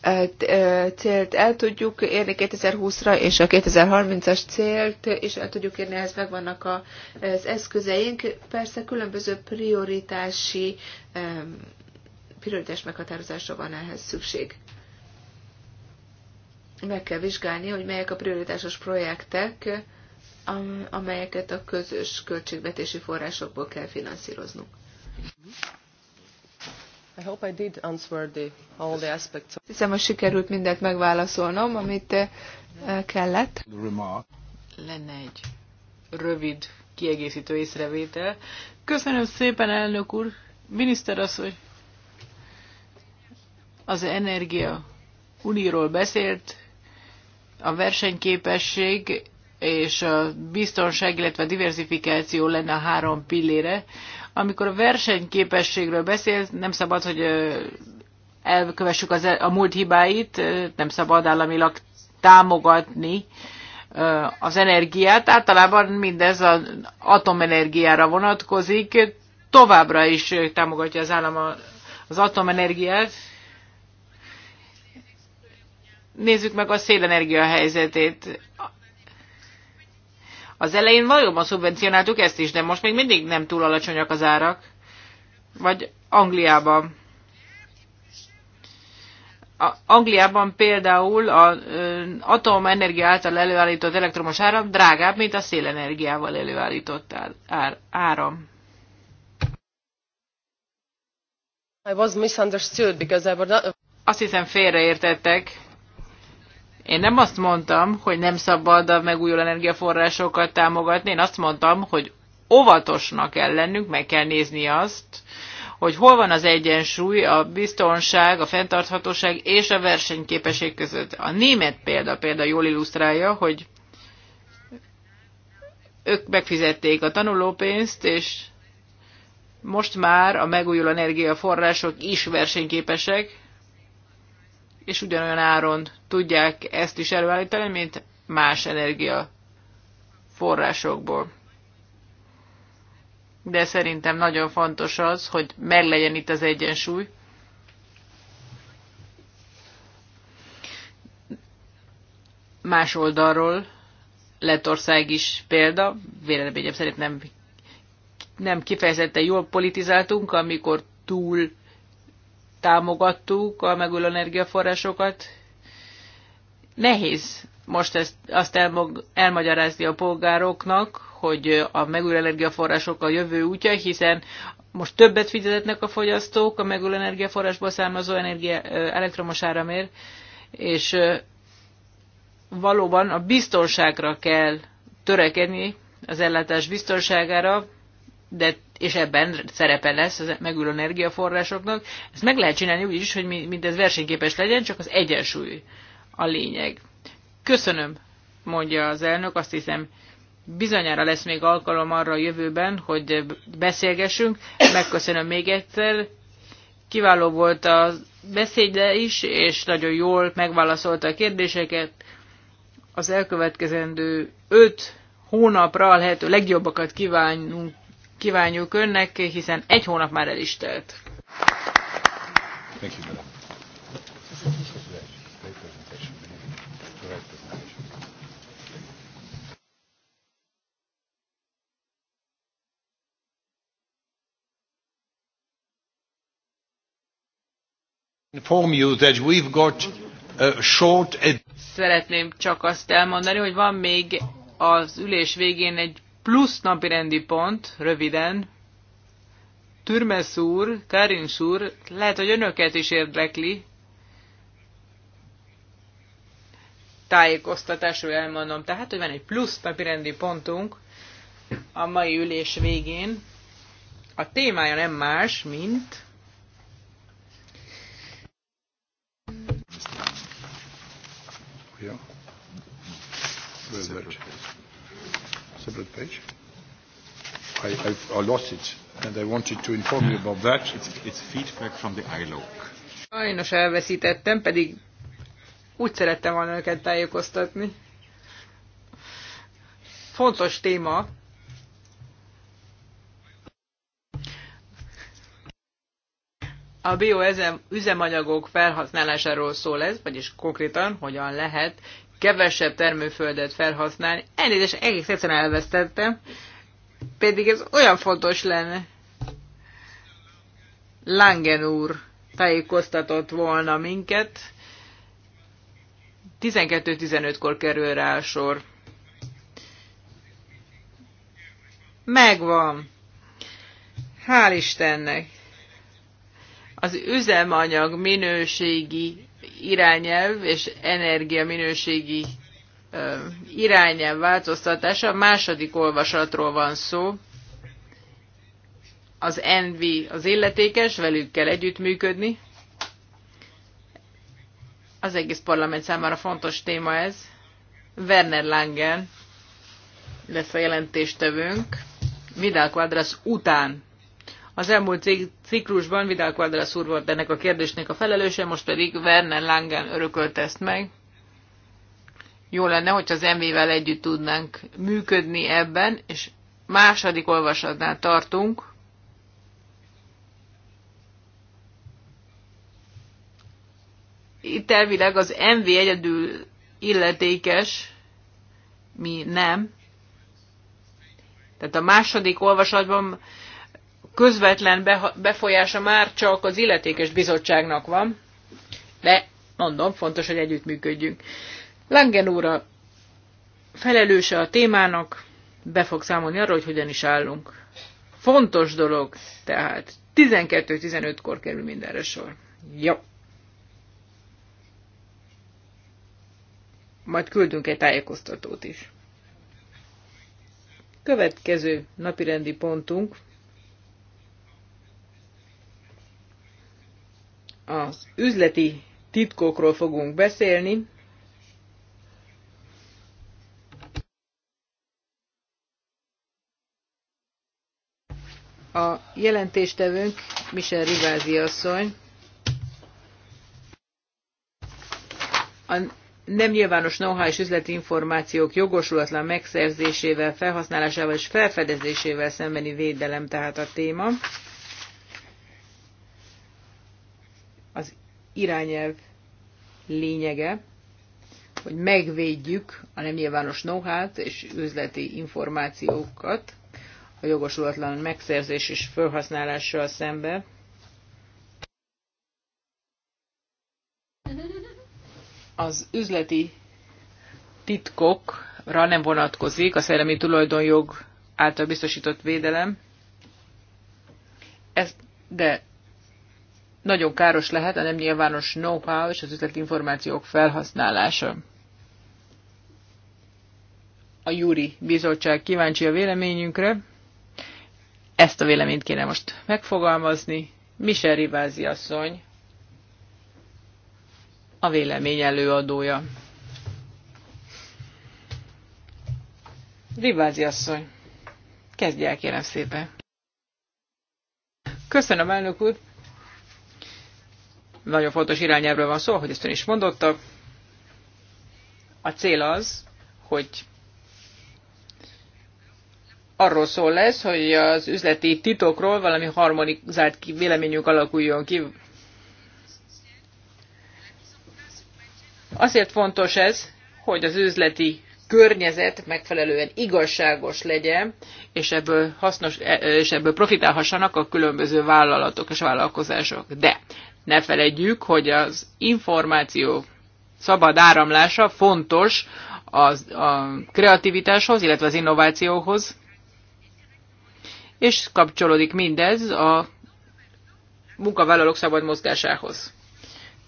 eh, eh, célt el tudjuk érni 2020-ra, és a 2030-as célt is el tudjuk érni, ehhez megvannak az eszközeink. Persze különböző prioritási, prioritás meghatározásra van ehhez szükség. Meg kell vizsgálni, hogy melyek a prioritásos projektek, amelyeket a közös költségvetési forrásokból kell finanszíroznunk. Hiszem, hogy sikerült mindent megválaszolnom, amit eh, kellett. Lenne egy rövid kiegészítő észrevétel. Köszönöm szépen, elnök úr, miniszter asszony, az energia uniról beszélt, a versenyképesség és a biztonság, illetve a diversifikáció lenne a három pillére. Amikor a versenyképességről beszél, nem szabad, hogy elkövessük az, e- a múlt hibáit, nem szabad államilag támogatni az energiát. Általában mindez az atomenergiára vonatkozik, továbbra is támogatja az állam az atomenergiát. Nézzük meg a szélenergia helyzetét. Az elején valóban szubvencionáltuk ezt is, de most még mindig nem túl alacsonyak az árak. Vagy Angliában. A Angliában például az atomenergia által előállított elektromos áram drágább, mint a szélenergiával előállított áram. I was misunderstood because I not... Azt hiszem félreértettek én nem azt mondtam, hogy nem szabad a megújuló energiaforrásokat támogatni, én azt mondtam, hogy óvatosnak kell lennünk, meg kell nézni azt, hogy hol van az egyensúly a biztonság, a fenntarthatóság és a versenyképesség között. A német példa példa jól illusztrálja, hogy ők megfizették a tanulópénzt, és most már a megújuló energiaforrások is versenyképesek, és ugyanolyan áron tudják ezt is előállítani, mint más energia forrásokból. De szerintem nagyon fontos az, hogy legyen itt az egyensúly. Más oldalról Lettország is példa, véleményem szerint nem, nem kifejezetten jól politizáltunk, amikor túl támogattuk a megújuló energiaforrásokat. Nehéz most ezt, azt elmagyarázni a polgároknak, hogy a megújuló energiaforrások a jövő útja, hiszen most többet fizetnek a fogyasztók a megújuló energiaforrásból származó energia, elektromos áramért, és valóban a biztonságra kell törekedni, az ellátás biztonságára, de és ebben szerepe lesz az megülő energiaforrásoknak. Ezt meg lehet csinálni úgy is, hogy mindez versenyképes legyen, csak az egyensúly a lényeg. Köszönöm, mondja az elnök, azt hiszem, bizonyára lesz még alkalom arra a jövőben, hogy beszélgessünk. Megköszönöm még egyszer. Kiváló volt a beszéde is, és nagyon jól megválaszolta a kérdéseket. Az elkövetkezendő öt hónapra a lehető legjobbakat kívánunk kívánjuk önnek, hiszen egy hónap már el is telt. inform you that we've got a short... Szeretném csak azt elmondani, hogy van még az ülés végén egy plusz napirendi pont, röviden, Türmes úr, Karins úr, lehet, hogy önöket is érdekli. Tájékoztatásról elmondom. Tehát, hogy van egy plusz napirendi pontunk a mai ülés végén. A témája nem más, mint... Ja. Bővörcsös separate page? I, I, I lost it, and I wanted to inform you about that. It's, it's feedback from the ILOC. Sajnos elveszítettem, pedig úgy szerettem volna őket tájékoztatni. Fontos téma. A bioüzemanyagok felhasználásáról szól ez, vagyis konkrétan hogyan lehet kevesebb termőföldet felhasználni. Elnézést, egész egyszerűen elvesztettem. Pedig ez olyan fontos lenne. Langen úr tájékoztatott volna minket. 12-15-kor kerül rá a sor. Megvan. Hál' Istennek. Az üzemanyag minőségi irányelv és energiaminőségi irányelv változtatása. A második olvasatról van szó. Az NV az illetékes, velük kell együttműködni. Az egész parlament számára fontos téma ez. Werner Langen lesz a jelentéstevőnk. Vidal Quadras után az elmúlt ciklusban Vidal Quadras úr volt ennek a kérdésnek a felelőse, most pedig Werner Langen örökölt ezt meg. Jó lenne, hogy az MV-vel együtt tudnánk működni ebben, és második olvasatnál tartunk. Itt elvileg az MV egyedül illetékes, mi nem. Tehát a második olvasatban közvetlen befolyása már csak az illetékes bizottságnak van, de mondom, fontos, hogy együttműködjünk. Langen úr felelőse a témának, be fog számolni arról, hogy hogyan is állunk. Fontos dolog, tehát 12-15-kor kerül mindenre sor. Jó. Majd küldünk egy tájékoztatót is. Következő napirendi pontunk az üzleti titkokról fogunk beszélni. A jelentéstevőnk Michel Rivázi asszony a nem nyilvános know-how és üzleti információk jogosulatlan megszerzésével, felhasználásával és felfedezésével szembeni védelem tehát a téma. az irányelv lényege, hogy megvédjük a nem nyilvános know how és üzleti információkat a jogosulatlan megszerzés és felhasználással szembe. Az üzleti titkokra nem vonatkozik a szellemi tulajdonjog által biztosított védelem, ez, de nagyon káros lehet a nem nyilvános know-how és az üzleti információk felhasználása. A Júri Bizottság kíváncsi a véleményünkre. Ezt a véleményt kéne most megfogalmazni. Michel Rivázi asszony a vélemény előadója. Rivázi asszony, kezdj el kérem szépen. Köszönöm, elnök úr! Nagyon fontos irányelvről van szó, hogy ezt ön is mondotta. A cél az, hogy arról szól lesz, hogy az üzleti titokról valami harmonizált véleményünk alakuljon ki. Azért fontos ez, hogy az üzleti környezet megfelelően igazságos legyen, és ebből, hasznos, e- és ebből profitálhassanak a különböző vállalatok és vállalkozások. De ne felejtjük, hogy az információ szabad áramlása fontos az, a kreativitáshoz, illetve az innovációhoz, és kapcsolódik mindez a munkavállalók szabad mozgásához.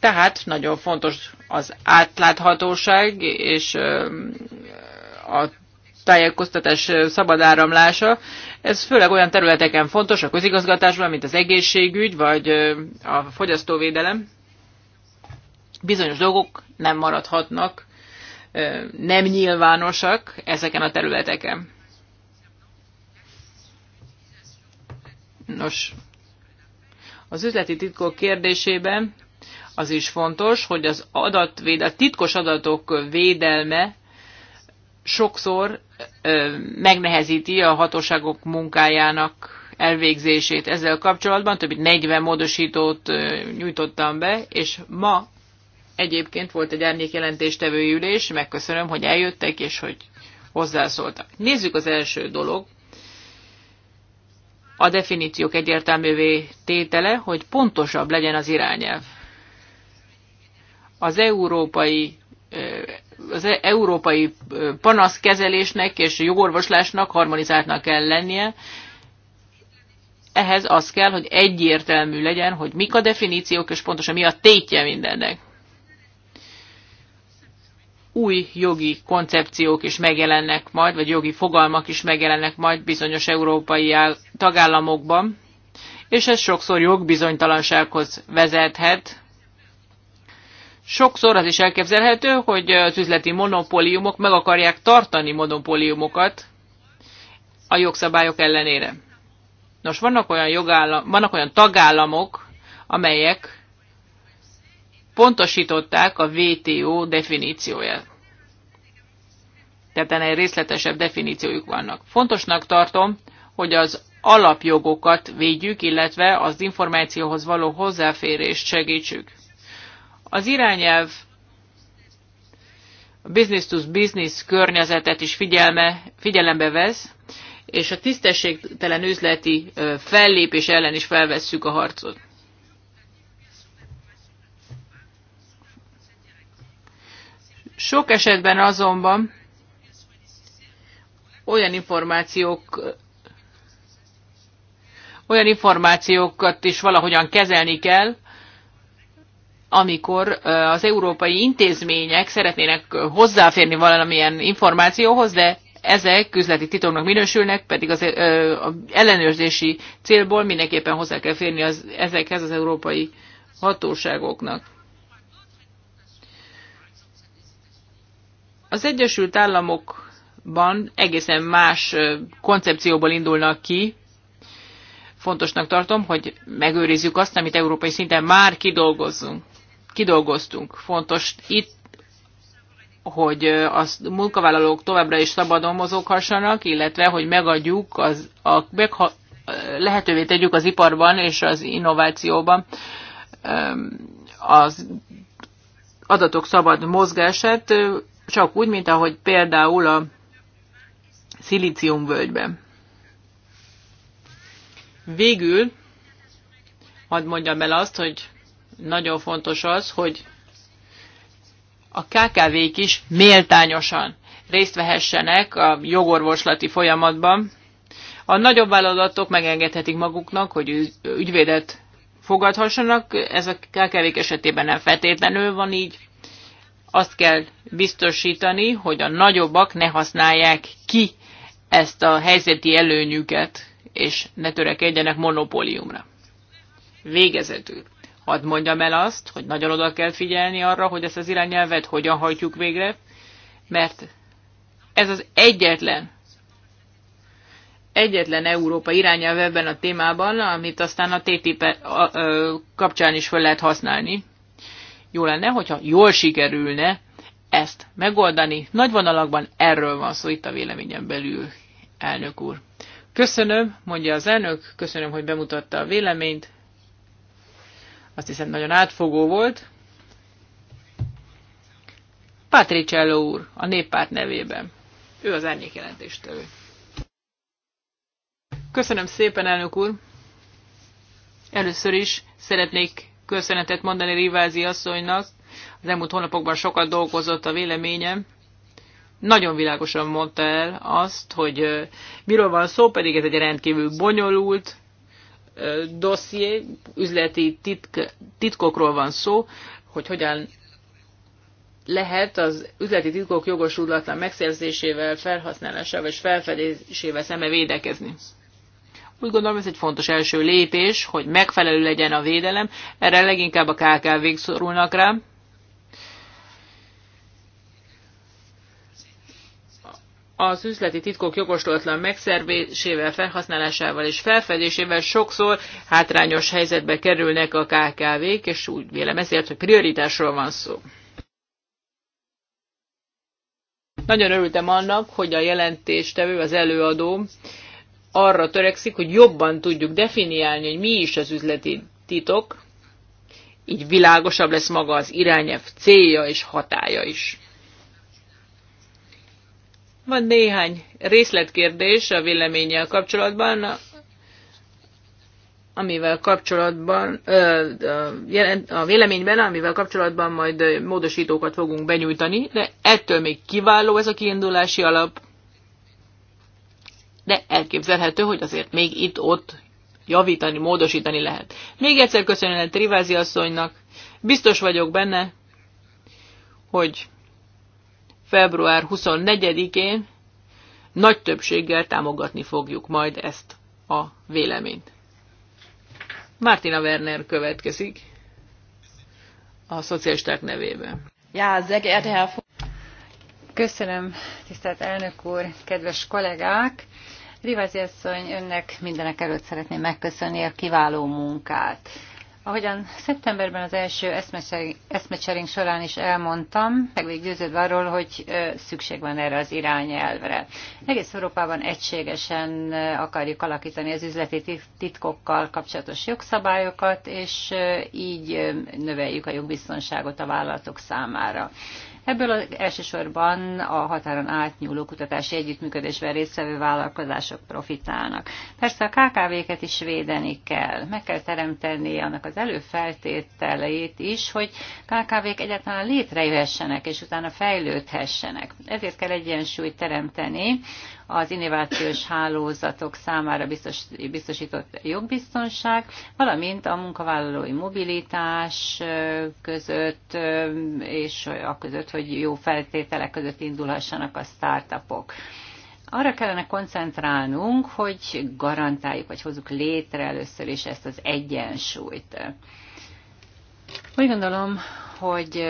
Tehát nagyon fontos az átláthatóság és a tájékoztatás szabad áramlása. Ez főleg olyan területeken fontos a közigazgatásban, mint az egészségügy vagy a fogyasztóvédelem. Bizonyos dolgok nem maradhatnak, nem nyilvánosak ezeken a területeken. Nos, az üzleti titkok kérdésében az is fontos, hogy az adatvéd, a titkos adatok védelme sokszor ö, megnehezíti a hatóságok munkájának elvégzését ezzel kapcsolatban. Több mint 40 módosítót ö, nyújtottam be, és ma egyébként volt egy árnyékjelentéstevő ülés, megköszönöm, hogy eljöttek, és hogy hozzászóltak. Nézzük az első dolog, a definíciók egyértelművé tétele, hogy pontosabb legyen az irányelv. Az európai az európai panaszkezelésnek és jogorvoslásnak harmonizáltnak kell lennie. Ehhez az kell, hogy egyértelmű legyen, hogy mik a definíciók, és pontosan mi a tétje mindennek. Új jogi koncepciók is megjelennek majd, vagy jogi fogalmak is megjelennek majd bizonyos európai tagállamokban, és ez sokszor jogbizonytalansághoz vezethet, Sokszor az is elképzelhető, hogy az üzleti monopóliumok meg akarják tartani monopóliumokat a jogszabályok ellenére. Nos, vannak olyan, jogállam, vannak olyan tagállamok, amelyek pontosították a WTO definícióját. Tehát ennél részletesebb definíciójuk vannak. Fontosnak tartom, hogy az alapjogokat védjük, illetve az információhoz való hozzáférést segítsük. Az irányelv a business to business környezetet is figyelme, figyelembe vesz, és a tisztességtelen üzleti fellépés ellen is felvesszük a harcot. Sok esetben azonban olyan információk olyan információkat is valahogyan kezelni kell, amikor az európai intézmények szeretnének hozzáférni valamilyen információhoz, de ezek üzleti titoknak minősülnek, pedig az ellenőrzési célból mindenképpen hozzá kell férni az, ezekhez az európai hatóságoknak. Az Egyesült Államokban egészen más koncepcióból indulnak ki. Fontosnak tartom, hogy megőrizzük azt, amit európai szinten már kidolgozzunk kidolgoztunk. Fontos itt, hogy a munkavállalók továbbra is szabadon mozoghassanak, illetve hogy megadjuk, az, a, megha, lehetővé tegyük az iparban és az innovációban az adatok szabad mozgását, csak úgy, mint ahogy például a szilíciumvölgyben. Végül hadd mondjam el azt, hogy nagyon fontos az, hogy a KKV-k is méltányosan részt vehessenek a jogorvoslati folyamatban. A nagyobb vállalatok megengedhetik maguknak, hogy ügyvédet fogadhassanak, ez a kkv esetében nem feltétlenül van így. Azt kell biztosítani, hogy a nagyobbak ne használják ki ezt a helyzeti előnyüket, és ne törekedjenek monopóliumra. Végezetül hadd mondjam el azt, hogy nagyon oda kell figyelni arra, hogy ezt az irányelvet hogyan hajtjuk végre, mert ez az egyetlen, egyetlen Európa irányelv ebben a témában, amit aztán a TTIP kapcsán is fel lehet használni. Jó lenne, hogyha jól sikerülne ezt megoldani. Nagy vonalakban erről van szó itt a véleményem belül, elnök úr. Köszönöm, mondja az elnök, köszönöm, hogy bemutatta a véleményt, azt hiszem nagyon átfogó volt. Patricello úr, a néppárt nevében. Ő az árnyék jelentéstől. Köszönöm szépen, elnök úr! Először is szeretnék köszönetet mondani Rivázi asszonynak. Az elmúlt hónapokban sokat dolgozott a véleményem. Nagyon világosan mondta el azt, hogy miről van szó, pedig ez egy rendkívül bonyolult dosszié, üzleti titk, titkokról van szó, hogy hogyan lehet az üzleti titkok jogosulatlan megszerzésével, felhasználásával és felfedésével szembe védekezni. Úgy gondolom, ez egy fontos első lépés, hogy megfelelő legyen a védelem, erre leginkább a KKV-k szorulnak rá, az üzleti titkok jogoslatlan megszervésével, felhasználásával és felfedésével sokszor hátrányos helyzetbe kerülnek a KKV-k, és úgy vélem ezért, hogy prioritásról van szó. Nagyon örültem annak, hogy a jelentéstevő, az előadó arra törekszik, hogy jobban tudjuk definiálni, hogy mi is az üzleti titok, így világosabb lesz maga az irányelv célja és hatája is. Van néhány részletkérdés a véleménnyel kapcsolatban, amivel kapcsolatban, a véleményben, amivel kapcsolatban majd módosítókat fogunk benyújtani, de ettől még kiváló ez a kiindulási alap, de elképzelhető, hogy azért még itt-ott javítani, módosítani lehet. Még egyszer köszönöm a Trivázi asszonynak, biztos vagyok benne, hogy február 24-én nagy többséggel támogatni fogjuk majd ezt a véleményt. Martina Werner következik a szocialisták nevében. Ja, Köszönöm, tisztelt elnök úr, kedves kollégák! Rivázi asszony, önnek mindenek előtt szeretném megköszönni a kiváló munkát. Ahogyan szeptemberben az első eszmecserénk során is elmondtam, meg még győződve arról, hogy szükség van erre az irányelvre. Egész Európában egységesen akarjuk alakítani az üzleti titkokkal kapcsolatos jogszabályokat, és így növeljük a jogbiztonságot a vállalatok számára. Ebből elsősorban a határon átnyúló kutatási együttműködésben résztvevő vállalkozások profitálnak. Persze a KKV-ket is védeni kell. Meg kell teremteni annak az előfeltételeit is, hogy KKV-k egyáltalán létrejöhessenek, és utána fejlődhessenek. Ezért kell egyensúlyt teremteni az innovációs hálózatok számára biztosított jogbiztonság, valamint a munkavállalói mobilitás között, és a között, hogy jó feltételek között indulhassanak a startupok arra kellene koncentrálnunk, hogy garantáljuk, vagy hozzuk létre először is ezt az egyensúlyt. Úgy gondolom, hogy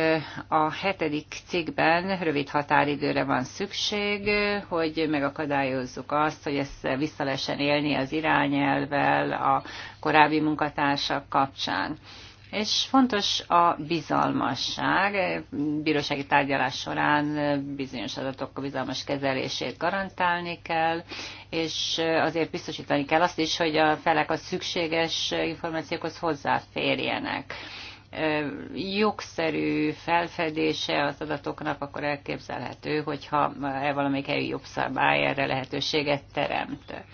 a hetedik cikkben rövid határidőre van szükség, hogy megakadályozzuk azt, hogy ezt vissza lehessen élni az irányelvel a korábbi munkatársak kapcsán. És fontos a bizalmasság. Bírósági tárgyalás során bizonyos adatok bizalmas kezelését garantálni kell, és azért biztosítani kell azt is, hogy a felek a szükséges információkhoz hozzáférjenek jogszerű felfedése az adatoknak, akkor elképzelhető, hogyha e, valamelyik helyi szabály erre lehetőséget teremt.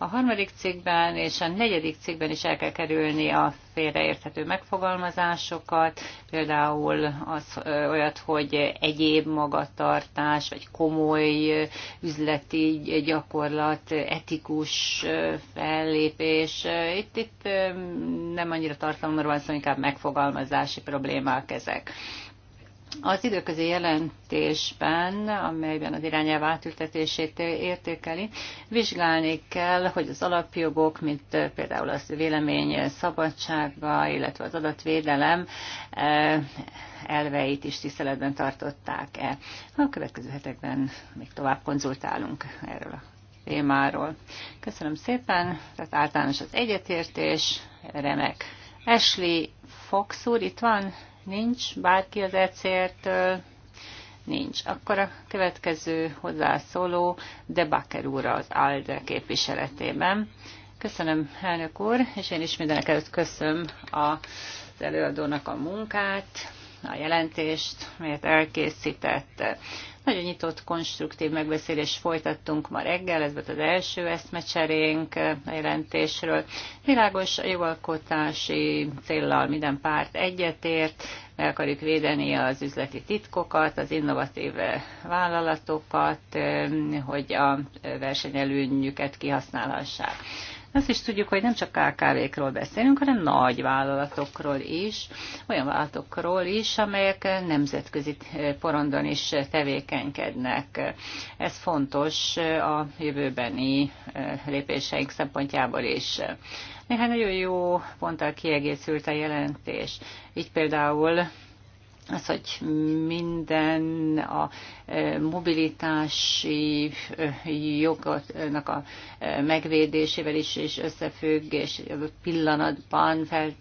A harmadik cikkben és a negyedik cikkben is el kell kerülni a félreérthető megfogalmazásokat, például az olyat, hogy egyéb magatartás, vagy komoly üzleti gyakorlat, etikus fellépés. Itt, itt nem annyira tartalomról van szó, inkább megfogalmazási problémák ezek. Az időközi jelentésben, amelyben az irányelv átültetését értékeli, vizsgálni kell, hogy az alapjogok, mint például az vélemény szabadsága, illetve az adatvédelem e, elveit is tiszteletben tartották-e. A következő hetekben még tovább konzultálunk erről a témáról. Köszönöm szépen, tehát általános az egyetértés, remek. Ashley Fox úr itt van, Nincs bárki az ECR-től? Nincs. Akkor a következő hozzászóló Debaker úr az ALDE képviseletében. Köszönöm, elnök úr, és én is mindenek előtt köszönöm az előadónak a munkát, a jelentést, melyet elkészített. Nagyon nyitott, konstruktív megbeszélést folytattunk ma reggel, ez volt az első eszmecserénk a jelentésről. Világos a jogalkotási célral minden párt egyetért, meg akarjuk védeni az üzleti titkokat, az innovatív vállalatokat, hogy a versenyelőnyüket kihasználhassák. Azt is tudjuk, hogy nem csak KKV-król beszélünk, hanem nagy vállalatokról is, olyan vállalatokról is, amelyek nemzetközi porondon is tevékenykednek. Ez fontos a jövőbeni lépéseink szempontjából is. Néhány nagyon jó ponttal kiegészült a jelentés. Így például az, hogy minden a e, mobilitási e, jogoknak a e, megvédésével is, és összefügg, és pillanatban fel,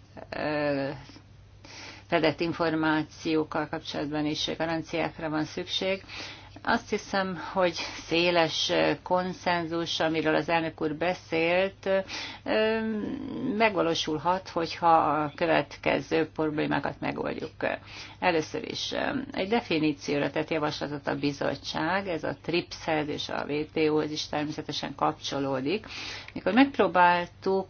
fedett információkkal kapcsolatban is garanciákra van szükség. Azt hiszem, hogy széles konszenzus, amiről az elnök úr beszélt, megvalósulhat, hogyha a következő problémákat megoldjuk. Először is egy definícióra tett javaslatot a bizottság, ez a trips és a WTO-hoz is természetesen kapcsolódik. Mikor megpróbáltuk,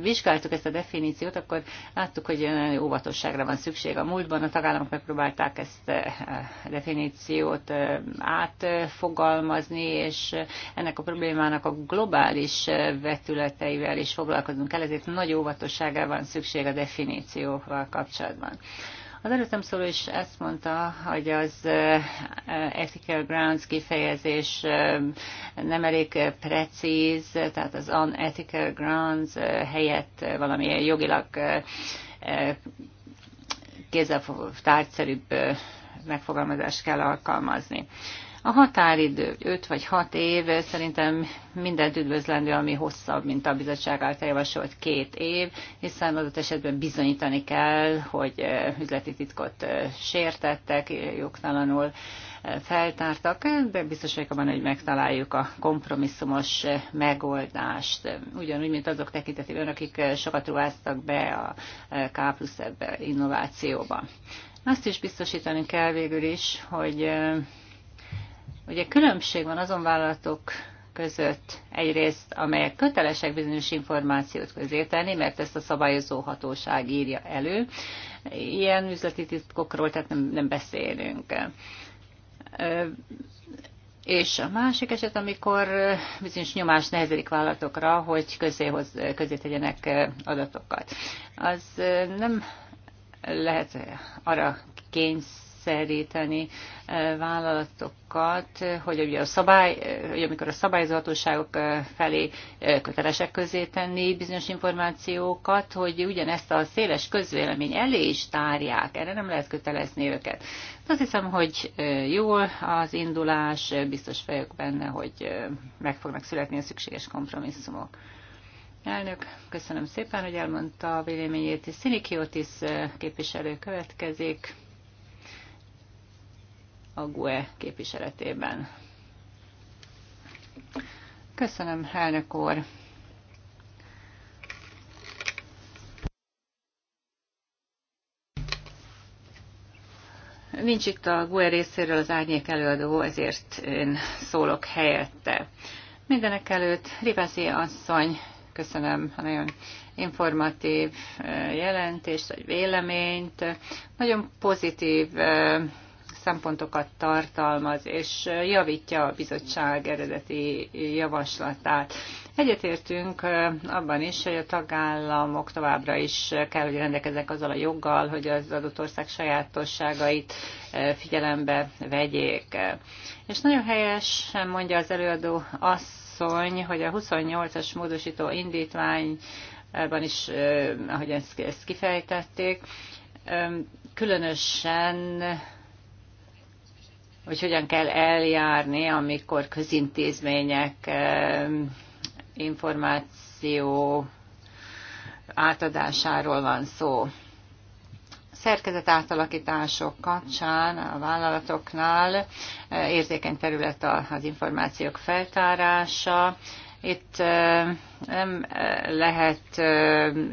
vizsgáltuk ezt a definíciót, akkor láttuk, hogy óvatosságra van szükség. A múltban a tagállamok megpróbálták ezt a definíciót átfogalmazni, és ennek a problémának a globális vetületeivel is foglalkozunk el, ezért nagy óvatosságra van szükség a definícióval kapcsolatban. Az előttem szóló is ezt mondta, hogy az eh, ethical grounds kifejezés eh, nem elég precíz, tehát az unethical grounds eh, helyett valamilyen jogilag kézzel tárgyszerűbb megfogalmazást kell alkalmazni. A határidő 5 vagy 6 év szerintem mindent üdvözlendő, ami hosszabb, mint a bizottság által javasolt két év, hiszen az esetben bizonyítani kell, hogy üzleti titkot sértettek, jogtalanul feltártak, de biztos vagyok abban, hogy megtaláljuk a kompromisszumos megoldást. Ugyanúgy, mint azok tekintetében, akik sokat ruháztak be a K plusz innovációba. Azt is biztosítani kell végül is, hogy ugye különbség van azon vállalatok között egyrészt, amelyek kötelesek bizonyos információt közéteni, mert ezt a szabályozó hatóság írja elő. Ilyen üzleti titkokról tehát nem, nem beszélünk. És a másik eset, amikor bizonyos nyomás nehezedik vállalatokra, hogy közéhoz, közé tegyenek adatokat. Az nem lehet arra kényszeríteni eh, vállalatokat, hogy, ugye a szabály, eh, hogy amikor a szabályzhatóságok eh, felé kötelesek közé tenni bizonyos információkat, hogy ugyanezt a széles közvélemény elé is tárják, erre nem lehet kötelezni őket. De azt hiszem, hogy jól az indulás, biztos vagyok benne, hogy meg fognak születni a szükséges kompromisszumok. Elnök, köszönöm szépen, hogy elmondta a véleményét. Szinikiotis képviselő következik a GUE képviseletében. Köszönöm, elnök úr. Nincs itt a GUE részéről az árnyék előadó, ezért én szólok helyette. Mindenek előtt Rivazi asszony köszönöm a nagyon informatív jelentést, vagy véleményt. Nagyon pozitív szempontokat tartalmaz, és javítja a bizottság eredeti javaslatát. Egyetértünk abban is, hogy a tagállamok továbbra is kell, hogy rendelkezek azzal a joggal, hogy az adott ország sajátosságait figyelembe vegyék. És nagyon helyes mondja az előadó azt, asszony, hogy a 28-as módosító indítványban is, ahogy ezt, ezt kifejtették, különösen hogy hogyan kell eljárni, amikor közintézmények információ átadásáról van szó szerkezet átalakítások kapcsán a vállalatoknál eh, érzékeny terület az információk feltárása, itt eh, nem eh, lehet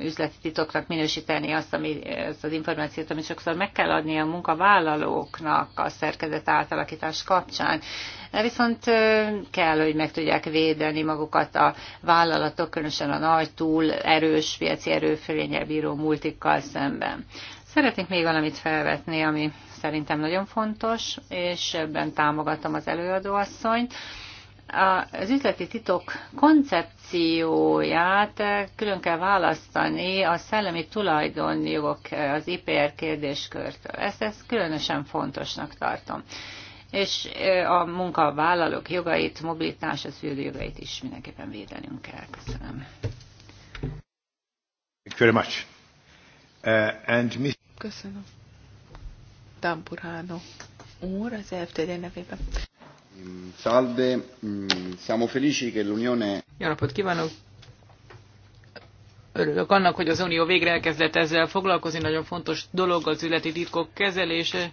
üzleti titoknak minősíteni azt, ami, azt az információt, amit sokszor meg kell adni a munkavállalóknak a szerkezet átalakítás kapcsán. Viszont kell, hogy meg tudják védeni magukat a vállalatok, különösen a nagy, túl erős piaci erőfölényel bíró multikkal szemben. Szeretnék még valamit felvetni, ami szerintem nagyon fontos, és ebben támogatom az előadóasszonyt. Az üzleti titok koncepcióját külön kell választani a szellemi tulajdonjogok az IPR kérdéskörtől. Ezt, ezt különösen fontosnak tartom. És a munkavállalók jogait, mobilitás, az jogait is mindenképpen védenünk kell. Köszönöm. Thank you very much. Uh, and Mr. Köszönöm. Tamburano úr az FTD nevében. Salve, siamo felici che l'Unione... Jó napot kívánok! Örülök annak, hogy az Unió végre elkezdett ezzel foglalkozni. Nagyon fontos dolog az ületi titkok kezelése.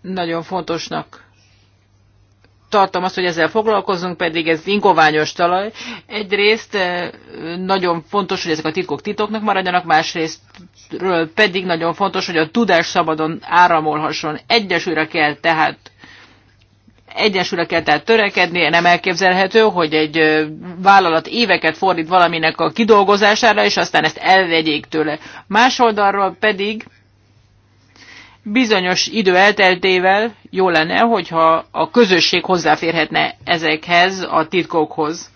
Nagyon fontosnak tartom azt, hogy ezzel foglalkozunk, pedig ez ingoványos talaj. Egyrészt eh, nagyon fontos, hogy ezek a titkok titoknak maradjanak, másrészt pedig nagyon fontos, hogy a tudás szabadon áramolhasson. Egyesülre kell tehát Egyesülre kell tehát törekedni, nem elképzelhető, hogy egy eh, vállalat éveket fordít valaminek a kidolgozására, és aztán ezt elvegyék tőle. Más oldalról pedig bizonyos idő elteltével jó lenne, hogyha a közösség hozzáférhetne ezekhez a titkokhoz.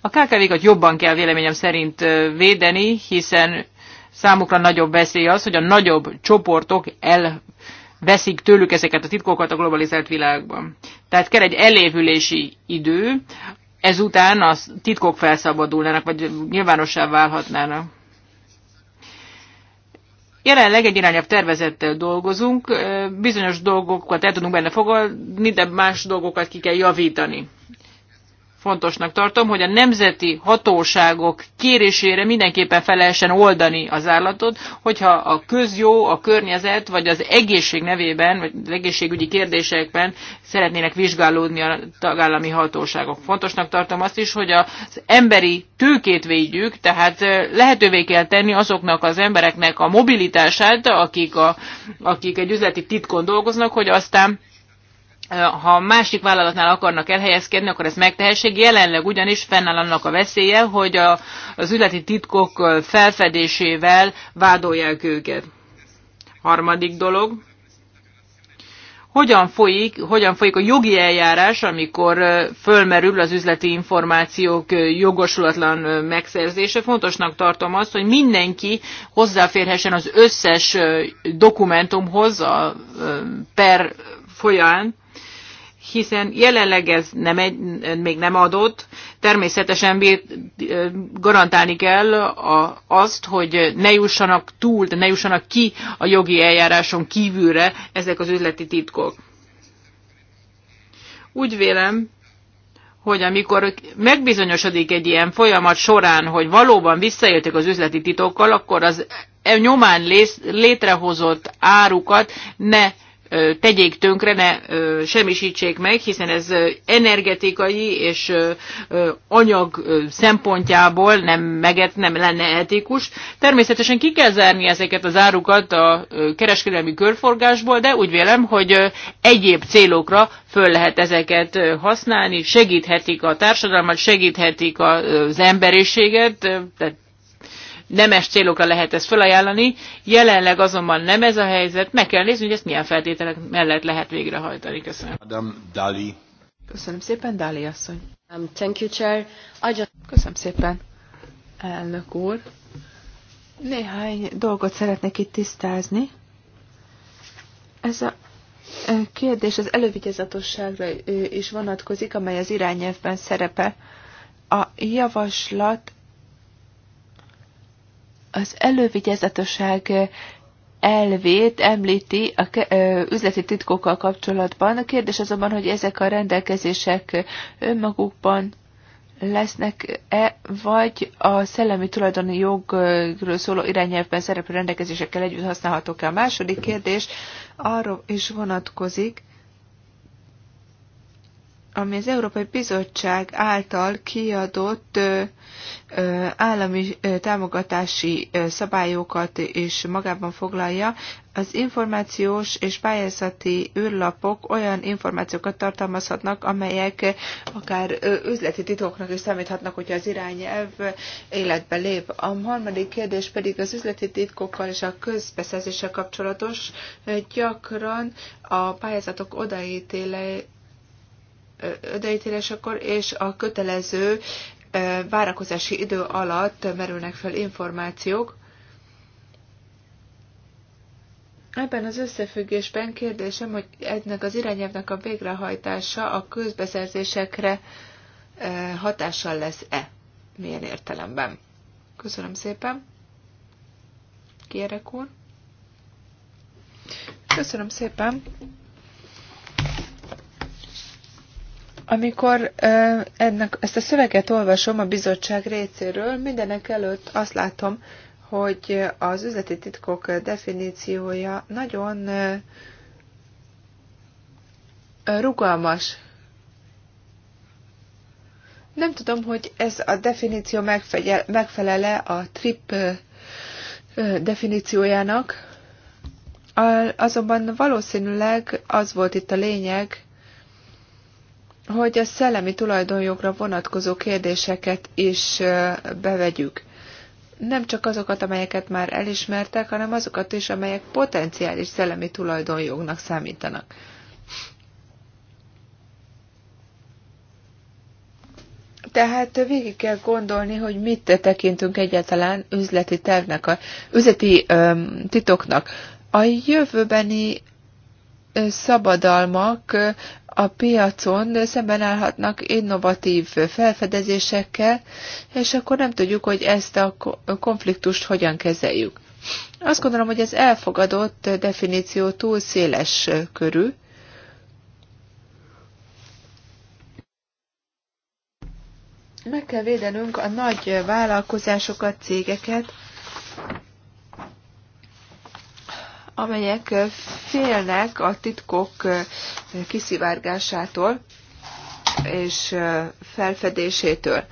A KKV-kat jobban kell véleményem szerint védeni, hiszen számukra nagyobb veszély az, hogy a nagyobb csoportok elveszik tőlük ezeket a titkokat a globalizált világban. Tehát kell egy elévülési idő, ezután a titkok felszabadulnának, vagy nyilvánossá válhatnának. Jelenleg egy irányabb tervezettel dolgozunk, bizonyos dolgokat el tudunk benne fogadni, de más dolgokat ki kell javítani fontosnak tartom, hogy a nemzeti hatóságok kérésére mindenképpen fel lehessen oldani az állatot, hogyha a közjó, a környezet vagy az egészség nevében, vagy az egészségügyi kérdésekben szeretnének vizsgálódni a tagállami hatóságok. Fontosnak tartom azt is, hogy az emberi tőkét védjük, tehát lehetővé kell tenni azoknak az embereknek a mobilitását, akik, a, akik egy üzleti titkon dolgoznak, hogy aztán ha másik vállalatnál akarnak elhelyezkedni, akkor ez megtehessék. Jelenleg ugyanis fennáll annak a veszélye, hogy a, az üzleti titkok felfedésével vádolják őket. Harmadik dolog. Hogyan folyik, hogyan folyik a jogi eljárás, amikor fölmerül az üzleti információk jogosulatlan megszerzése? Fontosnak tartom azt, hogy mindenki hozzáférhessen az összes dokumentumhoz a per folyán, hiszen jelenleg ez nem egy, még nem adott. Természetesen garantálni kell a, azt, hogy ne jussanak túl, de ne jussanak ki a jogi eljáráson kívülre ezek az üzleti titkok. Úgy vélem, hogy amikor megbizonyosodik egy ilyen folyamat során, hogy valóban visszaéltek az üzleti titokkal, akkor az e- nyomán létrehozott árukat ne tegyék tönkre, ne semmisítsék meg, hiszen ez energetikai és anyag szempontjából nem, meget, nem lenne etikus. Természetesen ki kell zárni ezeket az árukat a kereskedelmi körforgásból, de úgy vélem, hogy egyéb célokra föl lehet ezeket használni, segíthetik a társadalmat, segíthetik az emberiséget, tehát nemes célokra lehet ezt felajánlani, jelenleg azonban nem ez a helyzet, meg kell nézni, hogy ezt milyen feltételek mellett lehet végrehajtani. Köszönöm. Adam Dali. Köszönöm szépen, Dali asszony. Um, thank you, Chair. Just... Köszönöm szépen, elnök úr. Néhány dolgot szeretnék itt tisztázni. Ez a kérdés az elővigyázatosságra is vonatkozik, amely az irányelvben szerepe A javaslat az elővigyázatosság elvét említi a üzleti titkokkal kapcsolatban. A kérdés azonban, hogy ezek a rendelkezések önmagukban lesznek-e, vagy a szellemi tulajdoni jogról szóló irányelvben szereplő rendelkezésekkel együtt használhatók-e. A második kérdés arról is vonatkozik, ami az Európai Bizottság által kiadott állami támogatási szabályokat is magában foglalja. Az információs és pályázati űrlapok olyan információkat tartalmazhatnak, amelyek akár üzleti titoknak is számíthatnak, hogyha az irányelv életbe lép. A harmadik kérdés pedig az üzleti titkokkal és a közbeszerzéssel kapcsolatos. Gyakran a pályázatok odaítéle odaítélésekor és a kötelező várakozási idő alatt merülnek fel információk. Ebben az összefüggésben kérdésem, hogy ennek az irányelvnek a végrehajtása a közbeszerzésekre hatással lesz-e? Milyen értelemben? Köszönöm szépen. Kérek úr. Köszönöm szépen. Amikor ennek, ezt a szöveget olvasom a bizottság részéről, mindenek előtt azt látom, hogy az üzleti titkok definíciója nagyon rugalmas. Nem tudom, hogy ez a definíció megfelele a TRIP definíciójának, azonban valószínűleg az volt itt a lényeg, hogy a szellemi tulajdonjogra vonatkozó kérdéseket is bevegyük. Nem csak azokat, amelyeket már elismertek, hanem azokat is, amelyek potenciális szellemi tulajdonjognak számítanak. Tehát végig kell gondolni, hogy mit tekintünk egyáltalán üzleti tervnek, a, üzleti öm, titoknak. A jövőbeni szabadalmak a piacon szemben állhatnak innovatív felfedezésekkel, és akkor nem tudjuk, hogy ezt a konfliktust hogyan kezeljük. Azt gondolom, hogy az elfogadott definíció túl széles körű, meg kell védenünk a nagy vállalkozásokat, cégeket, amelyek félnek a titkok kiszivárgásától és felfedésétől.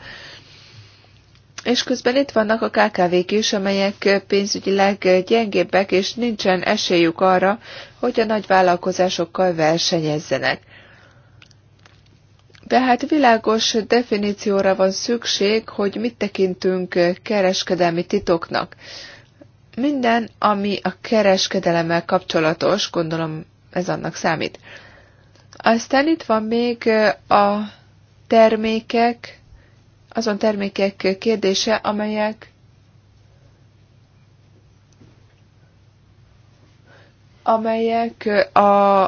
És közben itt vannak a KKV-k is, amelyek pénzügyileg gyengébbek, és nincsen esélyük arra, hogy a nagy vállalkozásokkal versenyezzenek. hát világos definícióra van szükség, hogy mit tekintünk kereskedelmi titoknak. Minden, ami a kereskedelemmel kapcsolatos, gondolom ez annak számít. Aztán itt van még a termékek, azon termékek kérdése, amelyek amelyek a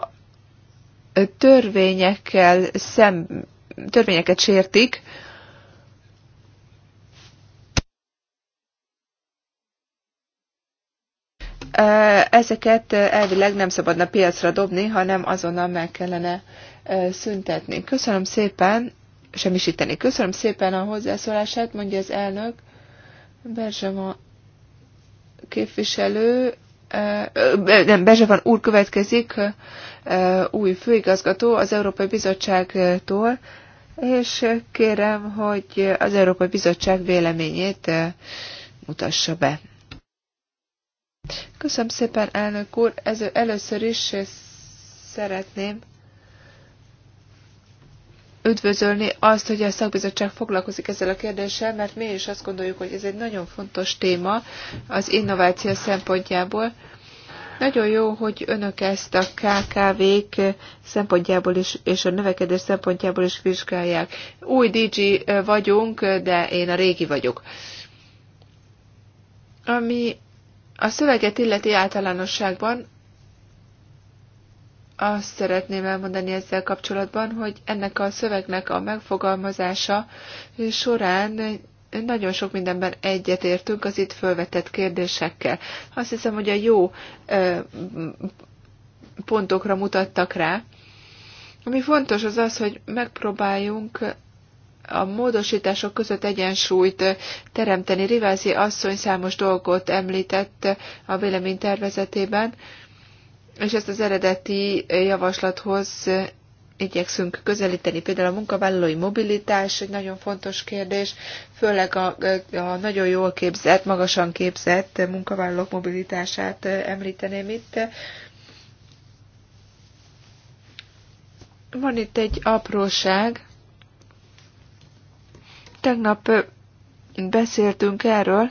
törvényekkel szem, törvényeket sértik, Ezeket elvileg nem szabadna piacra dobni, hanem azonnal meg kellene szüntetni. Köszönöm szépen, semmisíteni. Köszönöm szépen a hozzászólását, mondja az elnök. Berzsama képviselő, nem, van úr következik, új főigazgató az Európai Bizottságtól, és kérem, hogy az Európai Bizottság véleményét mutassa be. Köszönöm szépen, elnök úr. Ez, először is szeretném üdvözölni azt, hogy a szakbizottság foglalkozik ezzel a kérdéssel, mert mi is azt gondoljuk, hogy ez egy nagyon fontos téma az innováció szempontjából. Nagyon jó, hogy önök ezt a KKV-k szempontjából is, és a növekedés szempontjából is vizsgálják. Új DG vagyunk, de én a régi vagyok. Ami a szöveget illeti általánosságban azt szeretném elmondani ezzel kapcsolatban, hogy ennek a szövegnek a megfogalmazása során nagyon sok mindenben egyetértünk az itt felvetett kérdésekkel. Azt hiszem, hogy a jó pontokra mutattak rá. Ami fontos az az, hogy megpróbáljunk a módosítások között egyensúlyt teremteni. Rivázi asszony számos dolgot említett a véleménytervezetében, és ezt az eredeti javaslathoz igyekszünk közelíteni. Például a munkavállalói mobilitás egy nagyon fontos kérdés, főleg a, a nagyon jól képzett, magasan képzett munkavállalók mobilitását említeném itt. Van itt egy apróság, Tegnap beszéltünk erről.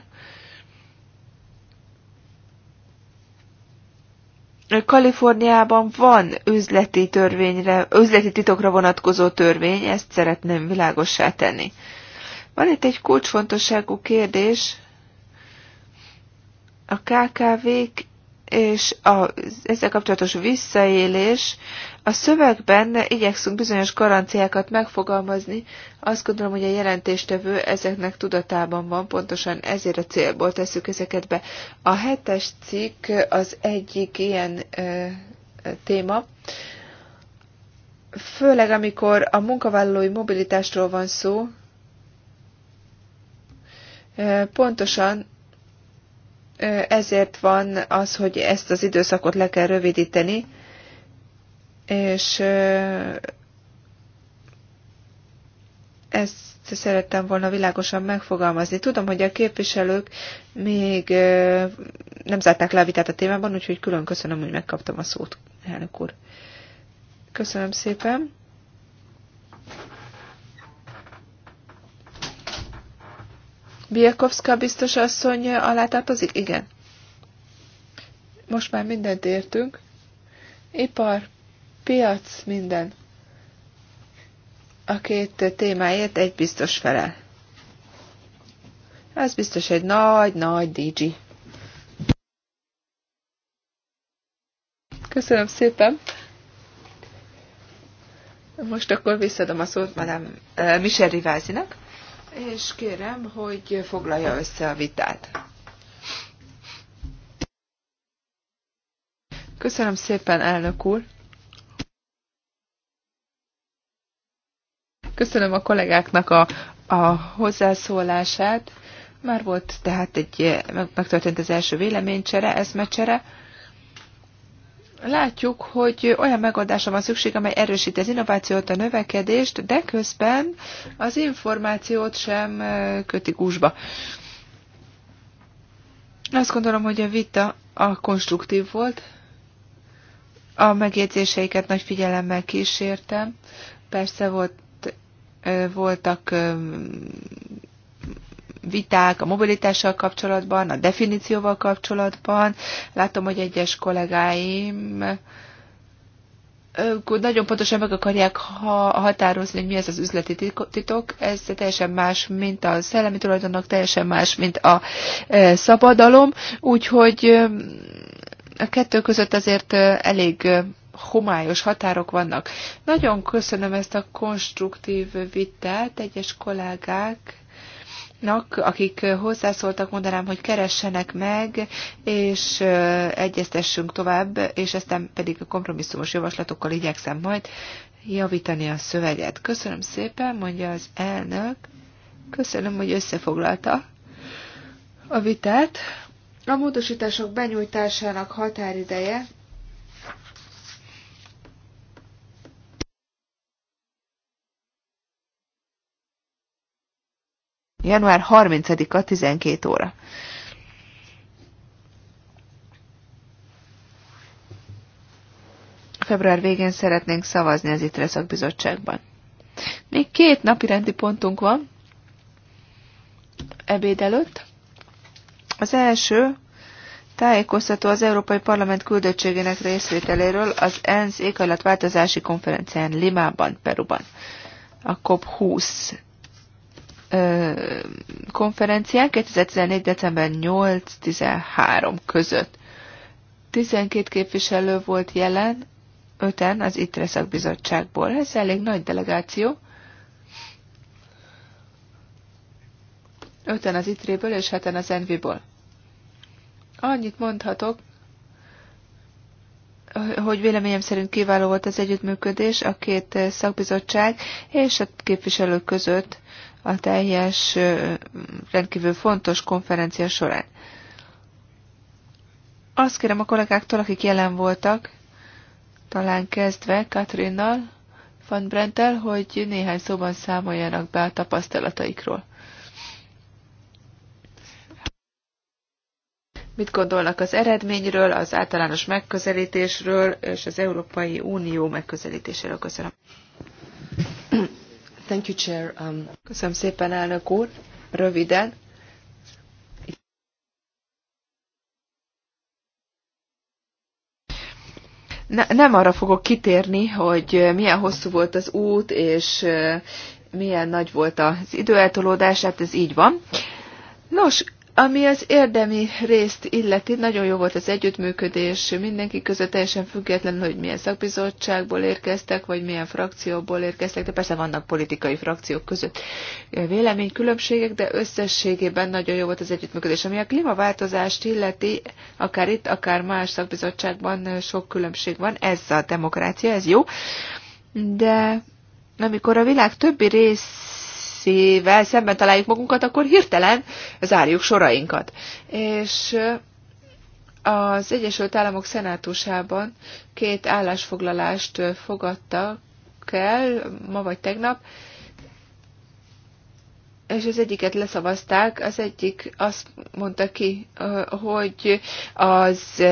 Kaliforniában van üzleti törvényre, üzleti titokra vonatkozó törvény, ezt szeretném világossá tenni. Van itt egy kulcsfontosságú kérdés. A KKV-k és a, ezzel kapcsolatos visszaélés a szövegben igyekszünk bizonyos garanciákat megfogalmazni, azt gondolom, hogy a jelentéstevő ezeknek tudatában van, pontosan ezért a célból tesszük ezeket be. A hetes cikk az egyik ilyen ö, téma, főleg amikor a munkavállalói mobilitásról van szó, pontosan ezért van az, hogy ezt az időszakot le kell rövidíteni, és ezt szerettem volna világosan megfogalmazni. Tudom, hogy a képviselők még nem zárták le a vitát a témában, úgyhogy külön köszönöm, hogy megkaptam a szót, elnök úr. Köszönöm szépen. Bielkowska biztos asszony alá tartozik? Igen. Most már mindent értünk. Ipar, piac, minden. A két témáért egy biztos felel. Ez biztos egy nagy-nagy DJ. Köszönöm szépen! Most akkor visszadom a szót Madám eh, Michel Rivázinak, és kérem, hogy foglalja össze a vitát. Köszönöm szépen, elnök úr! Köszönöm a kollégáknak a, a hozzászólását. Már volt tehát egy, megtörtént az első véleménycsere, eszmecsere. Látjuk, hogy olyan megoldásra van szükség, amely erősíti az innovációt, a növekedést, de közben az információt sem köti gúzsba. Azt gondolom, hogy a vita a konstruktív volt. A megjegyzéseiket nagy figyelemmel kísértem. Persze volt voltak viták a mobilitással kapcsolatban, a definícióval kapcsolatban. Látom, hogy egyes kollégáim nagyon pontosan meg akarják ha határozni, hogy mi ez az üzleti titok. Ez teljesen más, mint a szellemi tulajdonok, teljesen más, mint a szabadalom. Úgyhogy a kettő között azért elég homályos határok vannak. Nagyon köszönöm ezt a konstruktív vitát, egyes kollégák nak, akik hozzászóltak, mondanám, hogy keressenek meg, és egyeztessünk tovább, és aztán pedig a kompromisszumos javaslatokkal igyekszem majd javítani a szöveget. Köszönöm szépen, mondja az elnök. Köszönöm, hogy összefoglalta a vitát. A módosítások benyújtásának határideje Január 30-a 12 óra. Február végén szeretnénk szavazni az ITRE szakbizottságban. Még két napi rendi pontunk van ebéd előtt. Az első tájékoztató az Európai Parlament küldöttségének részvételéről az ENSZ éghajlatváltozási konferencián Limában, Peruban. A COP 20 konferencián 2014. december 8-13 között. 12 képviselő volt jelen, öten az ITRE szakbizottságból. Ez elég nagy delegáció. Öten az ITRE-ből és heten az ENVI-ból. Annyit mondhatok, hogy véleményem szerint kiváló volt az együttműködés a két szakbizottság és a képviselők között a teljes rendkívül fontos konferencia során. Azt kérem a kollégáktól, akik jelen voltak, talán kezdve Katrinnal, Van Brentel, hogy néhány szóban számoljanak be a tapasztalataikról. Mit gondolnak az eredményről, az általános megközelítésről és az Európai Unió megközelítéséről? Köszönöm. Thank you, Chair. Um... Köszönöm szépen, elnök úr. Röviden. Ne, nem arra fogok kitérni, hogy milyen hosszú volt az út, és uh, milyen nagy volt az időeltolódás, hát ez így van. Nos, ami az érdemi részt illeti, nagyon jó volt az együttműködés mindenki között, teljesen függetlenül, hogy milyen szakbizottságból érkeztek, vagy milyen frakcióból érkeztek, de persze vannak politikai frakciók között véleménykülönbségek, de összességében nagyon jó volt az együttműködés. Ami a klímaváltozást illeti, akár itt, akár más szakbizottságban sok különbség van, ez a demokrácia, ez jó, de amikor a világ többi rész veszélyével szemben találjuk magunkat, akkor hirtelen zárjuk sorainkat. És az Egyesült Államok szenátusában két állásfoglalást fogadtak el ma vagy tegnap, és az egyiket leszavazták, az egyik azt mondta ki, hogy az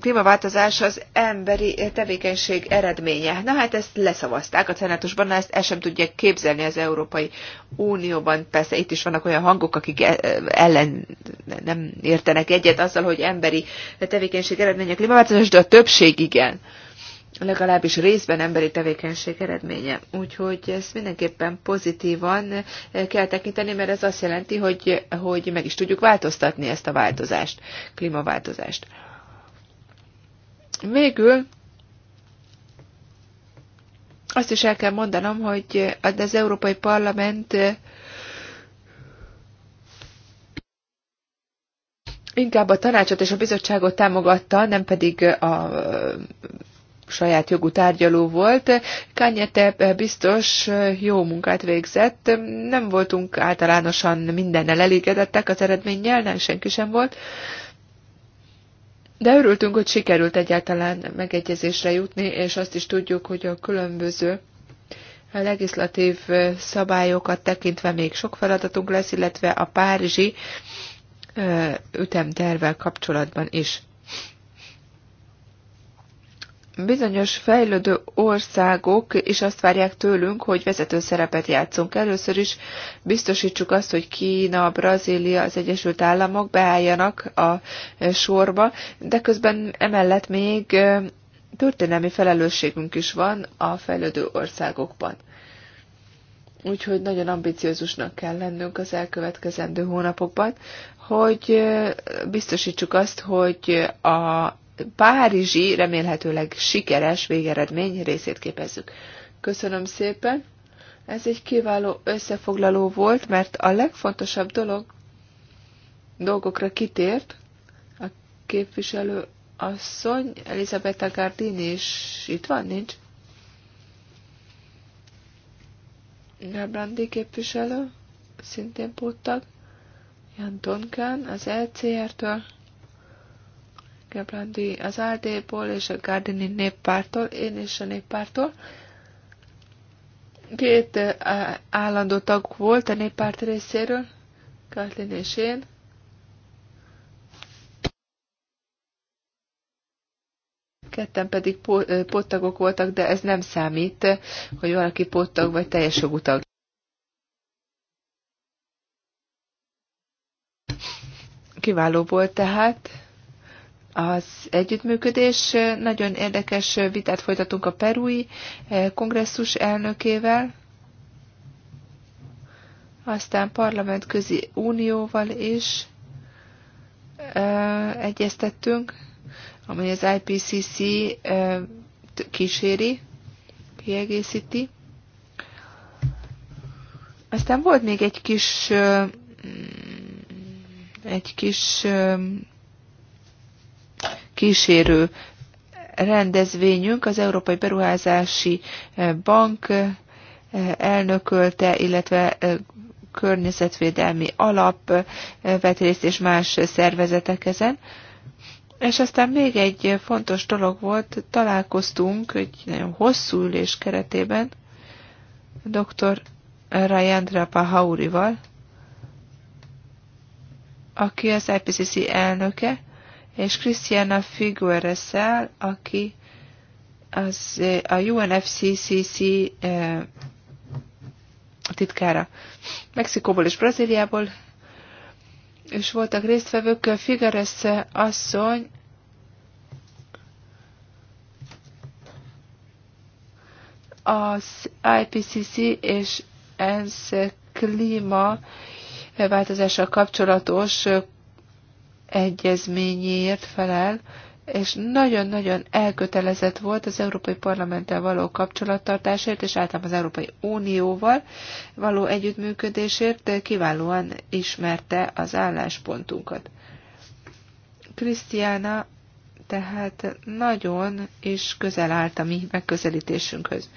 klímaváltozás az emberi tevékenység eredménye. Na hát ezt leszavazták a szenátusban, ezt el sem tudják képzelni az Európai Unióban. Persze itt is vannak olyan hangok, akik ellen nem értenek egyet azzal, hogy emberi tevékenység eredménye a klímaváltozás, de a többség igen legalábbis részben emberi tevékenység eredménye. Úgyhogy ezt mindenképpen pozitívan eh, kell tekinteni, mert ez azt jelenti, hogy, hogy meg is tudjuk változtatni ezt a változást, klímaváltozást. Végül azt is el kell mondanom, hogy az Európai Parlament eh, inkább a tanácsot és a bizottságot támogatta, nem pedig a saját jogú tárgyaló volt. Kanyete biztos jó munkát végzett. Nem voltunk általánosan mindennel elégedettek az eredménnyel, nem senki sem volt. De örültünk, hogy sikerült egyáltalán megegyezésre jutni, és azt is tudjuk, hogy a különböző a legislatív szabályokat tekintve még sok feladatunk lesz, illetve a párizsi ütemtervel kapcsolatban is bizonyos fejlődő országok is azt várják tőlünk, hogy vezető szerepet játszunk. Először is biztosítsuk azt, hogy Kína, Brazília, az Egyesült Államok beálljanak a sorba, de közben emellett még történelmi felelősségünk is van a fejlődő országokban. Úgyhogy nagyon ambiciózusnak kell lennünk az elkövetkezendő hónapokban, hogy biztosítsuk azt, hogy a párizsi, remélhetőleg sikeres végeredmény részét képezzük. Köszönöm szépen! Ez egy kiváló összefoglaló volt, mert a legfontosabb dolog dolgokra kitért a képviselő asszony, Elisabetta Gardini is itt van, nincs? Gerbrandi képviselő, szintén póttag, Jan Duncan, az LCR-től, e Gebrandi az AD-ból és a Gardini néppártól, én és a néppártól. Két eh, állandó tag volt a néppárt részéről, Gardini és én. ketten pedig eh, pottagok voltak, de ez nem számít, eh, hogy valaki pottag vagy teljes jogú tag. Kiváló volt tehát az együttműködés. Nagyon érdekes vitát folytatunk a perui kongresszus elnökével, aztán parlamentközi unióval is egyeztettünk, amely az IPCC kíséri, kiegészíti. Aztán volt még egy kis egy kis kísérő rendezvényünk az Európai Beruházási eh, Bank eh, elnökölte, illetve eh, környezetvédelmi alap vett részt és más szervezetek ezen. És aztán még egy fontos dolog volt, találkoztunk egy nagyon hosszú ülés keretében dr. Rajandra Pahaurival, aki az IPCC elnöke, és Christiana Figueres Figuereszel, aki az, eh, a UNFCCC eh, titkára Mexikóból és Brazíliából, és voltak résztvevők. Figueres asszony az IPCC és ENSZ klíma változással kapcsolatos egyezményéért felel, és nagyon-nagyon elkötelezett volt az Európai Parlamenttel való kapcsolattartásért, és általában az Európai Unióval való együttműködésért kiválóan ismerte az álláspontunkat. Krisztiána tehát nagyon is közel állt a mi megközelítésünkhöz.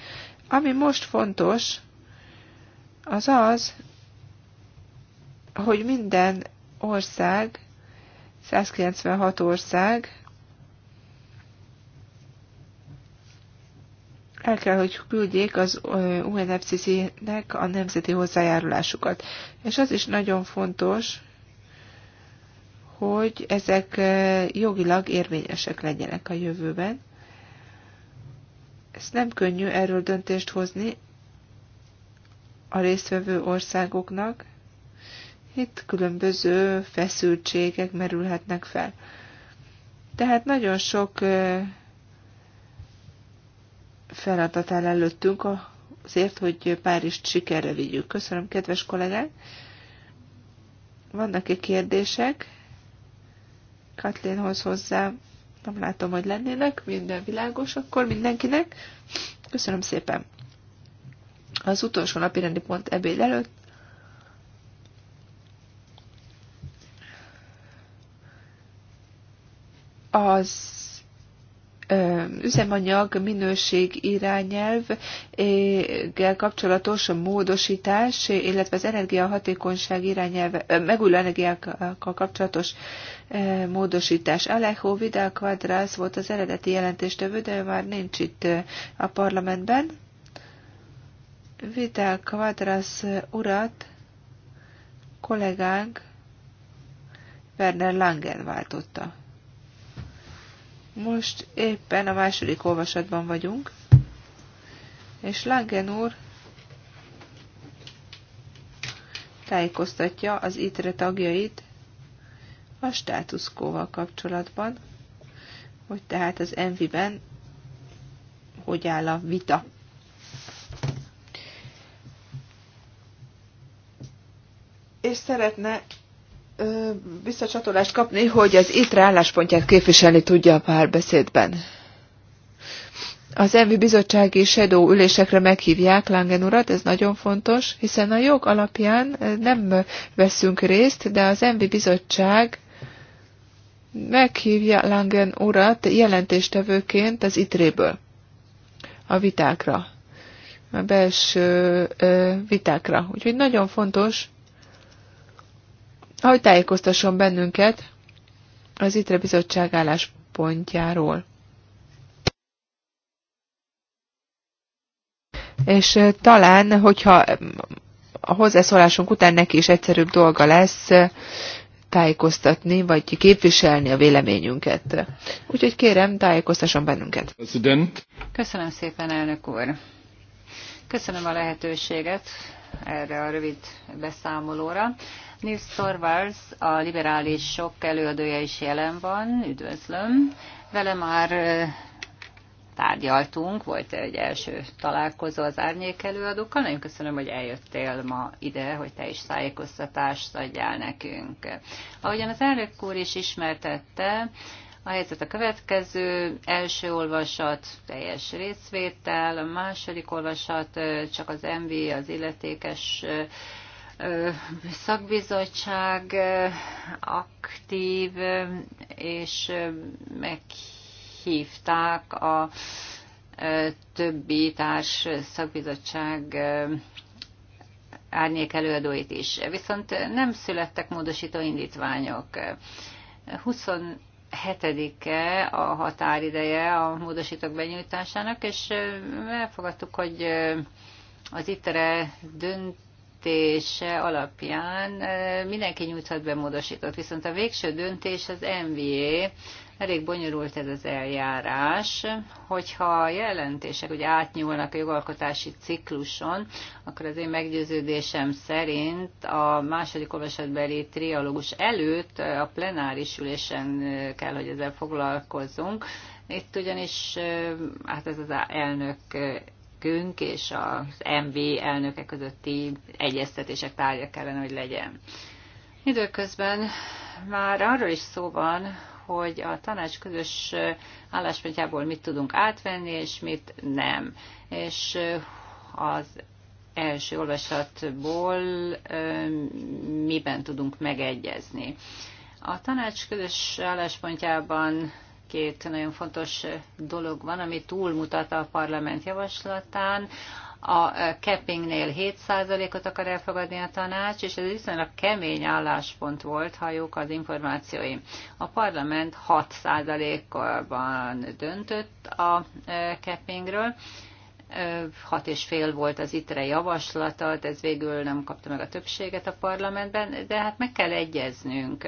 Ami most fontos, az az, hogy minden ország 196 ország. El kell, hogy küldjék az UNFCC-nek a nemzeti hozzájárulásukat. És az is nagyon fontos, hogy ezek jogilag érvényesek legyenek a jövőben. Ez nem könnyű erről döntést hozni a résztvevő országoknak, itt különböző feszültségek merülhetnek fel. Tehát nagyon sok feladat áll előttünk azért, hogy Párizs sikerre vigyük. Köszönöm, kedves kollégák! Vannak-e kérdések? Katlinhoz hozzá nem látom, hogy lennének, minden világos akkor mindenkinek. Köszönöm szépen! Az utolsó napi rendi pont ebéd előtt az üzemanyag minőség irányelvgel kapcsolatos módosítás, illetve az energiahatékonyság irányelv, megújuló energiákkal kapcsolatos módosítás. Alejo Vidal Quadras volt az eredeti jelentéstevő, de ő már nincs itt a parlamentben. Vidal Quadras urat kollégánk Werner Langen váltotta. Most éppen a második olvasatban vagyunk, és Langen úr tájékoztatja az ITRE tagjait a státuszkóval kapcsolatban, hogy tehát az Envi-ben hogy áll a vita. És szeretne visszacsatolást kapni, hogy az itt álláspontját képviselni tudja a párbeszédben. Az ENVI bizottsági sedó ülésekre meghívják Langen urat, ez nagyon fontos, hiszen a jog alapján nem veszünk részt, de az ENVI bizottság meghívja Langen urat jelentéstevőként az ITRÉ-ből a vitákra, a belső vitákra. Úgyhogy nagyon fontos, hogy tájékoztasson bennünket az ITRE bizottság álláspontjáról. És talán, hogyha a hozzászólásunk után neki is egyszerűbb dolga lesz tájékoztatni, vagy képviselni a véleményünket. Úgyhogy kérem, tájékoztasson bennünket. President. Köszönöm szépen, elnök úr. Köszönöm a lehetőséget erre a rövid beszámolóra. Nils Torvalds, a sok előadója is jelen van, üdvözlöm. Vele már tárgyaltunk, volt egy első találkozó az árnyék előadókkal. Nagyon köszönöm, hogy eljöttél ma ide, hogy te is tájékoztatást adjál nekünk. Ahogyan az elnök úr is ismertette, a helyzet a következő, első olvasat teljes részvétel, a második olvasat csak az MV, az illetékes szakbizottság aktív, és meghívták a többi társ szakbizottság árnyék előadóit is. Viszont nem születtek módosító indítványok. 27-e a határideje a módosítók benyújtásának, és elfogadtuk, hogy az ittere dönt döntése alapján mindenki nyújthat be módosítót, viszont a végső döntés az MVA, elég bonyolult ez az eljárás. Hogyha a jelentések ugye átnyúlnak a jogalkotási cikluson, akkor az én meggyőződésem szerint a második olvasatbeli trialógus előtt a plenáris ülésen kell, hogy ezzel foglalkozzunk. Itt ugyanis hát ez az elnök elnökünk és az MV elnöke közötti egyeztetések tárgya kellene, hogy legyen. Időközben már arról is szó van, hogy a tanács közös álláspontjából mit tudunk átvenni, és mit nem. És az első olvasatból miben tudunk megegyezni. A tanács közös álláspontjában két nagyon fontos dolog van, ami túlmutat a parlament javaslatán. A keppingnél 7%-ot akar elfogadni a tanács, és ez viszonylag kemény álláspont volt, ha jók az információim. A parlament 6%-ban döntött a keppingről hat és fél volt az itre javaslata, ez végül nem kapta meg a többséget a parlamentben, de hát meg kell egyeznünk.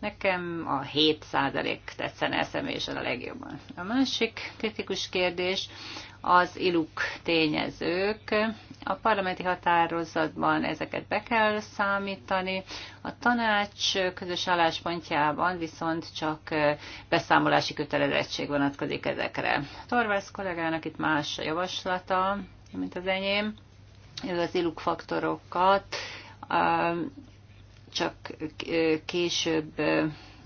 Nekem a 7 százalék tetszene személyesen a legjobban. A másik kritikus kérdés az iluk tényezők. A parlamenti határozatban ezeket be kell számítani, a tanács közös álláspontjában viszont csak beszámolási kötelezettség vonatkozik ezekre. Torvász kollégának itt más a javaslata, mint az enyém. ez az iluk faktorokat csak később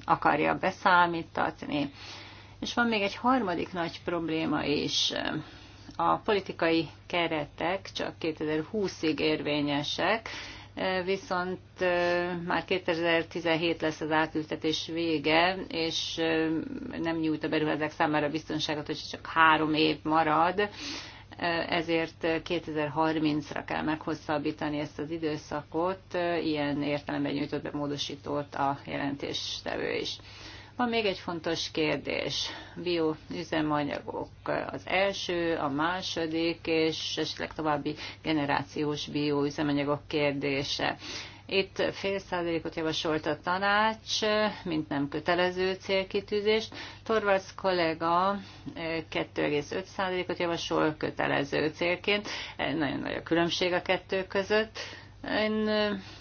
akarja beszámítatni. És van még egy harmadik nagy probléma is, a politikai keretek csak 2020-ig érvényesek, e, viszont e, már 2017 lesz az átültetés vége, és e, nem nyújt a beruházák számára biztonságot, hogy csak három év marad, ezért 2030-ra kell meghosszabbítani ezt az időszakot, ilyen értelemben nyújtott be módosítót a jelentéstevő is. Van még egy fontos kérdés, bioüzemanyagok. Az első, a második és esetleg további generációs bioüzemanyagok kérdése. Itt fél százalékot javasolt a tanács, mint nem kötelező célkitűzés. Torvalds kollega 2,5 eh, százalékot javasol kötelező célként. Eh, nagyon nagy a különbség a kettő között. Én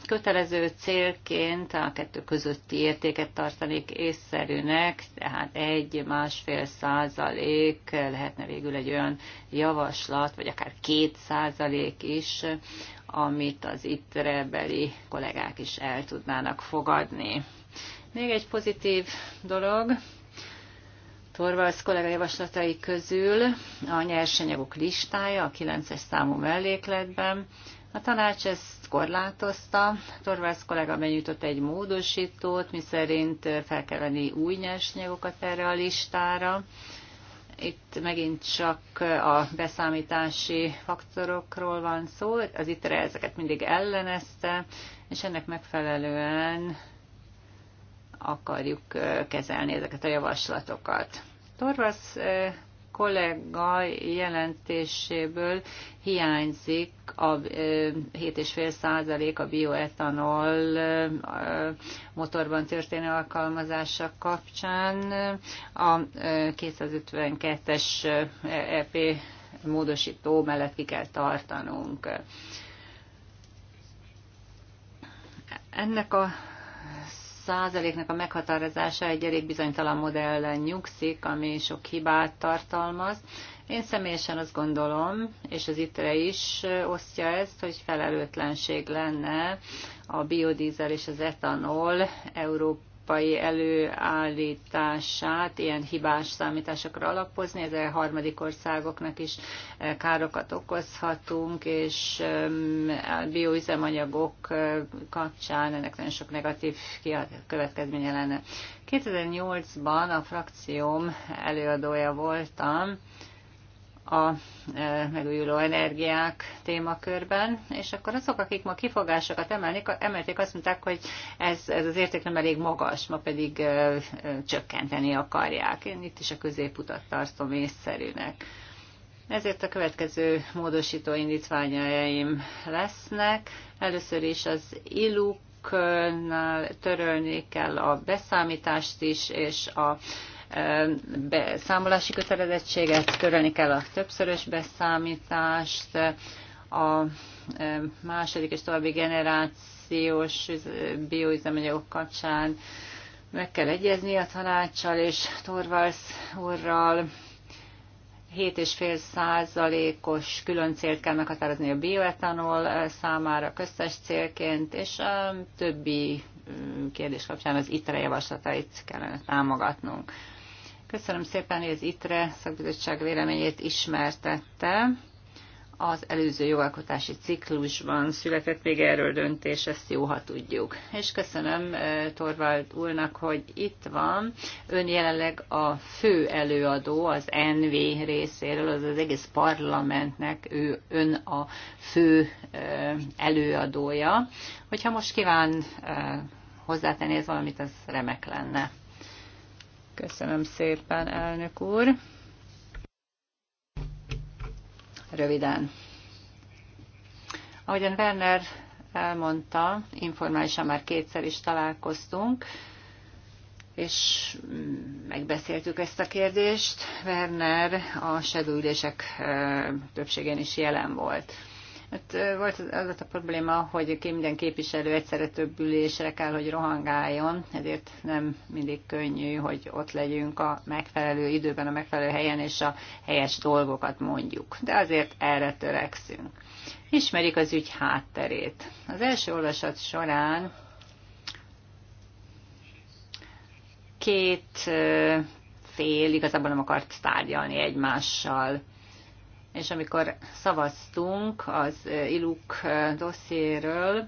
kötelező célként a kettő közötti értéket tartanék észszerűnek, tehát egy másfél százalék lehetne végül egy olyan javaslat, vagy akár két százalék is, amit az itt rebeli kollégák is el tudnának fogadni. Még egy pozitív dolog, Torvalsz kollega javaslatai közül a nyersanyagok listája a 9-es számú mellékletben, a tanács ezt korlátozta. Torvász kollega benyújtott egy módosítót, miszerint fel kell venni új nyersanyagokat erre a listára. Itt megint csak a beszámítási faktorokról van szó, az ITRE ezeket mindig ellenezte, és ennek megfelelően akarjuk kezelni ezeket a javaslatokat. Torvasz kollega jelentéséből hiányzik a 7,5 százalék a bioetanol motorban történő alkalmazása kapcsán. A 252-es EP módosító mellett ki kell tartanunk. Ennek a százaléknak a meghatározása egy elég bizonytalan modellen nyugszik, ami sok hibát tartalmaz. Én személyesen azt gondolom, és az ITRE is osztja ezt, hogy felelőtlenség lenne a biodízel és az etanol Európa európai előállítását ilyen hibás számításokra alapozni, ezzel harmadik országoknak is eh, károkat okozhatunk, és bioüzemanyagok eh, kapcsán ennek nagyon sok negatív következménye lenne. 2008-ban a frakcióm előadója voltam, a e, megújuló energiák témakörben, és akkor azok, akik ma kifogásokat emelnék, emelték, azt mondták, hogy ez, ez az érték nem elég magas, ma pedig ö, e, ö, e, csökkenteni akarják. Én itt is a középutat tartom észszerűnek. Ezért a következő módosító indítványaim lesznek. Először is az illuk törölni kell a beszámítást is, és a beszámolási kötelezettséget, törölni kell a többszörös beszámítást, a második és további generációs bioüzemanyagok kapcsán meg kell egyezni a tanácssal és Torvalsz úrral, 7,5 százalékos külön célt kell meghatározni a bioetanol számára köztes célként, és a többi kérdés kapcsán az ITRE javaslatait kellene támogatnunk. Köszönöm szépen, hogy az ITRE szakbizottság véleményét ismertette. Az előző jogalkotási ciklusban született még erről döntés, ezt jó, ha tudjuk. És köszönöm eh, Torvald úrnak, hogy itt van. Ön jelenleg a fő előadó az NV részéről, az az egész parlamentnek ő ön a fő eh, előadója. Hogyha most kíván eh, hozzátenni ez valamit, az remek lenne. Köszönöm szépen, elnök úr. Röviden. Ahogyan Werner elmondta, informálisan már kétszer is találkoztunk, és megbeszéltük ezt a kérdést. Werner a sedülések többségén is jelen volt. Hát, volt az a probléma, hogy minden képviselő egyszerre több ülésre kell, hogy rohangáljon, ezért nem mindig könnyű, hogy ott legyünk a megfelelő időben, a megfelelő helyen, és a helyes dolgokat mondjuk. De azért erre törekszünk. Ismerik az ügy hátterét. Az első olvasat során két fél igazából nem akart tárgyalni egymással és amikor szavaztunk az ILUK dosszéről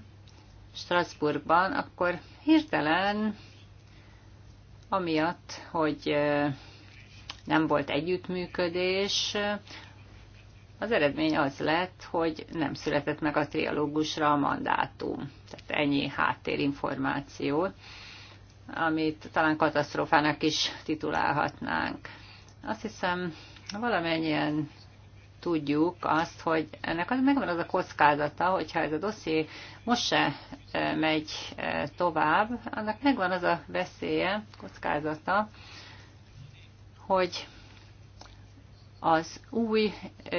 Strasbourgban, akkor hirtelen, amiatt, hogy nem volt együttműködés, az eredmény az lett, hogy nem született meg a trialógusra a mandátum. Tehát ennyi háttérinformáció, amit talán katasztrófának is titulálhatnánk. Azt hiszem, valamennyien tudjuk azt, hogy ennek az megvan az a kockázata, hogyha ez a dosszié most se e, megy e, tovább, annak megvan az a veszélye, kockázata, hogy az új e,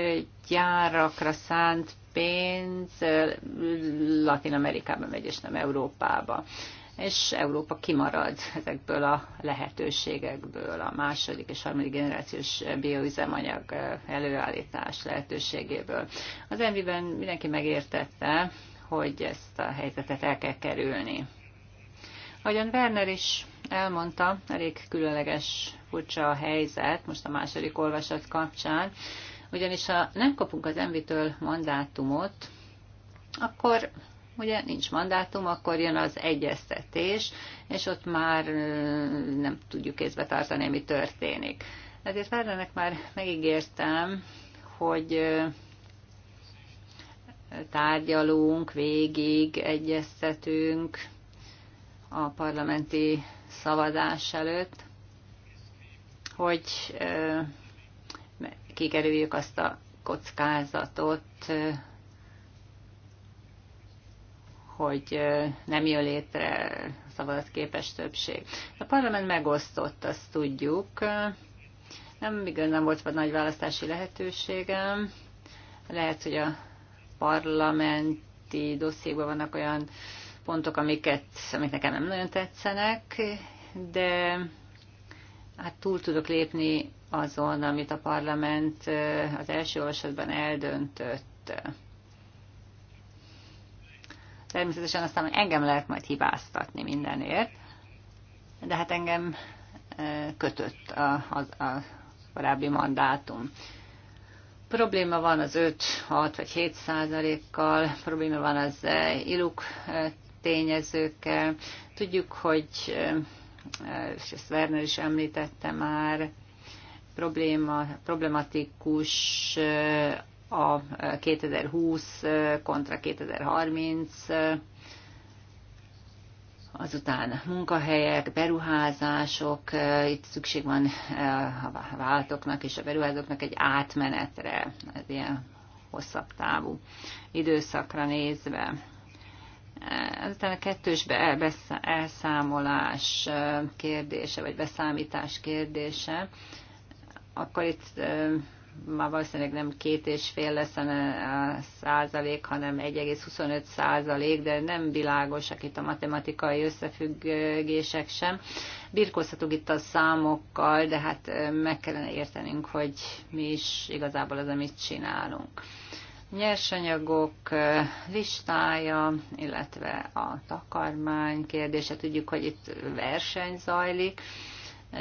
gyárakra szánt pénz Latin Amerikában, megy, és nem Európába és Európa kimarad ezekből a lehetőségekből, a második és harmadik generációs bioüzemanyag eh, előállítás lehetőségéből. Az envi-ben mindenki megértette, hogy ezt a helyzetet el kell kerülni. Ahogyan Werner is elmondta, elég különleges, furcsa a helyzet most a második olvasat kapcsán, ugyanis ha nem kapunk az envitől mandátumot, akkor ugye nincs mandátum, akkor jön az egyeztetés, és ott már nem tudjuk kézbe tartani, mi történik. Ezért Ferdenek már megígértem, hogy tárgyalunk, végig egyeztetünk a parlamenti szavazás előtt, hogy kikerüljük azt a kockázatot, hogy nem jön létre szavazatképes többség. A parlament megosztott, azt tudjuk. Nem igazán nem volt vagy nagy választási lehetőségem. Lehet, hogy a parlamenti dossziékban vannak olyan pontok, amiket, amik nekem nem nagyon tetszenek, de hát túl tudok lépni azon, amit a parlament az első olvasatban eldöntött. Természetesen aztán engem lehet majd hibáztatni mindenért, de hát engem kötött a, a, a korábbi mandátum. Probléma van az 5, 6 vagy 7 százalékkal, probléma van az iluk tényezőkkel. Tudjuk, hogy, és ezt Werner is említette már, probléma, problematikus a 2020 kontra 2030 azután munkahelyek, beruházások, itt szükség van eh, a váltoknak és a beruházóknak egy átmenetre, ez ilyen hosszabb távú időszakra nézve. Eh, azután a kettős elszámolás eh, kérdése, vagy beszámítás kérdése, akkor itt már valószínűleg nem két és fél lesz a százalék, hanem 1,25 százalék, de nem világosak itt a matematikai összefüggések sem. Birkózhatunk itt a számokkal, de hát meg kellene értenünk, hogy mi is igazából az, amit csinálunk. Nyersanyagok listája, illetve a takarmány kérdése. Tudjuk, hogy itt verseny zajlik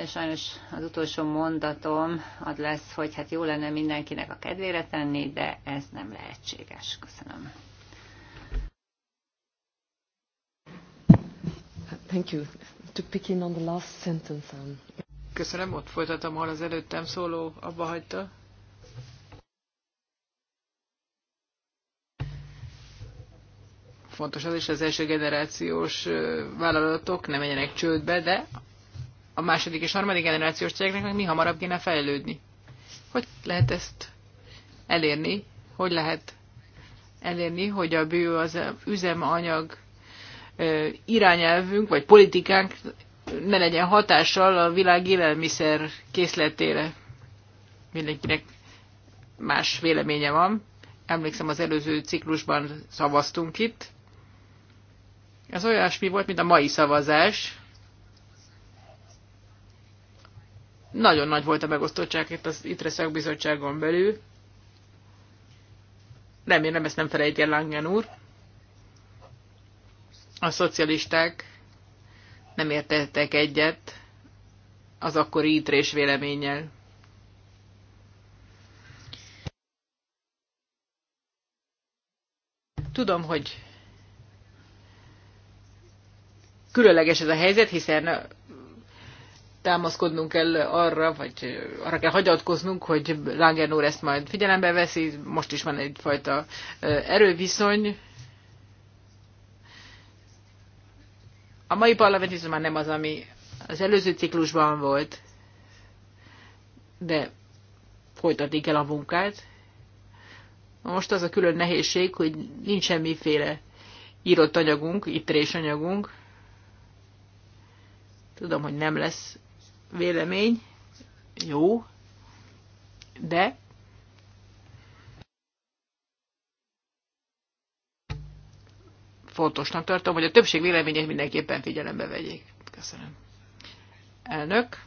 Sajnos az utolsó mondatom ad lesz, hogy hát jó lenne mindenkinek a kedvére tenni, de ez nem lehetséges. Köszönöm. Thank you. To pick in on the last sentence. Um... Köszönöm, ott folytatom, ahol az előttem szóló abba hagyta. Fontos az is, az első generációs vállalatok nem menjenek csődbe, de a második és harmadik generációs cégeknek mi hamarabb kéne fejlődni. Hogy lehet ezt elérni? Hogy lehet elérni, hogy a bő az üzemanyag irányelvünk, vagy politikánk ne legyen hatással a világ élelmiszer készletére. Mindenkinek más véleménye van. Emlékszem, az előző ciklusban szavaztunk itt. Ez olyasmi volt, mint a mai szavazás. Nagyon nagy volt a megosztottság itt az ITRE szakbizottságon belül. Remélem, ezt nem felejtje Langen úr. A szocialisták nem értettek egyet az akkori ítrés véleménnyel. Tudom, hogy különleges ez a helyzet, hiszen támaszkodnunk kell arra, vagy arra kell hagyatkoznunk, hogy Langen úr ezt majd figyelembe veszi, most is van egyfajta erőviszony. A mai parlamentizmus már nem az, ami az előző ciklusban volt, de folytatni kell a munkát. Most az a külön nehézség, hogy nincs semmiféle írott anyagunk, ittrés anyagunk. Tudom, hogy nem lesz vélemény, jó, de fontosnak tartom, hogy a többség véleményét mindenképpen figyelembe vegyék. Köszönöm. Elnök,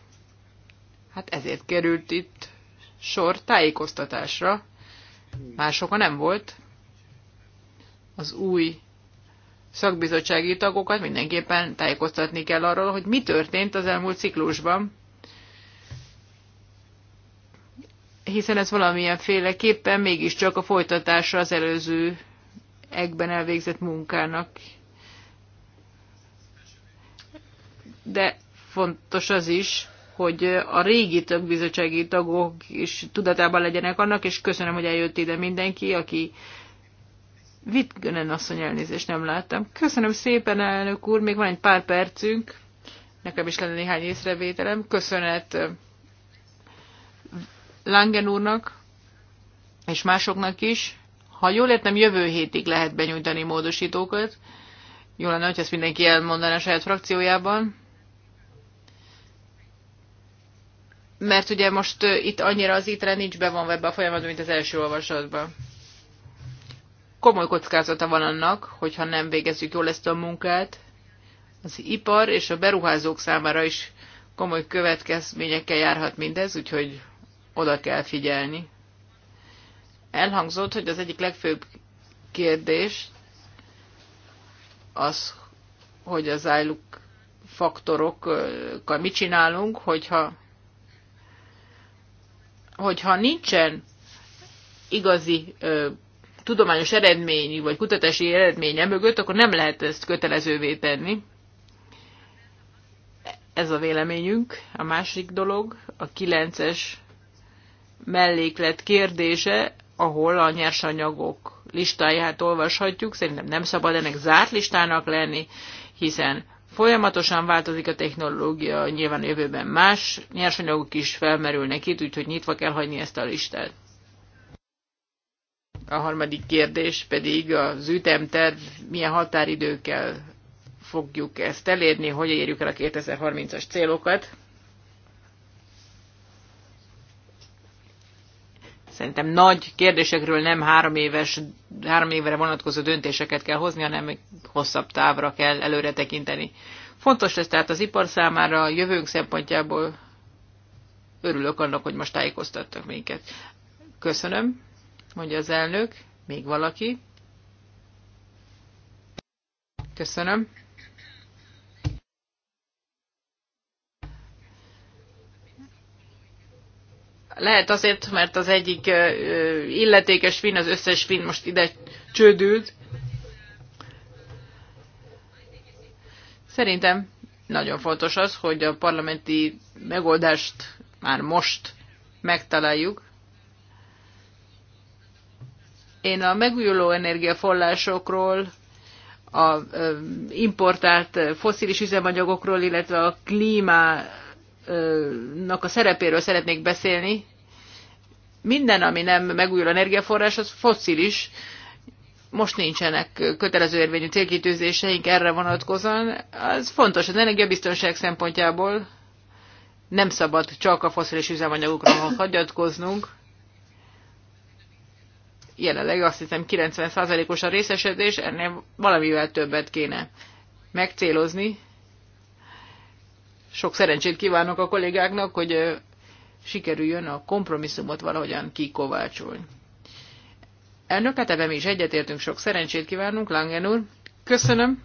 hát ezért került itt sor tájékoztatásra. Már soka nem volt. Az új szakbizottsági tagokat mindenképpen tájékoztatni kell arról, hogy mi történt az elmúlt ciklusban, hiszen ez valamilyen féleképpen mégiscsak a folytatása az előző egben elvégzett munkának. De fontos az is, hogy a régi tagbizottsági tagok is tudatában legyenek annak, és köszönöm, hogy eljött ide mindenki, aki Vitgönen asszony elnézést nem láttam. Köszönöm szépen, elnök úr, még van egy pár percünk. Nekem is lenne néhány észrevételem. Köszönet Langen úrnak, és másoknak is. Ha jól értem, jövő hétig lehet benyújtani módosítókat. Jó lenne, hogy ezt mindenki elmondaná a saját frakciójában. Mert ugye most itt annyira az ITRE nincs bevonva ebbe a folyamatban, mint az első olvasatban komoly kockázata van annak, hogyha nem végezzük jól ezt a munkát. Az ipar és a beruházók számára is komoly következményekkel járhat mindez, úgyhogy oda kell figyelni. Elhangzott, hogy az egyik legfőbb kérdés az, hogy az álluk faktorokkal mit csinálunk, hogyha, hogyha nincsen igazi tudományos eredményű vagy kutatási eredménye mögött, akkor nem lehet ezt kötelezővé tenni. Ez a véleményünk. A másik dolog, a kilences melléklet kérdése, ahol a nyersanyagok listáját olvashatjuk. Szerintem nem szabad ennek zárt listának lenni, hiszen folyamatosan változik a technológia, nyilván a jövőben más nyersanyagok is felmerülnek itt, úgyhogy nyitva kell hagyni ezt a listát. A harmadik kérdés pedig az ütemterv, milyen határidőkkel fogjuk ezt elérni, hogy érjük el a 2030-as célokat. Szerintem nagy kérdésekről nem három, éves, három évre vonatkozó döntéseket kell hozni, hanem hosszabb távra kell előre tekinteni. Fontos lesz tehát az ipar számára, a jövőnk szempontjából örülök annak, hogy most tájékoztattak minket. Köszönöm mondja az elnök. Még valaki? Köszönöm. Lehet azért, mert az egyik illetékes finn, az összes finn most ide csődült. Szerintem nagyon fontos az, hogy a parlamenti megoldást már most megtaláljuk. Én a megújuló energiaforrásokról, a importált foszilis üzemanyagokról, illetve a klímának a szerepéről szeretnék beszélni. Minden, ami nem megújuló energiaforrás, az foszilis. Most nincsenek kötelező érvényű célkítőzéseink erre vonatkozóan. Az fontos az energiabiztonság szempontjából. Nem szabad csak a foszilis üzemanyagokra hagyatkoznunk jelenleg azt hiszem 90%-os a részesedés, ennél valamivel többet kéne megcélozni. Sok szerencsét kívánok a kollégáknak, hogy sikerüljön a kompromisszumot valahogyan kikovácsolni. Elnök, hát ebben mi is egyetértünk, sok szerencsét kívánunk, Langen úr. Köszönöm.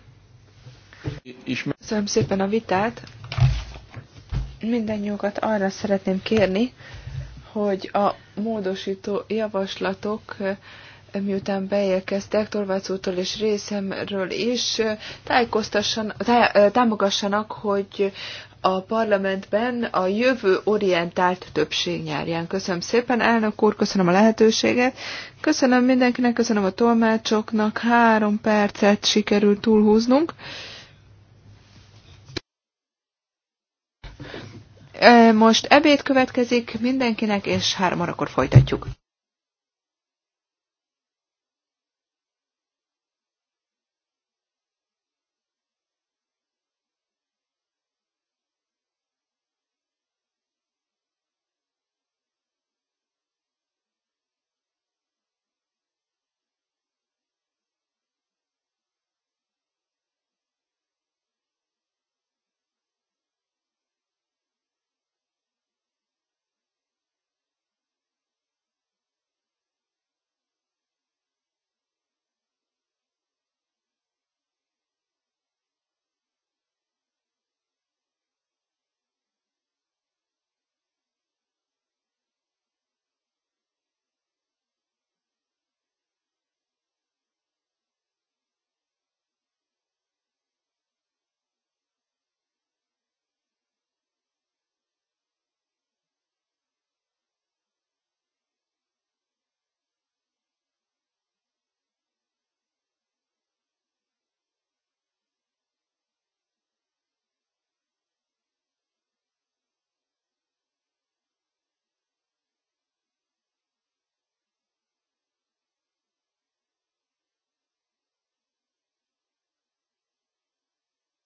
Köszönöm szépen a vitát. nyugat arra szeretném kérni, hogy a módosító javaslatok eh, miután beérkeztek Torvács úrtól és részemről is, eh, eh, támogassanak, hogy a parlamentben a jövő orientált többség nyerjen. Köszönöm szépen, elnök úr, köszönöm a lehetőséget, köszönöm mindenkinek, köszönöm a tolmácsoknak, három percet sikerült túlhúznunk. Most ebéd következik mindenkinek, és három órakor folytatjuk.